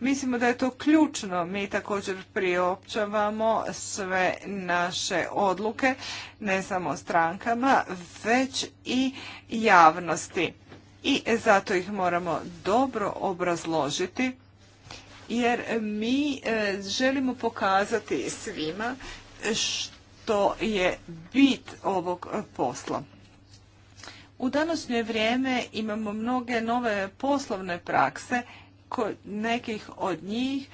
mislimo da je to ključno. Mi također priopćavamo sve naše odluke, ne samo strankama, već i javnosti. I zato ih moramo dobro obrazložiti jer mi e, želimo pokazati svima što je bit ovog posla. U današnje vrijeme imamo mnoge nove poslovne prakse, kod nekih od njih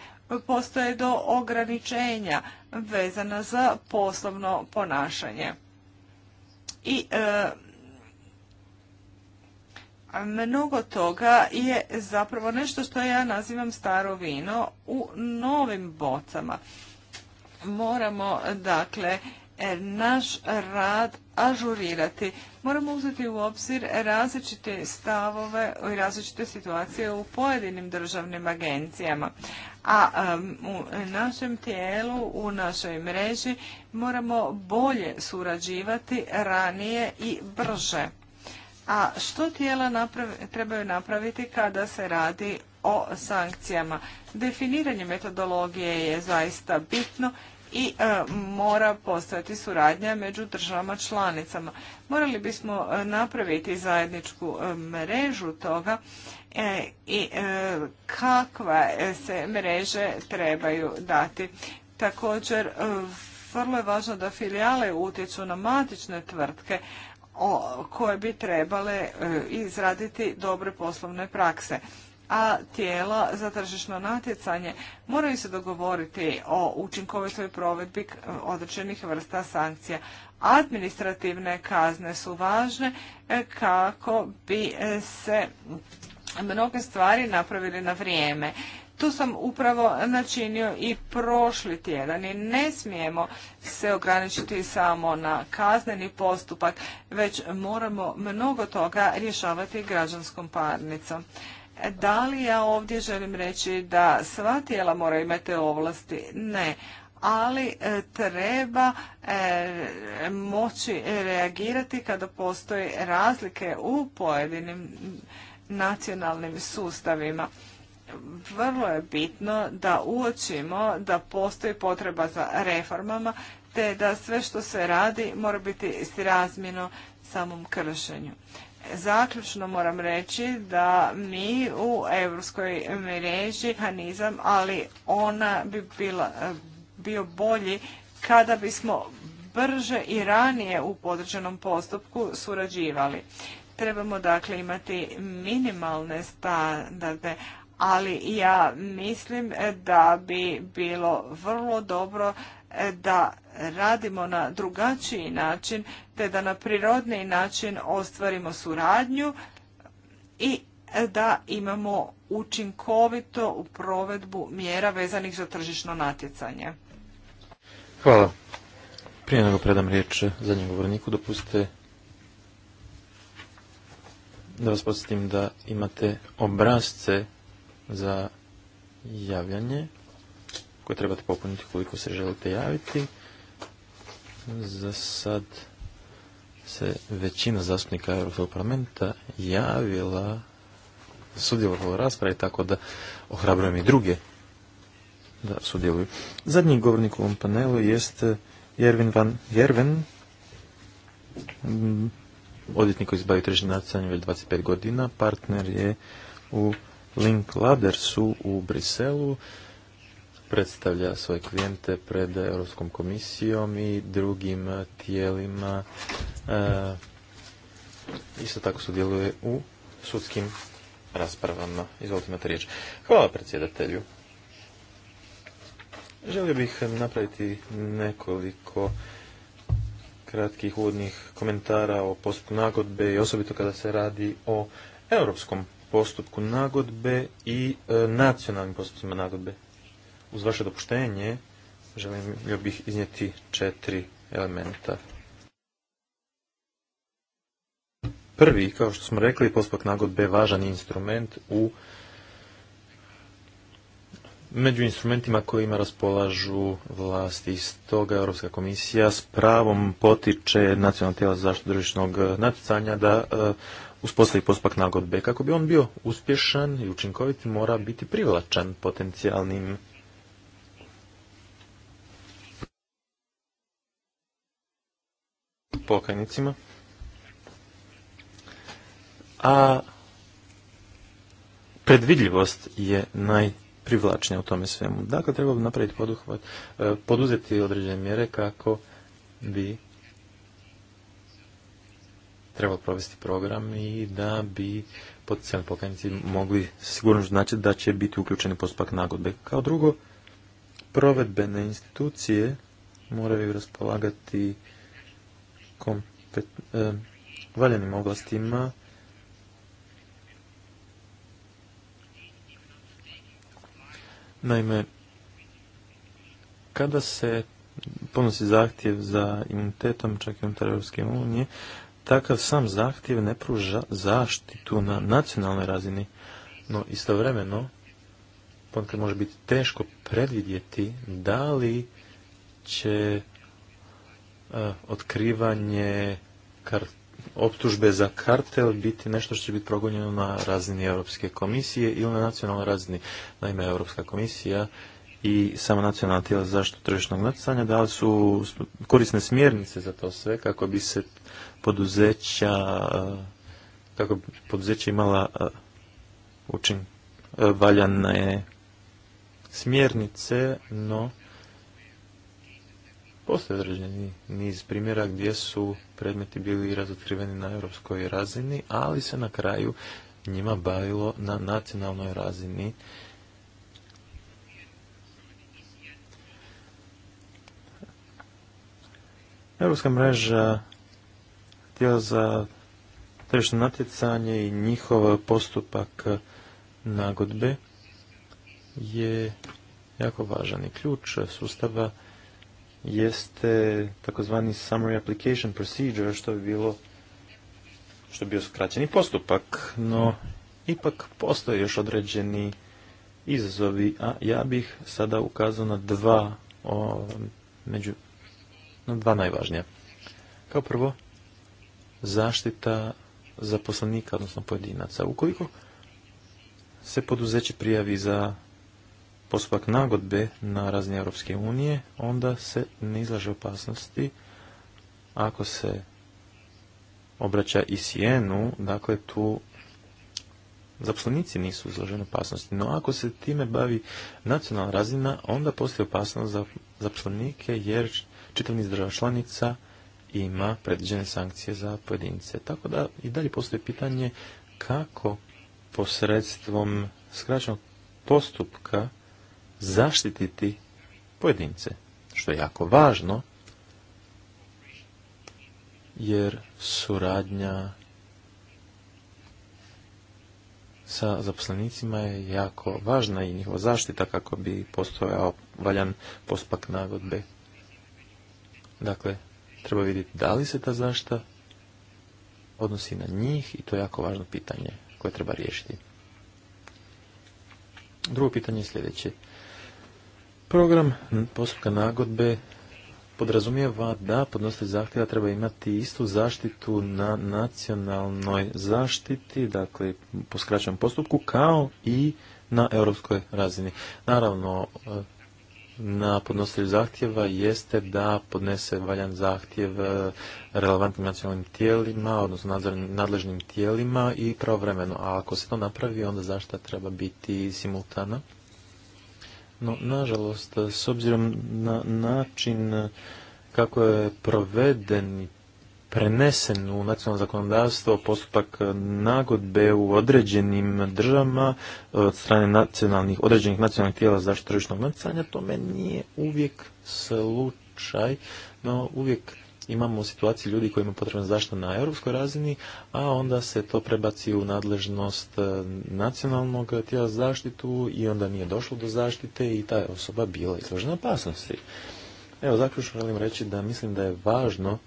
postoje do ograničenja vezana za poslovno ponašanje. I e, mnogo toga je zapravo nešto što ja nazivam staro vino u novim bocama. Moramo dakle E, naš rad ažurirati. Moramo uzeti u obzir različite stavove i različite situacije u pojedinim državnim agencijama. A u našem tijelu, u našoj mreži moramo bolje surađivati ranije i brže. A što tijela trebaju napraviti kada se radi o sankcijama? Definiranje metodologije je zaista bitno i e, mora postojati suradnja među državama članicama. Morali bismo e, napraviti zajedničku e, mrežu toga i kakve se mreže trebaju dati. Također, vrlo je važno da filijale utječu na matične tvrtke koje bi trebale izraditi dobre poslovne prakse a tijela za tržišno natjecanje moraju se dogovoriti o učinkovitoj provedbi određenih vrsta sankcija. Administrativne kazne su važne e, kako bi e, se mnoge stvari napravili na vrijeme. Tu sam upravo načinio i prošli tjedan i ne smijemo se ograničiti samo na kazneni postupak, već moramo mnogo toga rješavati građanskom parnicom. Da li ja ovdje želim reći da sva tijela moraju imati ovlasti? Ne. Ali e, treba e, moći reagirati kada postoje razlike u pojedinim nacionalnim sustavima. Vrlo je bitno da uočimo da postoji potreba za reformama te da sve što se radi mora biti srazmjeno samom kršenju. Zaključno moram reći da mi u europskoj mreži mehanizam, ali ona bi bila, bio bolji kada bismo brže i ranije u podređenom postupku surađivali. Trebamo dakle imati minimalne standarde, ali ja mislim da bi bilo vrlo dobro da radimo na drugačiji način, te da na prirodniji način ostvarimo suradnju i da imamo učinkovito u provedbu mjera vezanih za tržišno natjecanje. Hvala. Prije nego predam riječ zadnjem govorniku, dopustite da vas posjetim da imate obrazce za javljanje koje trebate popuniti koliko se želite javiti. Za sad se većina zastupnika Europskog parlamenta javila sudjelovala u raspravi, tako da ohrabrujem i druge da sudjeluju. Zadnji govornik u ovom panelu jest Jervin van Jerven, odjetnik koji izbavio bavi nacionalnje već 25 godina, partner je u Link Ladersu u Briselu predstavlja svoje klijente pred Europskom komisijom i drugim tijelima. E, isto tako sudjeluje u sudskim raspravama. Izvolite imate riječ. Hvala predsjedatelju. Želio bih napraviti nekoliko kratkih uvodnih komentara o postupku nagodbe i osobito kada se radi o europskom postupku nagodbe i e, nacionalnim postupcima nagodbe uz vaše dopuštenje želim bih iznijeti četiri elementa. Prvi, kao što smo rekli, postupak nagodbe je važan instrument u među instrumentima kojima raspolažu vlasti. toga, Europska komisija s pravom potiče nacionalna tijela za zaštitu tržišnog natjecanja da e, uspostavi postupak nagodbe. Kako bi on bio uspješan i učinkovit, mora biti privlačan potencijalnim pokajnicima. A predvidljivost je najprivlačnija u tome svemu. Dakle, treba bi napraviti poduhvat, e, poduzeti određene mjere kako bi trebalo provesti program i da bi potencijalni pokajnici mogli sigurno znači da će biti uključeni postupak nagodbe. Kao drugo, provedbene institucije moraju raspolagati valjenim e, ovlastima Naime, kada se ponosi zahtjev za imunitetom, čak i unutar Europske unije, takav sam zahtjev ne pruža zaštitu na nacionalnoj razini, no istovremeno ponekad može biti teško predvidjeti da li će otkrivanje optužbe za kartel biti nešto što će biti progonjeno na razini Europske komisije ili na nacionalnoj razini. Naime, Europska komisija i sama nacionalna tijela za zaštitu tržišnog natjecanja dali su korisne smjernice za to sve kako bi se poduzeća kako bi poduzeća imala učin valjane smjernice, no Postoje određeni niz primjera gdje su predmeti bili razotkriveni na europskoj razini, ali se na kraju njima bavilo na nacionalnoj razini. Europska mreža tijela za tržišno natjecanje i njihov postupak nagodbe je jako važan i ključ sustava jeste takozvani summary application procedure, što bi bilo što bi bio skraćeni postupak, no ipak postoje još određeni izazovi, a ja bih sada ukazao na dva među, na dva najvažnija. Kao prvo, zaštita zaposlenika, odnosno pojedinaca. Ukoliko se poduzeće prijavi za postupak nagodbe na razini Europske unije, onda se ne izlaže opasnosti ako se obraća i sjenu, dakle tu zaposlenici nisu izloženi opasnosti. No ako se time bavi nacionalna razina, onda postoji opasnost za zaposlenike jer čitav niz država članica ima predviđene sankcije za pojedince. Tako da i dalje postoji pitanje kako posredstvom skraćenog postupka zaštititi pojedince, što je jako važno, jer suradnja sa zaposlenicima je jako važna i njihova zaštita kako bi postojao valjan postupak nagodbe. Dakle, treba vidjeti da li se ta zaštita odnosi na njih i to je jako važno pitanje koje treba riješiti. Drugo pitanje je sljedeće. Program postupka nagodbe podrazumijeva da podnositelj zahtjeva treba imati istu zaštitu na nacionalnoj zaštiti, dakle po skraćenom postupku, kao i na europskoj razini. Naravno, na podnositelju zahtjeva jeste da podnese valjan zahtjev e, relevantnim nacionalnim tijelima, odnosno nadležnim tijelima i pravovremeno. A ako se to napravi, onda zaštita treba biti simultana no, nažalost, s obzirom na način kako je proveden prenesen u nacionalno zakonodavstvo postupak nagodbe u određenim državama od strane nacionalnih, određenih nacionalnih tijela zaštite tržišnog natjecanja, tome nije uvijek slučaj, no uvijek imamo situaciji ljudi koji imaju potrebna zaštita na europskoj razini, a onda se to prebaci u nadležnost e, nacionalnog tijela zaštitu i onda nije došlo do zaštite i ta osoba bila izložena opasnosti. Evo, zaključno želim reći da mislim da je važno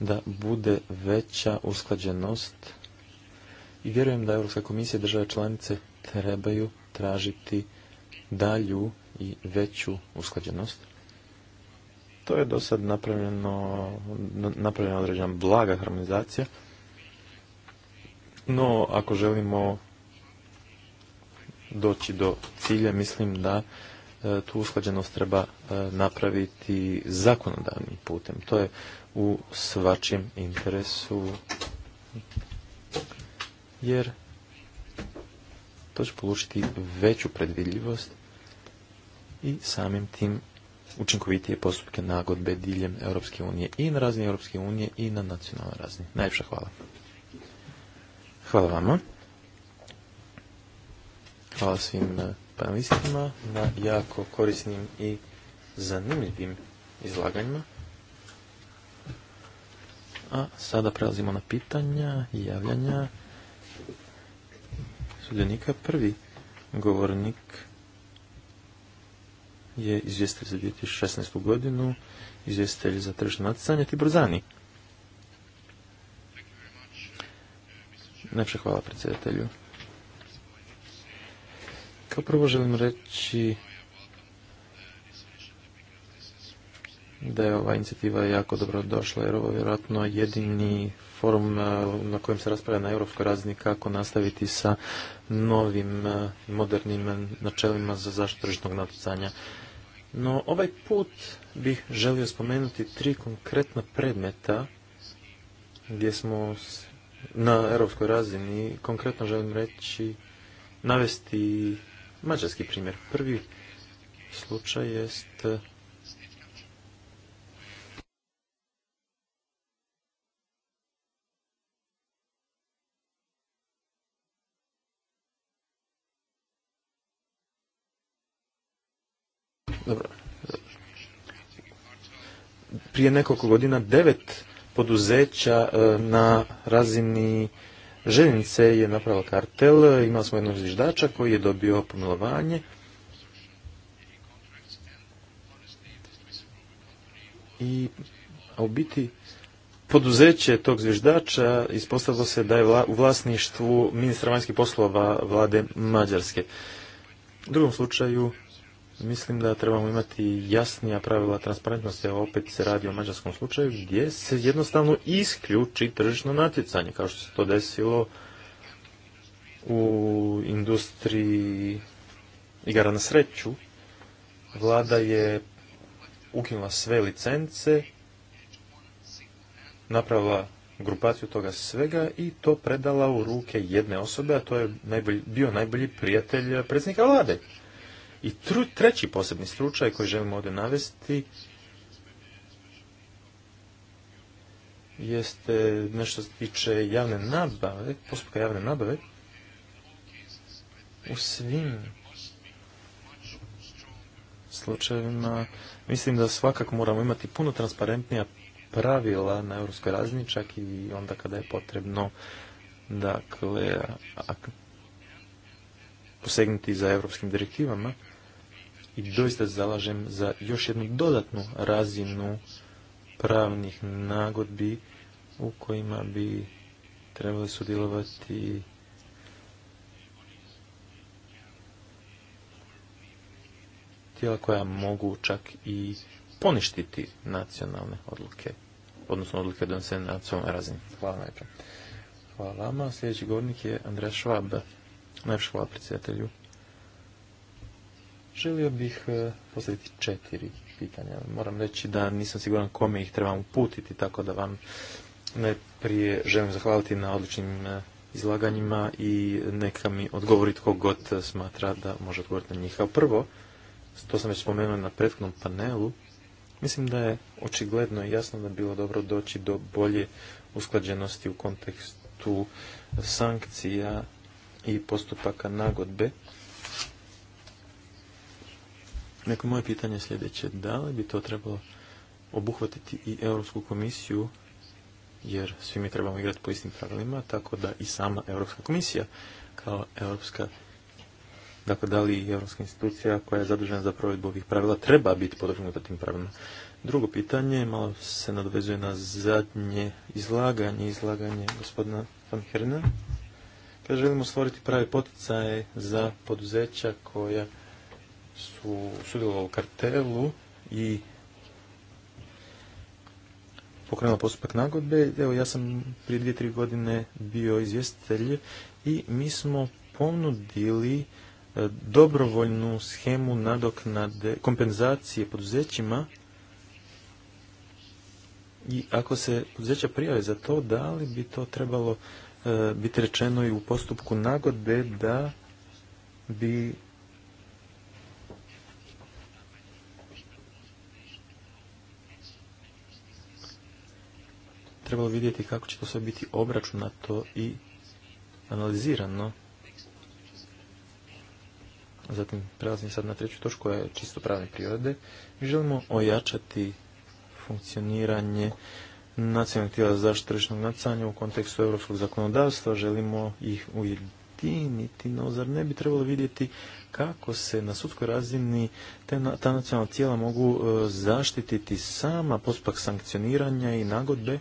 da bude veća usklađenost i vjerujem da Europska komisija i države članice trebaju tražiti dalju i veću usklađenost. To je do sad napravljeno, napravljena određena blaga harmonizacija. No, ako želimo doći do cilja, mislim da e, tu usklađenost treba e, napraviti zakonodavnim putem. To je u svačijem interesu, jer to će polučiti veću predvidljivost i samim tim učinkovitije postupke nagodbe diljem Europske unije i na razini Europske unije i na nacionalnoj razini. Najljepša hvala. Hvala vama. Hvala svim eh, panelistima na jako korisnim i zanimljivim izlaganjima. A sada prelazimo na pitanja i javljanja sudjenika Prvi govornik je izvjestitelj za 2016. godinu, izvjestitelj za tržno natjecanje ti Najpše hvala predsjedatelju. Kao prvo želim reći da je ova inicijativa jako dobro došla jer ovo je vjerojatno jedini forum eh, na kojem se raspravlja na europskoj razini kako nastaviti sa novim eh, modernim eh, načelima za zaštitu tržišnog natjecanja. No, ovaj put bih želio spomenuti tri konkretna predmeta gdje smo na europskoj razini, konkretno želim reći, navesti mađarski primjer. Prvi slučaj jest Dobro. Prije nekoliko godina devet poduzeća e, na razini željenice je napravila kartel. Imali smo jednog zviždača koji je dobio pomilovanje. I a u biti poduzeće tog zviždača ispostavilo se da je vla, u vlasništvu ministra vanjskih poslova vlade Mađarske. U drugom slučaju Mislim da trebamo imati jasnija pravila transparentnosti, a opet se radi o mađarskom slučaju gdje se jednostavno isključi tržišno natjecanje, kao što se to desilo u industriji igara na sreću. Vlada je ukinula sve licence, napravila grupaciju toga svega i to predala u ruke jedne osobe, a to je bio najbolji prijatelj predsjednika vlade. I treći posebni slučaj koji želimo ovdje navesti jeste nešto se tiče javne nabave, postupka javne nabave. U svim slučajevima mislim da svakako moramo imati puno transparentnija pravila na europskoj razini, čak i onda kada je potrebno dakle posegnuti za europskim direktivama i doista zalažem za još jednu dodatnu razinu pravnih nagodbi u kojima bi trebali sudjelovati tijela koja mogu čak i poništiti nacionalne odluke, odnosno odluke donesene na nacionalnoj razini. Hvala najprej. Hvala vama. Sljedeći govornik je Andreja Švab. hvala predsjedatelju. Želio bih e, postaviti četiri pitanja. Moram reći da nisam siguran kome ih trebam uputiti, tako da vam najprije želim zahvaliti na odličnim e, izlaganjima i neka mi odgovori tko god smatra da može odgovoriti na njih. A prvo, to sam već spomenuo na prethodnom panelu, mislim da je očigledno i jasno da bi bilo dobro doći do bolje usklađenosti u kontekstu sankcija i postupaka nagodbe Neko moje pitanje je sljedeće. Da li bi to trebalo obuhvatiti i Europsku komisiju, jer svi mi trebamo igrati po istim pravilima, tako da i sama Europska komisija kao Europska Dakle, da li Europska institucija koja je zadužena za provedbu ovih pravila treba biti podvrgnuta tim pravilima? Drugo pitanje, malo se nadovezuje na zadnje izlaganje, izlaganje gospodina Van Herna. Kaže, želimo stvoriti pravi poticaje za poduzeća koja su sudjelovao u kartelu i pokrenuo postupak nagodbe. Evo, ja sam prije dvije, tri godine bio izvjestitelj i mi smo ponudili e, dobrovoljnu schemu nadoknade, kompenzacije poduzećima i ako se poduzeća prijave za to, da li bi to trebalo e, biti rečeno i u postupku nagodbe da bi trebalo vidjeti kako će to sve biti obračunato i analizirano. Zatim prelazim sad na treću točku koja je čisto pravne prirode. želimo ojačati funkcioniranje nacionalnog tijela za zaštitu tržišnog u kontekstu europskog zakonodavstva, želimo ih ujediniti, no zar ne bi trebalo vidjeti kako se na sudskoj razini ta nacionalna tijela mogu e, zaštititi sama postupak sankcioniranja i nagodbe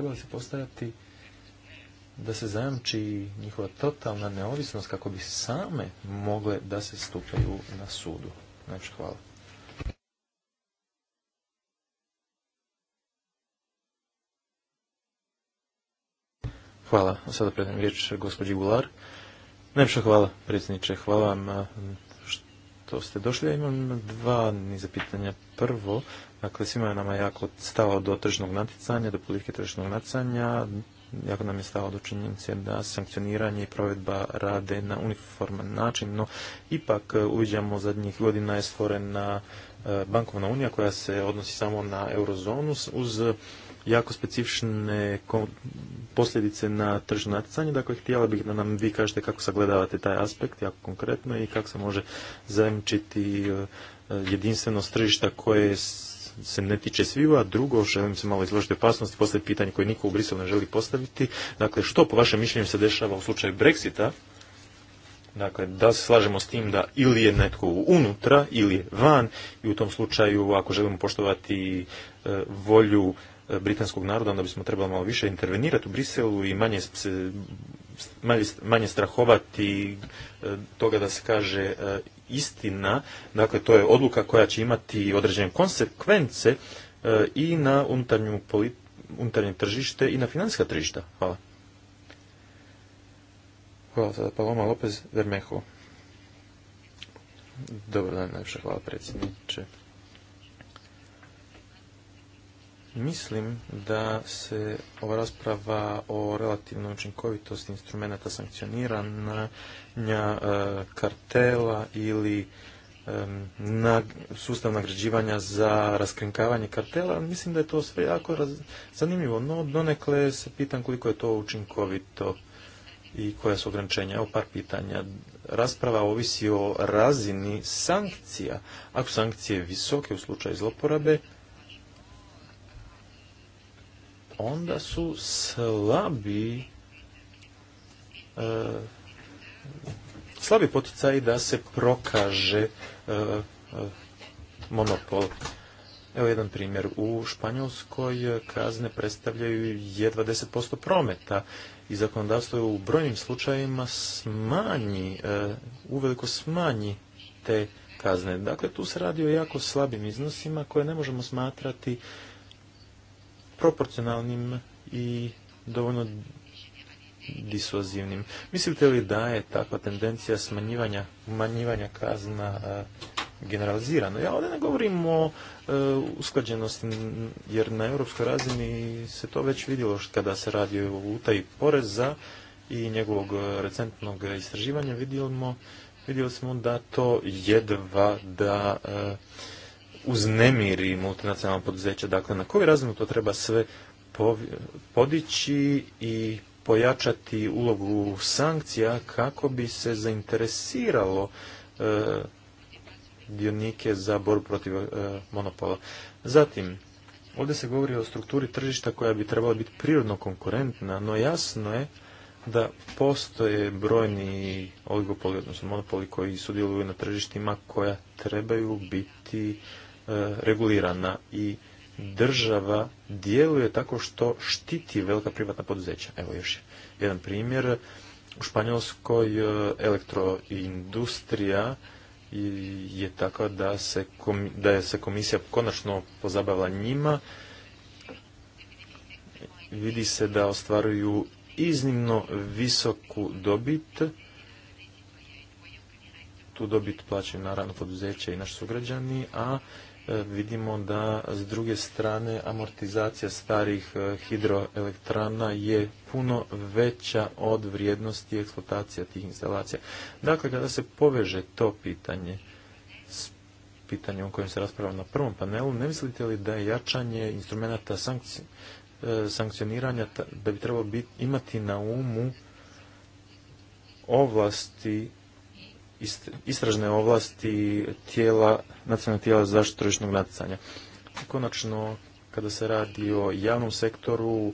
trebali se postaviti da se zajamči njihova totalna neovisnost kako bi same mogle da se stupaju na sudu. Znači, hvala. Hvala. Sada predam riječ gospođi Gular. Najpša hvala, predsjedniče. Hvala vam eh, što ste došli. Ja imam dva niza pitanja. Prvo, Dakle, svima je nama jako stalo do tržnog natjecanja, do politike tržnog natjecanja, jako nam je stalo do činjenice da sankcioniranje i provedba rade na uniforman način, no ipak e, uviđamo zadnjih godina je stvorena e, bankovna unija koja se odnosi samo na eurozonu uz jako specifične posljedice na tržno natjecanje. Dakle, htjela bih da nam vi kažete kako sagledavate taj aspekt jako konkretno i kako se može zajemčiti e, jedinstvenost tržišta koje se ne tiče sviva, a drugo, želim se malo izložiti opasnosti, postaviti pitanje koje niko u Briselu ne želi postaviti. Dakle, što po vašem mišljenju se dešava u slučaju Brexita? Dakle, da se slažemo s tim da ili je netko unutra ili je van i u tom slučaju ako želimo poštovati e, volju e, britanskog naroda onda bismo trebali malo više intervenirati u Briselu i manje, manje, manje strahovati e, toga da se kaže istina, dakle to je odluka koja će imati određene konsekvence e, i na unutarnje tržište i na financijska tržišta. Hvala. Hvala sada Paloma Lopez Vermeho. Dobar dan, najviše hvala predsjedniče. Mislim da se ova rasprava o relativnoj učinkovitosti instrumenta sankcioniranja e, kartela ili e, na sustav nagrađivanja za raskrinkavanje kartela, mislim da je to sve jako zanimljivo, no donekle se pitam koliko je to učinkovito i koja su ograničenja. Evo par pitanja. Rasprava ovisi o razini sankcija. Ako sankcije visoke u slučaju zloporabe, onda su slabi e, slabi poticaji da se prokaže e, e, monopol. Evo jedan primjer. U Španjolskoj kazne predstavljaju jedva posto prometa i zakonodavstvo u brojnim slučajevima smanji, uveliko smanji te kazne. Dakle, tu se radi o jako slabim iznosima koje ne možemo smatrati proporcionalnim i dovoljno disuazivnim. Mislite li da je takva tendencija smanjivanja manjivanja kazna e, generalizirana? Ja ovdje ne govorim o e, usklađenosti, jer na europskoj razini se to već vidjelo kada se radi o utaji poreza i njegovog e, recentnog istraživanja vidjeli smo da to jedva da uznemiri multinacionalna poduzeća. Dakle, na koju razinu to treba sve podići i pojačati ulogu sankcija kako bi se zainteresiralo e, dionike za borbu protiv e, monopola. Zatim, ovdje se govori o strukturi tržišta koja bi trebala biti prirodno konkurentna, no jasno je da postoje brojni oligopoli, odnosno monopoli koji sudjeluju na tržištima koja trebaju biti E, regulirana i država djeluje tako što štiti velika privatna poduzeća. Evo još jedan primjer. U Španjolskoj e, elektroindustrija je tako da se, da je se komisija konačno pozabavila njima. Vidi se da ostvaruju iznimno visoku dobit. Tu dobit plaćaju naravno poduzeće i naši sugrađani, a E, vidimo da s druge strane amortizacija starih e, hidroelektrana je puno veća od vrijednosti eksploatacija tih instalacija. Dakle, kada se poveže to pitanje s pitanjem o kojem se raspravlja na prvom panelu, ne mislite li da je jačanje instrumenta e, sankcioniranja da bi trebalo biti, imati na umu ovlasti istražne ovlasti tijela, nacionalnog tijela za zaštitu tržišnog natjecanja. Konačno, kada se radi o javnom sektoru,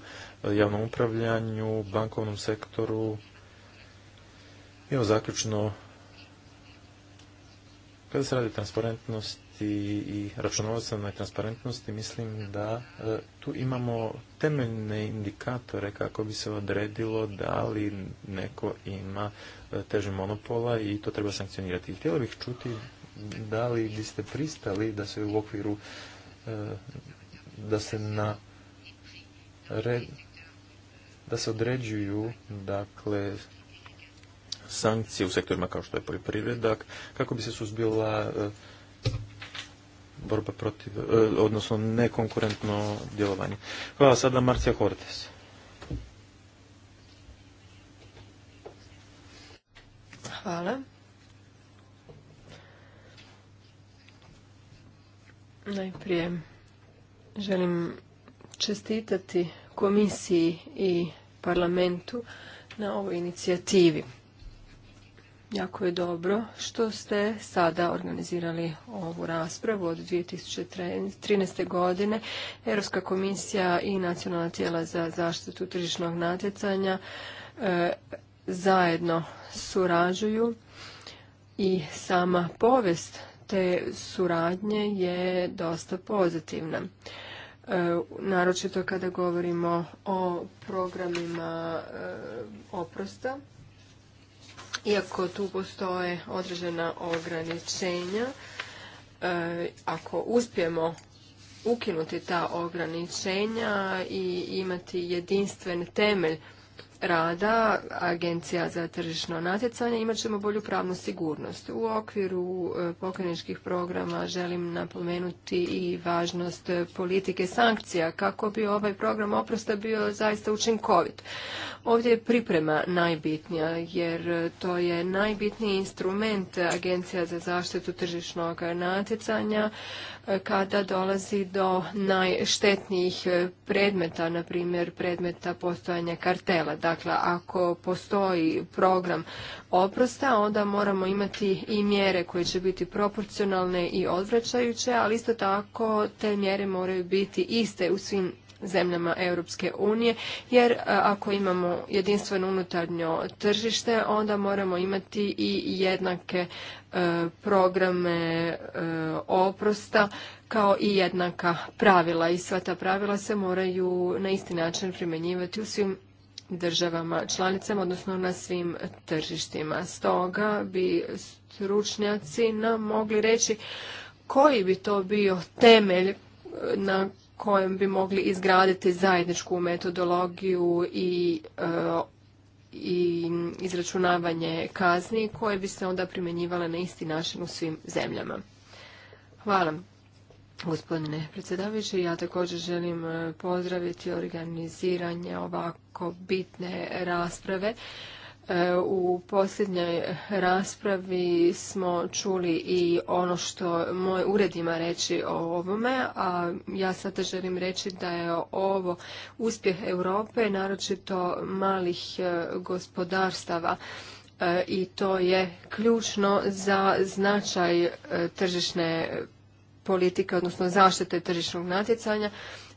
javnom upravljanju, bankovnom sektoru, evo zaključno, kada se radi o transparentnosti i računovodstvenoj transparentnosti, mislim da e, tu imamo temeljne indikatore kako bi se odredilo da li neko ima teže monopola i to treba sankcionirati. Htjela bih čuti da li biste pristali da se u okviru e, da se na da se određuju dakle sankcije u sektorima kao što je poljoprivreda kako bi se suzbila e, borba protiv, e, odnosno nekonkurentno djelovanje. Hvala sada Marcija Hortes. Hvala. Najprije želim čestitati komisiji i parlamentu na ovoj inicijativi. Jako je dobro što ste sada organizirali ovu raspravu od 2013. godine. Europska komisija i nacionalna tijela za zaštitu tržišnog natjecanja e, zajedno surađuju i sama povest te suradnje je dosta pozitivna. E, naročito kada govorimo o programima e, oprosta, iako tu postoje određena ograničenja, e, ako uspijemo ukinuti ta ograničenja i imati jedinstven temelj rada Agencija za tržišno natjecanje imat ćemo bolju pravnu sigurnost. U okviru e, pokreničkih programa želim napomenuti i važnost politike sankcija kako bi ovaj program oprosta bio zaista učinkovit. Ovdje je priprema najbitnija jer to je najbitniji instrument Agencija za zaštitu tržišnog natjecanja kada dolazi do najštetnijih e, predmeta, na primjer predmeta postojanja kartela. Dakle, ako postoji program oprosta, onda moramo imati i mjere koje će biti proporcionalne i odvraćajuće, ali isto tako te mjere moraju biti iste u svim zemljama Europske unije, jer e, ako imamo jedinstveno unutarnje tržište, onda moramo imati i jednake e, programe e, oprosta kao i jednaka pravila i sva ta pravila se moraju na isti način primjenjivati u svim državama članicama, odnosno na svim tržištima. Stoga bi stručnjaci nam mogli reći koji bi to bio temelj na kojem bi mogli izgraditi zajedničku metodologiju i, e, i izračunavanje kazni koje bi se onda primjenjivale na isti način u svim zemljama. Hvala. Gospodine predsjedavajući, ja također želim e, pozdraviti organiziranje ovako bitne rasprave E, u posljednjoj raspravi smo čuli i ono što moj ured ima reći o ovome, a ja sada želim reći da je ovo uspjeh Europe, naročito malih e, gospodarstava e, i to je ključno za značaj tržišne politike, odnosno zaštite tržišnog natjecanja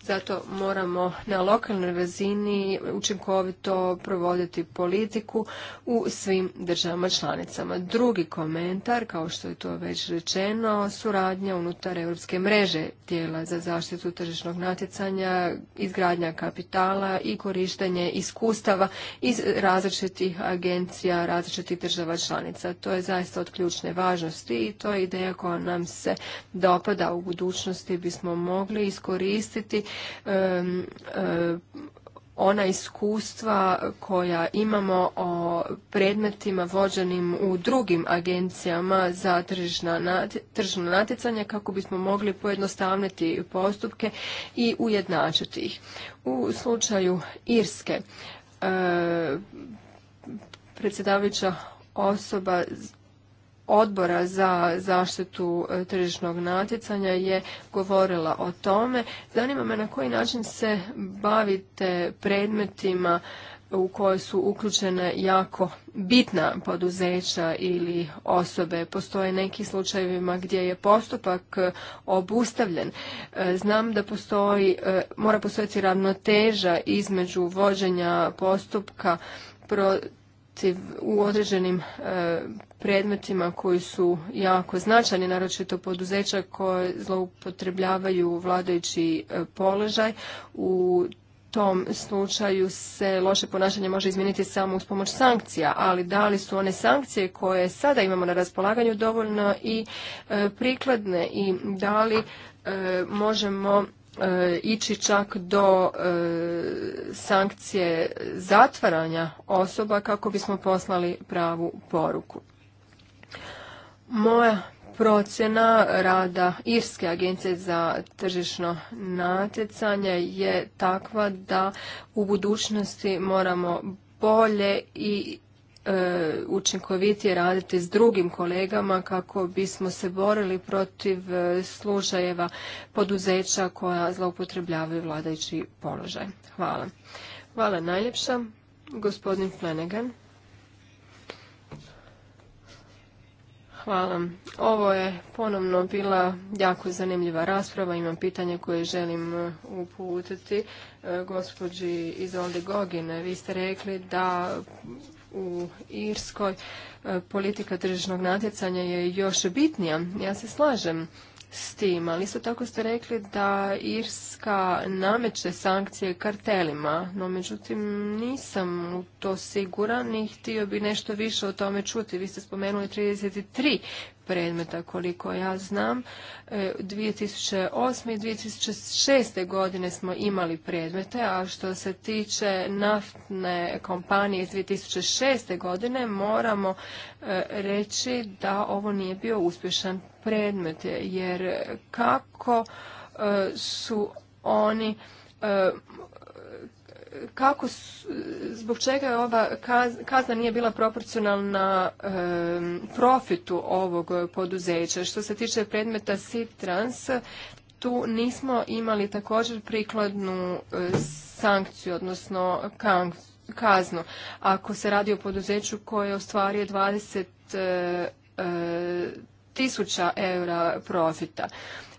zato moramo na lokalnoj razini učinkovito provoditi politiku u svim državama članicama. Drugi komentar, kao što je to već rečeno, suradnja unutar europske mreže tijela za zaštitu tržišnog natjecanja, izgradnja kapitala i korištenje iskustava iz različitih agencija, različitih država članica. To je zaista od ključne važnosti i to je ideja koja nam se dopada u budućnosti bismo mogli iskoristiti ona iskustva koja imamo o predmetima vođenim u drugim agencijama za tržno natjecanje kako bismo mogli pojednostavniti postupke i ujednačiti ih. U slučaju Irske predsjedavajuća osoba odbora za zaštitu e, tržišnog natjecanja je govorila o tome. Zanima me na koji način se bavite predmetima u koje su uključene jako bitna poduzeća ili osobe. Postoje neki slučajevima gdje je postupak e, obustavljen. E, znam da postoji, mora postojati ravnoteža između vođenja postupka pro, u određenim e, predmetima koji su jako značajni, naročito poduzeća koje zloupotrebljavaju vladajući e, položaj. U tom slučaju se loše ponašanje može izmijeniti samo uz pomoć sankcija, ali da li su one sankcije koje sada imamo na raspolaganju dovoljno i e, prikladne i da li možemo E, ići čak do e, sankcije zatvaranja osoba kako bismo poslali pravu poruku. Moja procjena rada Irske agencije za tržišno natjecanje je takva da u budućnosti moramo bolje i E, učinkovitije raditi s drugim kolegama kako bismo se borili protiv e, slučajeva poduzeća koja zloupotrebljavaju vladajući položaj. Hvala. Hvala najljepša. Gospodin Flanagan. Hvala. Ovo je ponovno bila jako zanimljiva rasprava. Imam pitanje koje želim e, uputiti gospođi iz Gogine. Vi ste rekli da u Irskoj e, politika tržišnog natjecanja je još bitnija. Ja se slažem s tim, ali isto tako ste rekli da Irska nameće sankcije kartelima, no međutim nisam u to siguran i htio bi nešto više o tome čuti. Vi ste spomenuli 33 predmeta koliko ja znam. 2008. E, i 2006. godine smo imali predmete, a što se tiče naftne kompanije iz 2006. godine moramo e, reći da ovo nije bio uspješan predmet, jer kako e, su oni kako, zbog čega je ova kazna nije bila proporcionalna profitu ovog poduzeća. Što se tiče predmeta trans, tu nismo imali također prikladnu e, sankciju, odnosno kaznu. Ako se radi o poduzeću koje ostvaruje 20 e, e, tisuća eura profita.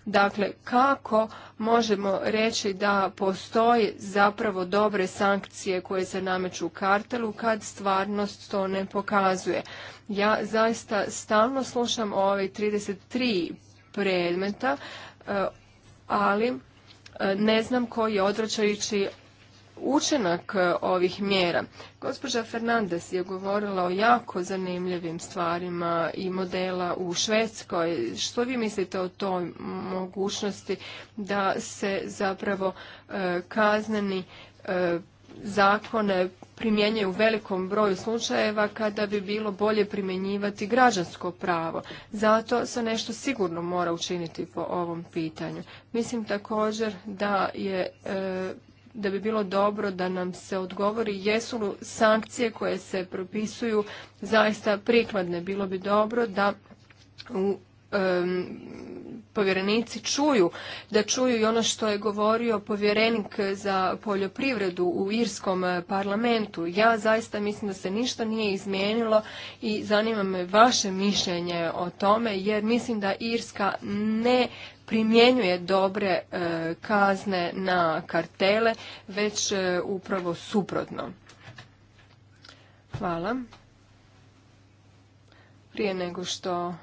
Dakle, kako možemo reći da postoje zapravo dobre sankcije koje se nameću u kartelu kad stvarnost to ne pokazuje? Ja zaista stalno slušam ove 33 predmeta, e, ali e, ne znam koji je učinak e, ovih mjera. Gospođa Fernandez je govorila o jako zanimljivim stvarima i modela u Švedskoj. Što vi mislite o toj mogućnosti da se zapravo e, kazneni e, zakone primjenjuje u velikom broju slučajeva kada bi bilo bolje primjenjivati građansko pravo. Zato se nešto sigurno mora učiniti po ovom pitanju. Mislim također da je da bi bilo dobro da nam se odgovori jesu li sankcije koje se propisuju zaista prikladne. Bilo bi dobro da u povjerenici čuju, da čuju i ono što je govorio povjerenik za poljoprivredu u Irskom eh, parlamentu. Ja zaista mislim da se ništa nije izmijenilo i zanima me vaše mišljenje o tome jer mislim da Irska ne primjenjuje dobre e, kazne na kartele, već e, upravo suprotno. Hvala. Prije nego što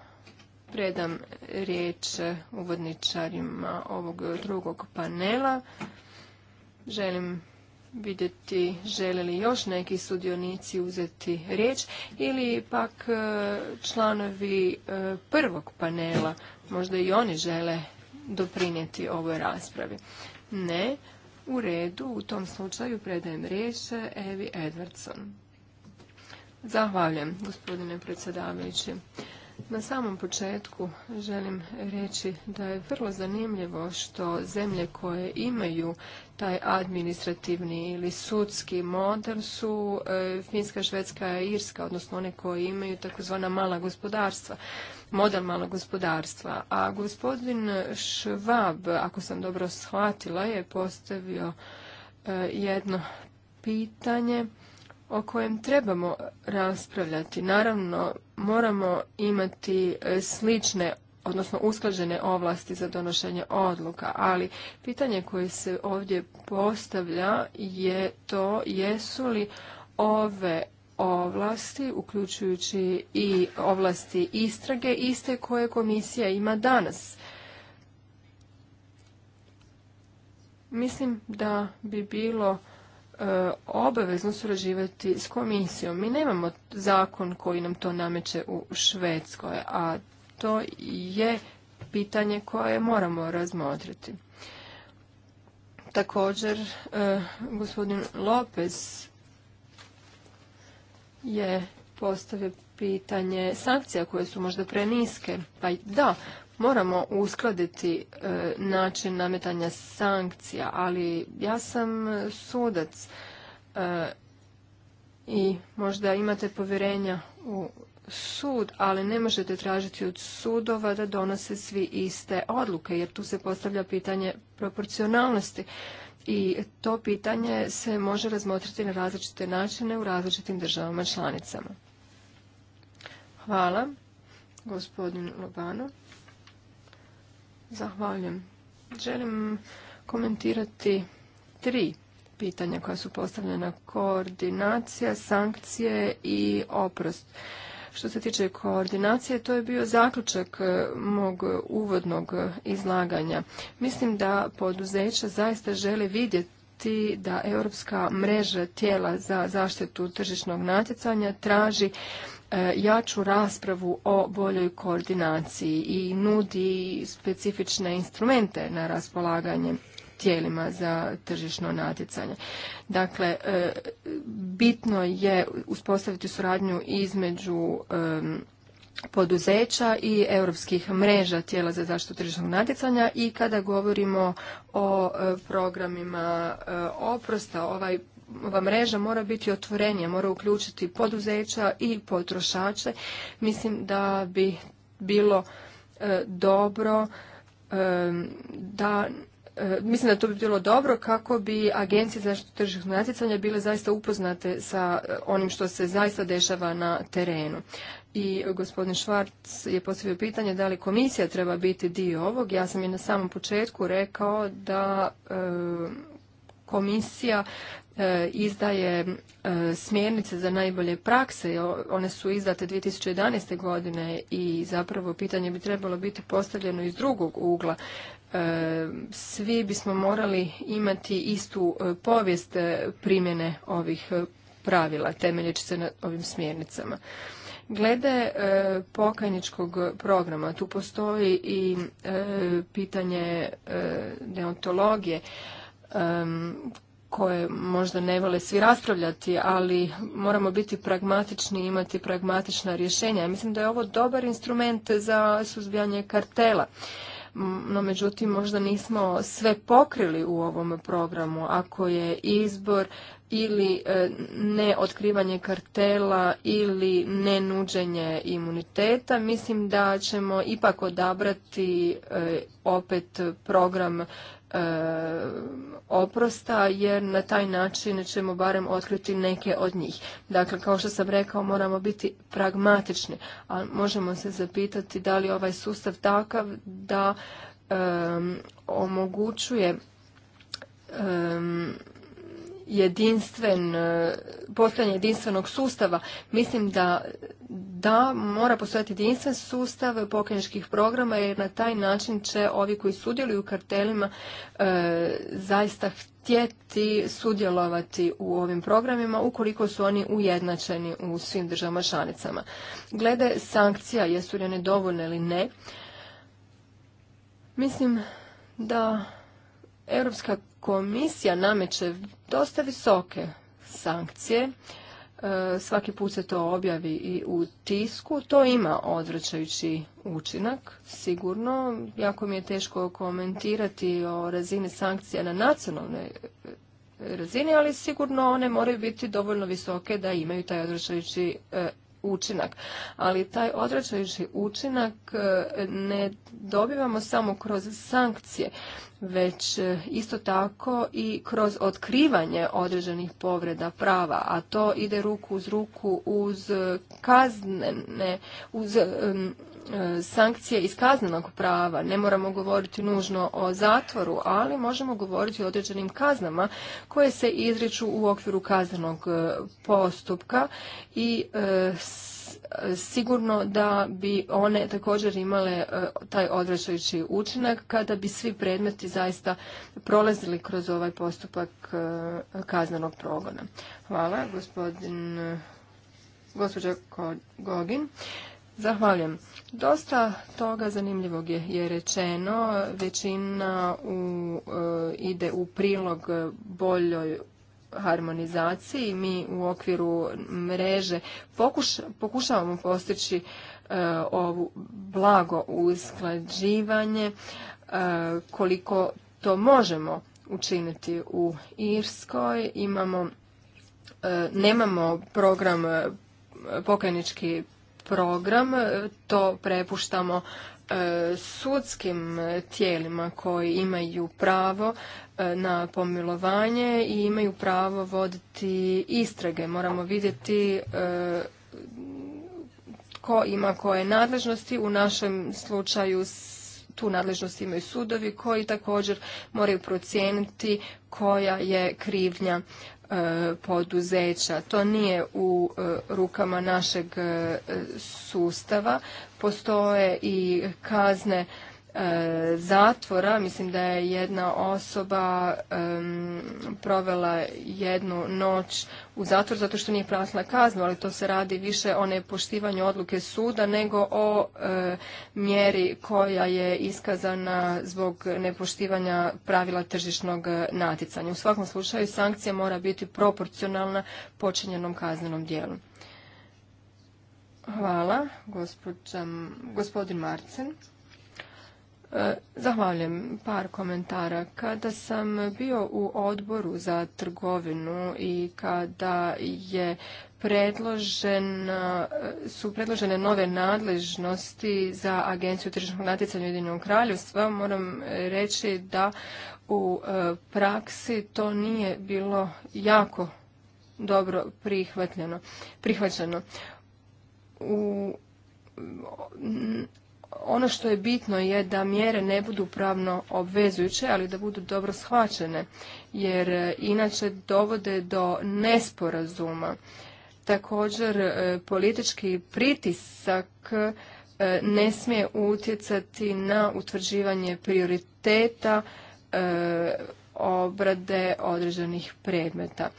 predam riječ e, uvodničarima ovog drugog panela, želim vidjeti žele li još neki sudionici uzeti riječ ili pak članovi prvog panela, možda i oni žele doprinijeti ovoj raspravi? Ne. U redu, u tom slučaju predajem riječ Evi Edvardson. Zahvaljujem, gospodine predsjedavajući. Na samom početku želim reći da je vrlo zanimljivo što zemlje koje imaju taj administrativni ili sudski model su e, Finska, Švedska i Irska, odnosno one koje imaju takozvana mala gospodarstva, model malog gospodarstva. A gospodin Švab, ako sam dobro shvatila, je postavio e, jedno pitanje o kojem trebamo raspravljati. Naravno, moramo imati e, slične odnosno usklađene ovlasti za donošenje odluka, ali pitanje koje se ovdje postavlja je to jesu li ove ovlasti, uključujući i ovlasti istrage, iste koje komisija ima danas. Mislim da bi bilo e, obavezno surađivati s komisijom. Mi nemamo zakon koji nam to nameće u Švedskoj, a to je pitanje koje moramo razmotriti. Također, e, gospodin Lopez je postavio pitanje sankcija koje su možda preniske. Pa da, moramo uskladiti e, način nametanja sankcija, ali ja sam sudac e, i možda imate povjerenja u sud, ali ne možete tražiti od sudova da donose svi iste odluke, jer tu se postavlja pitanje proporcionalnosti. I to pitanje se može razmotriti na različite načine u različitim državama članicama. Hvala, gospodin Lobano. Zahvaljujem. Želim komentirati tri pitanja koja su postavljena. Koordinacija, sankcije i oprost. Što se tiče koordinacije, to je bio zaključak e, mog uvodnog izlaganja. Mislim da poduzeća zaista žele vidjeti da europska mreža tijela za zaštitu tržišnog natjecanja traži e, jaču raspravu o boljoj koordinaciji i nudi specifične instrumente na raspolaganje tijelima za tržišno natjecanje. Dakle, e, bitno je uspostaviti suradnju između poduzeća i europskih mreža tijela za zaštitu tržišnog natjecanja i kada govorimo o e, programima e, oprosta, ovaj ova mreža mora biti otvorenija, mora uključiti poduzeća i potrošače. Mislim da bi bilo dobro da E, mislim da to bi bilo dobro kako bi agencije zaštitu tržišnog natjecanja bile zaista upoznate sa e, onim što se zaista dešava na terenu. I gospodin Švarc je postavio pitanje da li komisija treba biti dio ovog. Ja sam i na samom početku rekao da e, komisija E, izdaje e, smjernice za najbolje prakse. One su izdate 2011. godine i zapravo pitanje bi trebalo biti postavljeno iz drugog ugla. E, svi bismo morali imati istu povijest primjene ovih pravila temeljeći se na ovim smjernicama. Glede pokajničkog programa, tu postoji i pitanje deontologije koje možda ne vole svi raspravljati, ali moramo biti pragmatični i imati pragmatična rješenja. Ja mislim da je ovo dobar instrument za suzbijanje kartela. No, međutim, možda nismo sve pokrili u ovom programu. Ako je izbor ili e, ne otkrivanje kartela ili ne nuđenje imuniteta, mislim da ćemo ipak odabrati e, opet program E, oprosta jer na taj način ćemo barem otkriti neke od njih. Dakle, kao što sam rekao, moramo biti pragmatični, a možemo se zapitati da li ovaj sustav takav da omogućuje jedinstven, e, postojanje jedinstvenog sustava. Mislim da da mora postojati jedinstven sustav pokajničkih programa jer na taj način će ovi koji sudjeluju u kartelima e, zaista htjeti sudjelovati u ovim programima ukoliko su oni ujednačeni u svim državama članicama. Glede sankcija, jesu li one dovoljne ili ne, mislim da Europska komisija nameće dosta visoke sankcije. E, svaki put se to objavi i u tisku. To ima odvraćajući učinak, sigurno. Jako mi je teško komentirati o razini sankcija na nacionalnoj e, razini, ali sigurno one moraju biti dovoljno visoke da imaju taj odvraćajući e, učinak. Ali taj odračajući učinak e, ne dobivamo samo kroz sankcije, već e, isto tako i kroz otkrivanje određenih povreda prava, a to ide ruku uz ruku uz e, kaznene, uz E, sankcije iz kaznenog prava. Ne moramo govoriti nužno o zatvoru, ali možemo govoriti o određenim kaznama koje se izriču u okviru kaznenog e, postupka i e, sigurno da bi one također imale taj odvraćajući učinak kada bi svi predmeti zaista prolazili kroz ovaj postupak kaznenog progona. Hvala, gospodin gospođa Gogin. Zahvaljujem. Dosta toga zanimljivog je, je rečeno. Većina u, e, ide u prilog boljoj harmonizaciji. Mi u okviru mreže pokuš, pokušavamo postići e, ovu blago usklađivanje e, koliko to možemo učiniti u Irskoj. Imamo, nemamo program pokajnički program, to prepuštamo e, sudskim tijelima koji imaju pravo e, na pomilovanje i imaju pravo voditi istrage. Moramo vidjeti e, ko ima koje nadležnosti. U našem slučaju tu nadležnost imaju sudovi koji također moraju procijeniti koja je krivnja E, poduzeća. To nije u e, rukama našeg e, sustava. Postoje i kazne E, zatvora. Mislim da je jedna osoba provela jednu noć u zatvor zato što nije platila kaznu, ali to se radi više o nepoštivanju odluke suda nego o e, mjeri koja je iskazana zbog nepoštivanja pravila tržišnog e, natjecanja. U svakom slučaju sankcija mora biti proporcionalna počinjenom kaznenom dijelu. Hvala, gospodin Marcen. E, zahvaljujem. Par komentara. Kada sam bio u odboru za trgovinu i kada je su predložene nove nadležnosti za Agenciju tržišnog natjecanja Ujedinjenog kraljevstva, moram reći da u e, praksi to nije bilo jako dobro prihvaćeno. prihvaćeno ono što je bitno je da mjere ne budu pravno obvezujuće, ali da budu dobro shvaćene, jer e, inače dovode do nesporazuma. Također, e, politički pritisak e, ne smije utjecati na utvrđivanje prioriteta obrade određenih predmeta.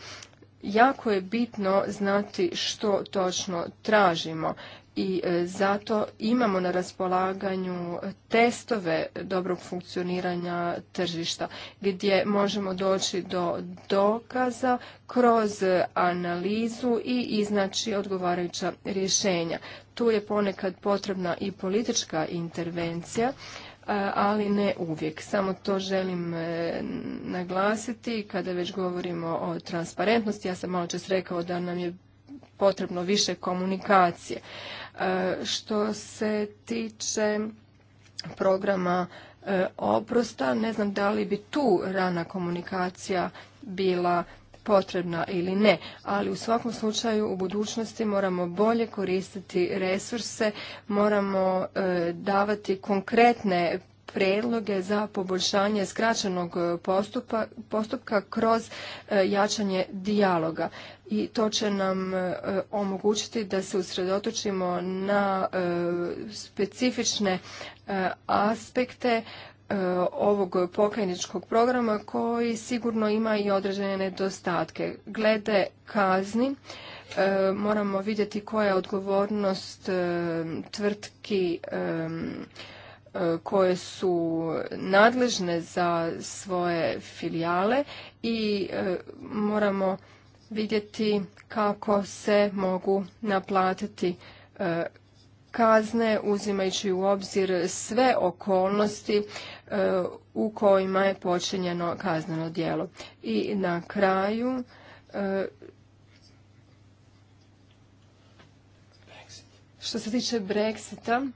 Jako je bitno znati što točno tražimo i e, zato imamo na raspolaganju testove dobrog funkcioniranja tržišta gdje možemo doći do dokaza kroz analizu i iznaći odgovarajuća rješenja. Tu je ponekad potrebna i politička intervencija e, ali ne uvijek. Samo to želim e, naglasiti kada već govorimo o transparentnosti. Ja sam malo čas rekao da nam je potrebno više komunikacije. Što se tiče programa e, oprosta, ne znam da li bi tu rana komunikacija bila potrebna ili ne, ali u svakom slučaju u budućnosti moramo bolje koristiti resurse, moramo e, davati konkretne predloge za poboljšanje skraćenog e, postupka kroz e, jačanje dijaloga i to će nam e, omogućiti da se usredotočimo na specifične aspekte ovog pokajničkog programa koji sigurno ima i određene nedostatke. Glede kazni moramo vidjeti koja je odgovornost tvrtki E, koje su nadležne za svoje filijale i e, moramo vidjeti kako se mogu naplatiti e, kazne uzimajući u obzir sve okolnosti u kojima je počinjeno kazneno djelo. I na kraju što se tiče Brexita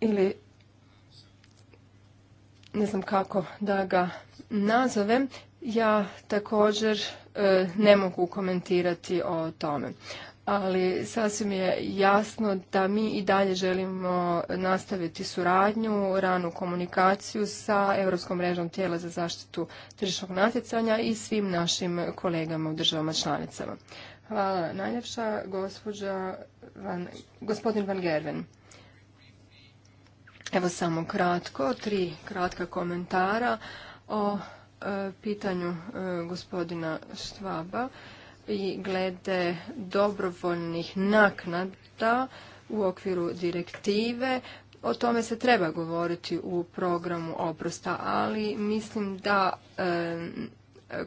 ili ne znam kako da ga nazovem, ja također e, ne mogu komentirati o tome. Ali sasvim je jasno da mi i dalje želimo nastaviti suradnju, ranu komunikaciju sa Europskom mrežom tijela za zaštitu tržišnog natjecanja i svim našim kolegama u državama članicama. Hvala najljepša, gospođa Van, gospodin Van Gerven. Evo samo kratko, tri kratka komentara o e, pitanju e, gospodina Štvaba i glede dobrovoljnih naknada u okviru direktive. O tome se treba govoriti u programu oprosta, ali mislim da e,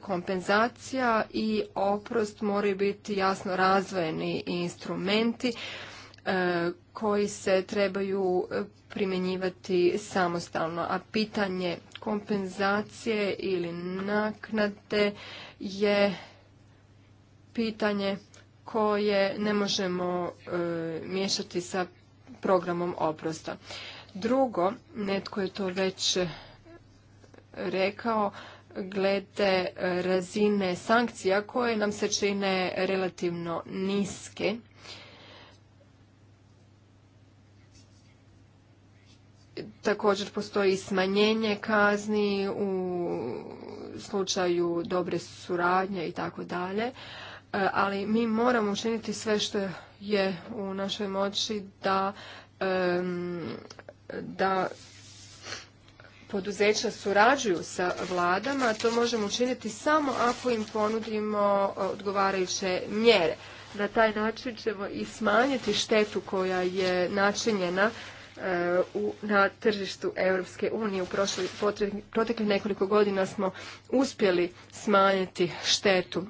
kompenzacija i oprost moraju biti jasno razvojeni instrumenti koji se trebaju e, primjenjivati samostalno, a pitanje kompenzacije ili naknade je pitanje koje ne možemo e, miješati sa programom oprosta. Drugo, netko je to već rekao, glede razine sankcija koje nam se čine relativno niske Također postoji smanjenje kazni u slučaju dobre suradnje i tako dalje. E, ali mi moramo učiniti sve što je u našoj moći da, da poduzeća surađuju sa vladama, to možemo učiniti samo ako im ponudimo e, odgovarajuće mjere. Na taj način ćemo i smanjiti štetu koja je načinjena na tržištu Europske unije. U prošli, proteklih nekoliko godina smo uspjeli smanjiti štetu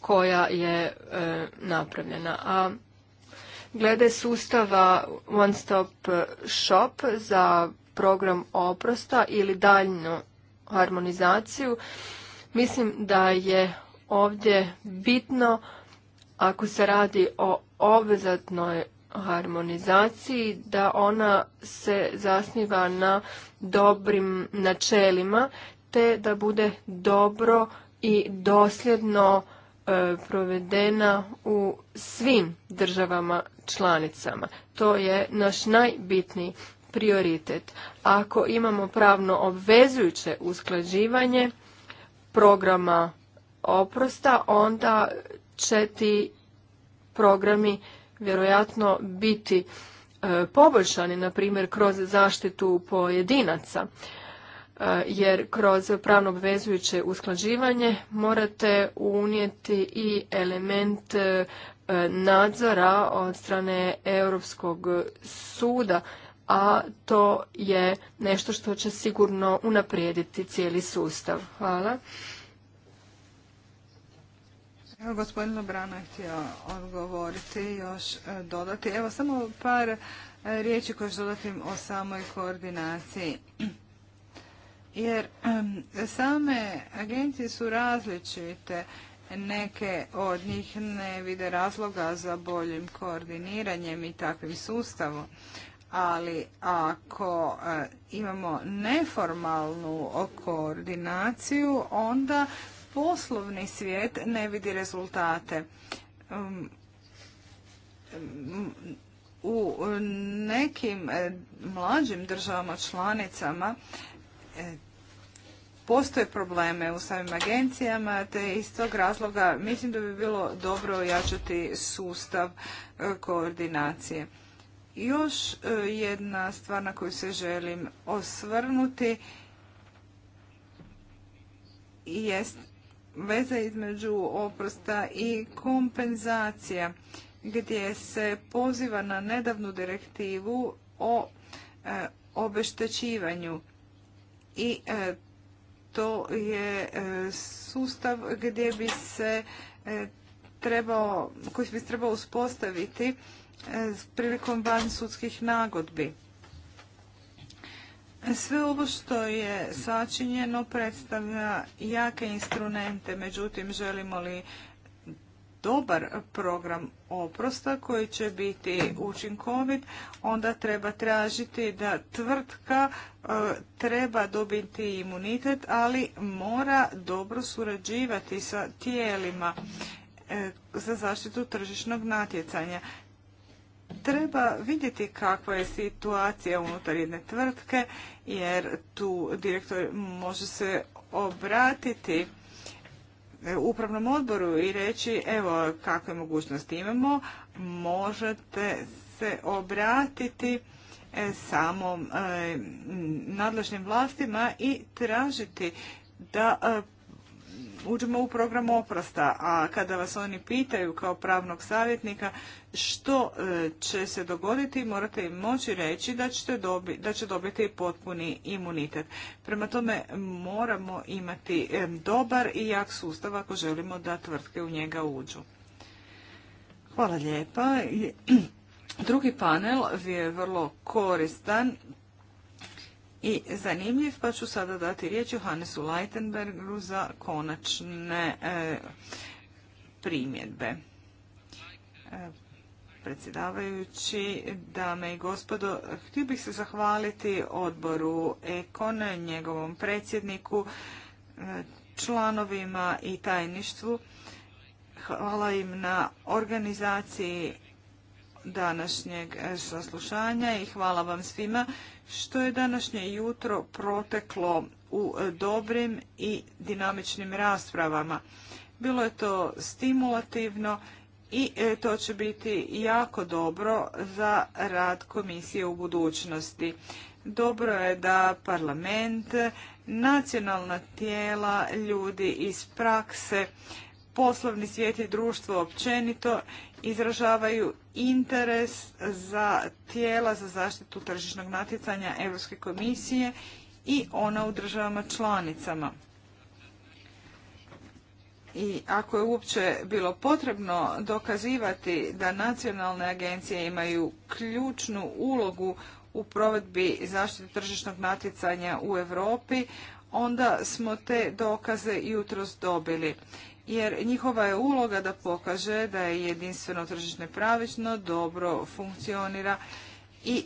koja je e, napravljena. A glede sustava One Stop Shop za program oprosta ili daljnu harmonizaciju, mislim da je ovdje bitno ako se radi o obvezatnoj harmonizaciji, da ona se zasniva na dobrim načelima, te da bude dobro i dosljedno e, provedena u svim državama članicama. To je naš najbitniji prioritet. Ako imamo pravno obvezujuće usklađivanje programa oprosta, onda će ti programi vjerojatno biti e, poboljšani, na primjer, kroz zaštitu pojedinaca e, jer kroz pravno obvezujuće usklađivanje morate unijeti i element e, nadzora od strane Europskog suda, a to je nešto što će sigurno unaprijediti cijeli sustav. Hvala. Gospodin Obrana je htio odgovoriti još e, dodati. Evo samo par e, riječi koje želim o samoj koordinaciji. Jer ehm, same agencije su različite. Neke od njih ne vide razloga za boljim koordiniranjem i takvim sustavom. Ali ako e, imamo neformalnu koordinaciju, onda poslovni svijet ne vidi rezultate. Um, um, u nekim e, mlađim državama članicama e, postoje probleme u samim agencijama, te iz tog razloga mislim da bi bilo dobro ojačati sustav e, koordinacije. Još jedna stvar na koju se želim osvrnuti jest veza između oprosta i kompenzacija gdje se poziva na nedavnu direktivu o e, obeštećivanju i e, to je e, sustav gdje bi se trebao, koji bi se trebao uspostaviti prilikom van sudskih nagodbi. Sve ovo što je sačinjeno predstavlja jake instrumente, međutim želimo li dobar program oprosta koji će biti učinkovit, onda treba tražiti da tvrtka e, treba dobiti imunitet, ali mora dobro surađivati sa tijelima e, za zaštitu tržišnog natjecanja. Treba vidjeti kakva je situacija unutar jedne tvrtke, jer tu direktor može se obratiti upravnom odboru i reći evo kakve mogućnosti imamo, možete se obratiti e, samom e, nadležnim vlastima i tražiti da e, uđemo u program oprosta, a kada vas oni pitaju kao pravnog savjetnika što e, će se dogoditi, morate im moći reći da, ćete dobi, da će dobiti potpuni imunitet. Prema tome moramo imati e, dobar i jak sustav ako želimo da tvrtke u njega uđu. Hvala lijepa. Drugi panel je vrlo koristan i zanimljiv, pa ću sada dati riječ Johannesu Leitenbergu za konačne e, primjedbe. E, predsjedavajući, dame i gospodo, htio bih se zahvaliti odboru Ekon, njegovom predsjedniku, e, članovima i tajništvu. Hvala im na organizaciji današnjeg e, saslušanja i hvala vam svima što je današnje jutro proteklo u e, dobrim i dinamičnim raspravama. Bilo je to stimulativno i e, to će biti jako dobro za rad komisije u budućnosti. Dobro je da parlament, nacionalna tijela, ljudi iz prakse, poslovni svijet i društvo općenito izražavaju interes za tijela za zaštitu tržišnog natjecanja Europske komisije i ona u državama članicama. I ako je uopće bilo potrebno dokazivati da nacionalne agencije imaju ključnu ulogu u provedbi zaštite tržišnog natjecanja u Europi, onda smo te dokaze jutros dobili jer njihova je uloga da pokaže da je jedinstveno tržišne pravično, dobro funkcionira i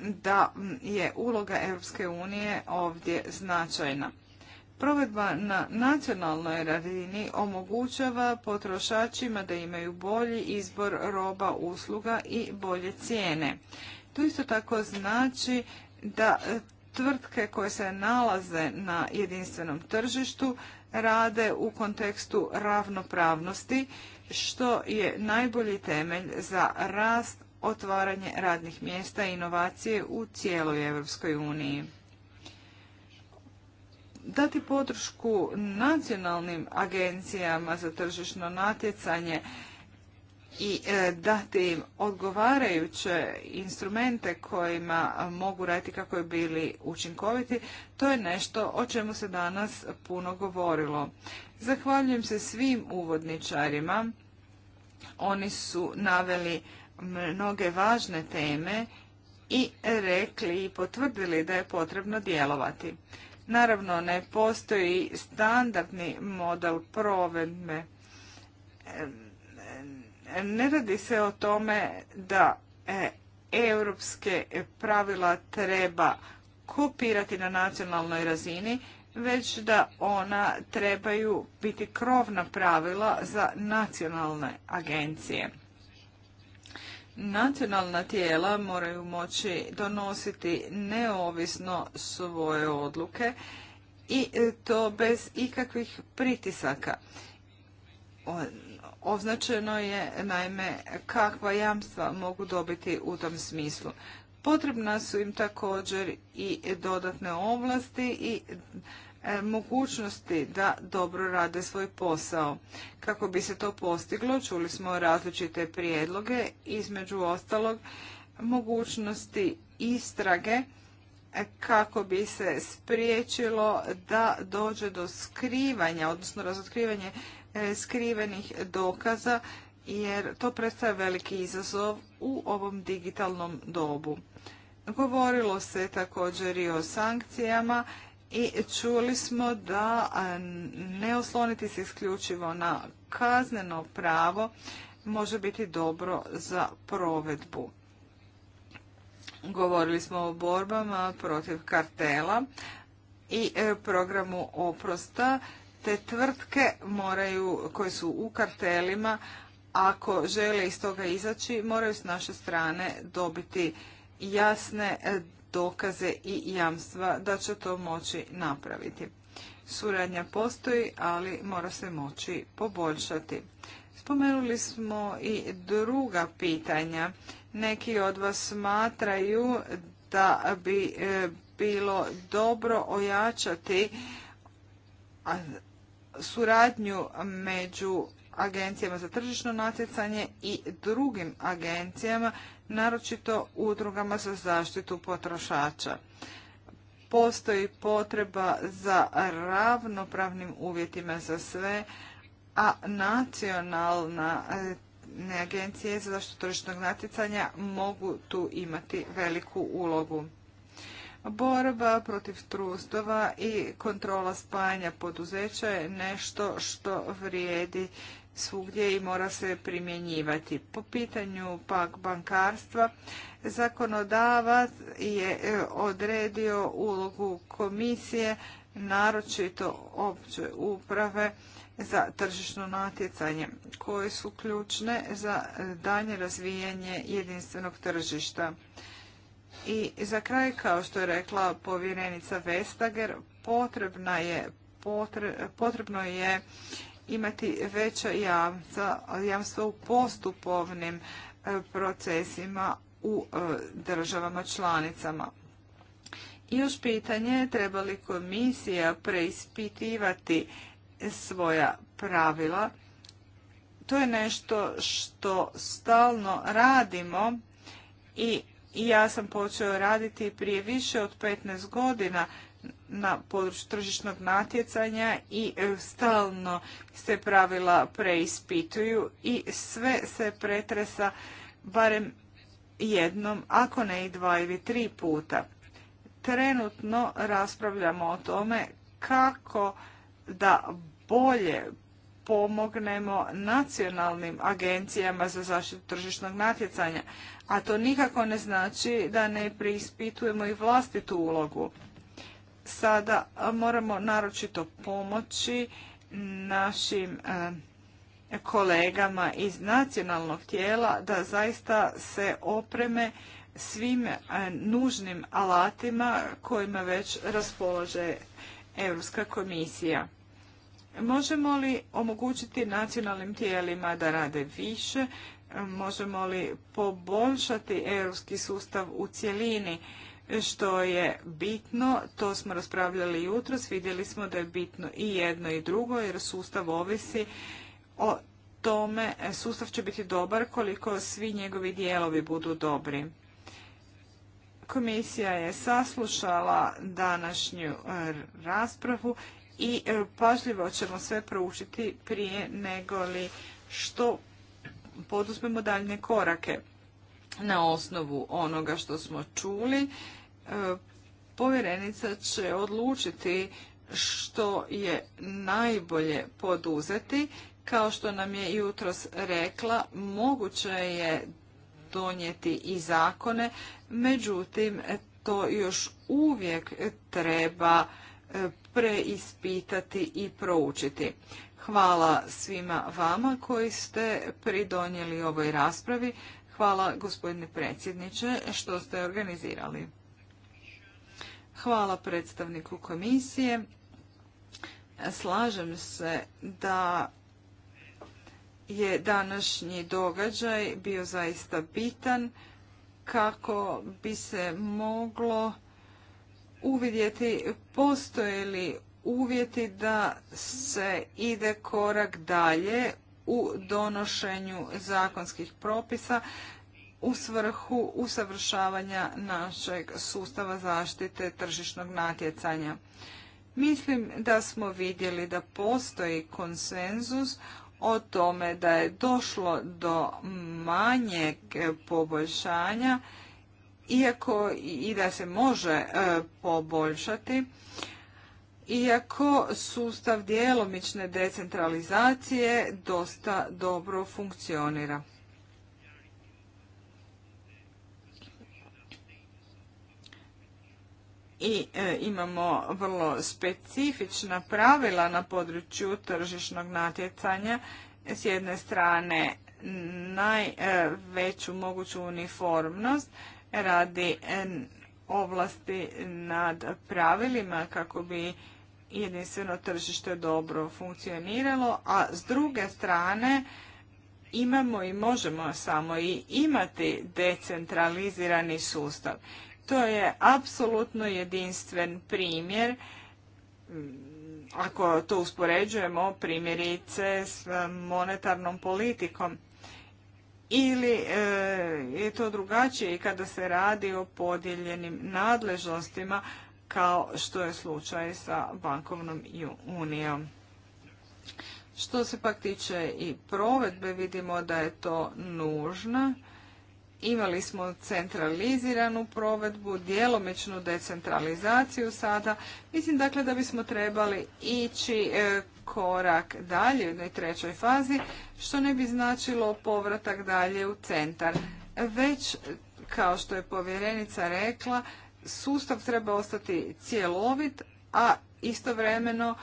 da je uloga Europske unije ovdje značajna. Provedba na nacionalnoj radini omogućava potrošačima da imaju bolji izbor roba, usluga i bolje cijene. To isto tako znači da tvrtke koje se nalaze na jedinstvenom tržištu rade u kontekstu ravnopravnosti, što je najbolji temelj za rast, otvaranje radnih mjesta i inovacije u cijeloj Europskoj uniji. Dati podršku nacionalnim agencijama za tržišno natjecanje i e, dati im odgovarajuće instrumente kojima mogu raditi kako bi bili učinkoviti, to je nešto o čemu se danas puno govorilo. Zahvaljujem se svim uvodničarima. Oni su naveli mnoge važne teme i rekli i potvrdili da je potrebno djelovati. Naravno, ne postoji standardni model provedbe ne radi se o tome da e, europske pravila treba kopirati na nacionalnoj razini, već da ona trebaju biti krovna pravila za nacionalne agencije. Nacionalna tijela moraju moći donositi neovisno svoje odluke i to bez ikakvih pritisaka. Označeno je naime kakva jamstva mogu dobiti u tom smislu. Potrebna su im također i dodatne ovlasti i e, mogućnosti da dobro rade svoj posao. Kako bi se to postiglo, čuli smo različite prijedloge, između ostalog mogućnosti istrage e, kako bi se spriječilo da dođe do skrivanja, odnosno razotkrivanje E, skrivenih dokaza jer to predstavlja veliki izazov u ovom digitalnom dobu. Govorilo se također i o sankcijama i čuli smo da ne osloniti se isključivo na kazneno pravo može biti dobro za provedbu. Govorili smo o borbama protiv kartela i e, programu oprosta te tvrtke moraju, koje su u kartelima, ako žele iz toga izaći, moraju s naše strane dobiti jasne dokaze i jamstva da će to moći napraviti. Suradnja postoji, ali mora se moći poboljšati. Spomenuli smo i druga pitanja. Neki od vas smatraju da bi e, bilo dobro ojačati suradnju među agencijama za tržišno natjecanje i drugim agencijama, naročito udrugama za zaštitu potrošača. Postoji potreba za ravnopravnim uvjetima za sve, a nacionalna eh, agencije za zaštitu tržišnog natjecanja mogu tu imati veliku ulogu. Borba protiv trustova i kontrola spajanja poduzeća je nešto što vrijedi svugdje i mora se primjenjivati. Po pitanju pak bankarstva, zakonodavac je e, odredio ulogu komisije, naročito opće uprave za tržišno natjecanje, koje su ključne za e, danje razvijanje jedinstvenog tržišta. I za kraj, kao što je rekla povjerenica Vestager, potrebna je, potrebno je imati veća jamstva, jamstva u postupovnim e, procesima u e, državama članicama. I još pitanje treba li komisija preispitivati svoja pravila. To je nešto što stalno radimo i ja sam počeo raditi prije više od 15 godina na području tržišnog natjecanja i e, stalno se pravila preispituju i sve se pretresa barem jednom, ako ne i dva ili tri puta. Trenutno raspravljamo o tome kako da bolje pomognemo nacionalnim agencijama za zaštitu tržišnog natjecanja, a to nikako ne znači da ne preispitujemo i vlastitu ulogu. Sada moramo naročito pomoći našim e, kolegama iz nacionalnog tijela da zaista se opreme svim e, nužnim alatima kojima već raspolaže Europska komisija. Možemo li omogućiti nacionalnim tijelima da rade više možemo li poboljšati europski sustav u cjelini što je bitno, to smo raspravljali jutros, vidjeli smo da je bitno i jedno i drugo jer sustav ovisi o tome, sustav će biti dobar koliko svi njegovi dijelovi budu dobri. Komisija je saslušala današnju e, raspravu i e, pažljivo ćemo sve proučiti prije nego li što poduzmemo daljne korake. Na osnovu onoga što smo čuli, e, povjerenica će odlučiti što je najbolje poduzeti. Kao što nam je jutros rekla, moguće je donijeti i zakone, međutim to još uvijek treba e, preispitati i proučiti. Hvala svima vama koji ste pridonijeli ovoj raspravi. Hvala gospodine predsjedniče što ste organizirali. Hvala predstavniku komisije. Slažem se da je današnji događaj bio zaista bitan kako bi se moglo uvidjeti postoje li uvjeti da se ide korak dalje u donošenju zakonskih propisa u svrhu usavršavanja našeg sustava zaštite tržišnog natjecanja. Mislim da smo vidjeli da postoji konsenzus o tome da je došlo do manjeg poboljšanja, iako i da se može e, poboljšati, iako sustav djelomične decentralizacije dosta dobro funkcionira. i e, imamo vrlo specifična pravila na području tržišnog natjecanja. S jedne strane najveću e, moguću uniformnost radi e, ovlasti nad pravilima kako bi jedinstveno tržište dobro funkcioniralo, a s druge strane imamo i možemo samo i imati decentralizirani sustav. To je apsolutno jedinstven primjer mm, ako to uspoređujemo primjerice s e, monetarnom politikom ili e, je to drugačije i kada se radi o podijeljenim nadležnostima kao što je slučaj sa bankovnom unijom. Što se pak tiče i provedbe, vidimo da je to nužno. Imali smo centraliziranu provedbu, djelomičnu decentralizaciju sada. Mislim dakle da bismo trebali ići e, korak dalje u jednoj trećoj fazi, što ne bi značilo povratak dalje u centar. Već, kao što je povjerenica rekla, sustav treba ostati cjelovit, a istovremeno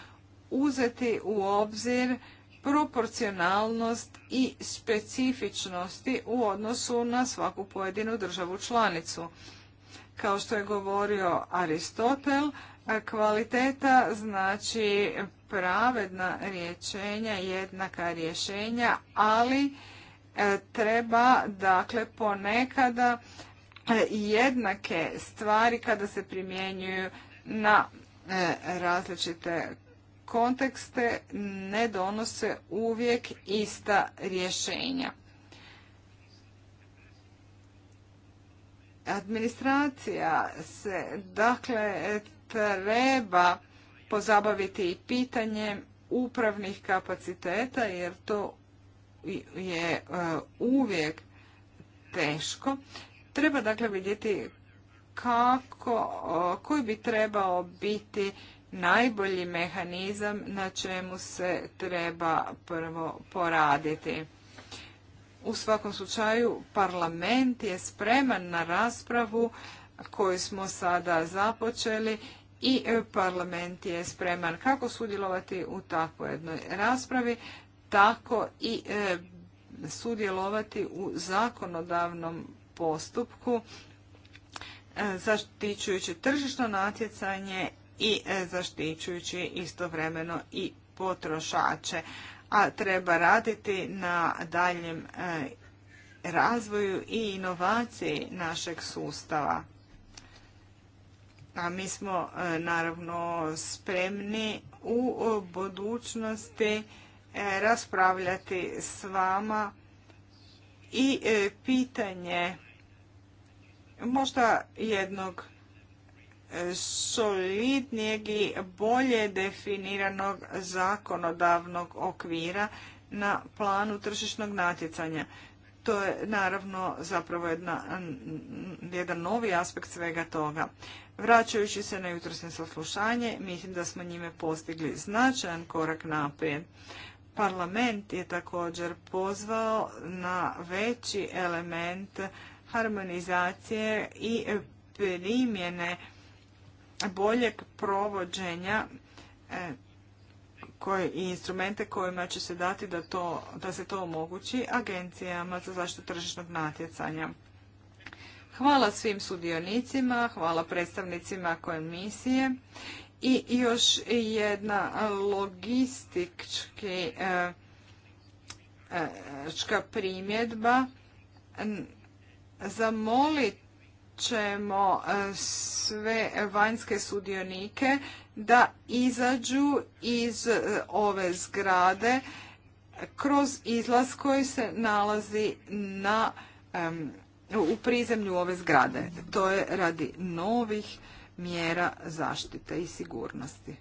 uzeti u obzir proporcionalnost i specifičnosti u odnosu na svaku pojedinu državu članicu. Kao što je govorio Aristotel, kvaliteta znači pravedna rješenja, jednaka rješenja, ali e, treba dakle ponekada jednake stvari kada se primjenjuju na e, različite kontekste ne donose uvijek ista rješenja. Administracija se dakle treba pozabaviti i pitanjem upravnih kapaciteta jer to je e, uvijek teško Treba dakle vidjeti kako, koji bi trebao biti najbolji mehanizam na čemu se treba prvo poraditi. U svakom slučaju parlament je spreman na raspravu koju smo sada započeli i parlament je spreman kako sudjelovati u takvoj jednoj raspravi, tako i e, sudjelovati u zakonodavnom postupku e, zaštićujući tržišno natjecanje i e, zaštićujući istovremeno i potrošače. A treba raditi na daljem e, razvoju i inovaciji našeg sustava. A mi smo naravno spremni u budućnosti raspravljati s vama i pitanje možda jednog e, solidnijeg i bolje definiranog zakonodavnog okvira na planu tržišnog natjecanja. To je naravno zapravo jedna, jedan novi aspekt svega toga. Vraćajući se na jutrosne saslušanje, mislim da smo njime postigli značajan korak naprijed. Parlament je također pozvao na veći element harmonizacije i primjene boljeg provođenja e, i instrumente kojima će se dati da, da se to omogući agencijama za zaštitu tržišnog natjecanja. Hvala svim sudionicima, hvala predstavnicima komisije i još jedna logistička e, e, primjedba Zamolit ćemo e, sve vanjske sudionike da izađu iz e, ove zgrade kroz izlaz koji se nalazi na, u prizemlju ove zgrade. To je radi novih mjera zaštite i sigurnosti.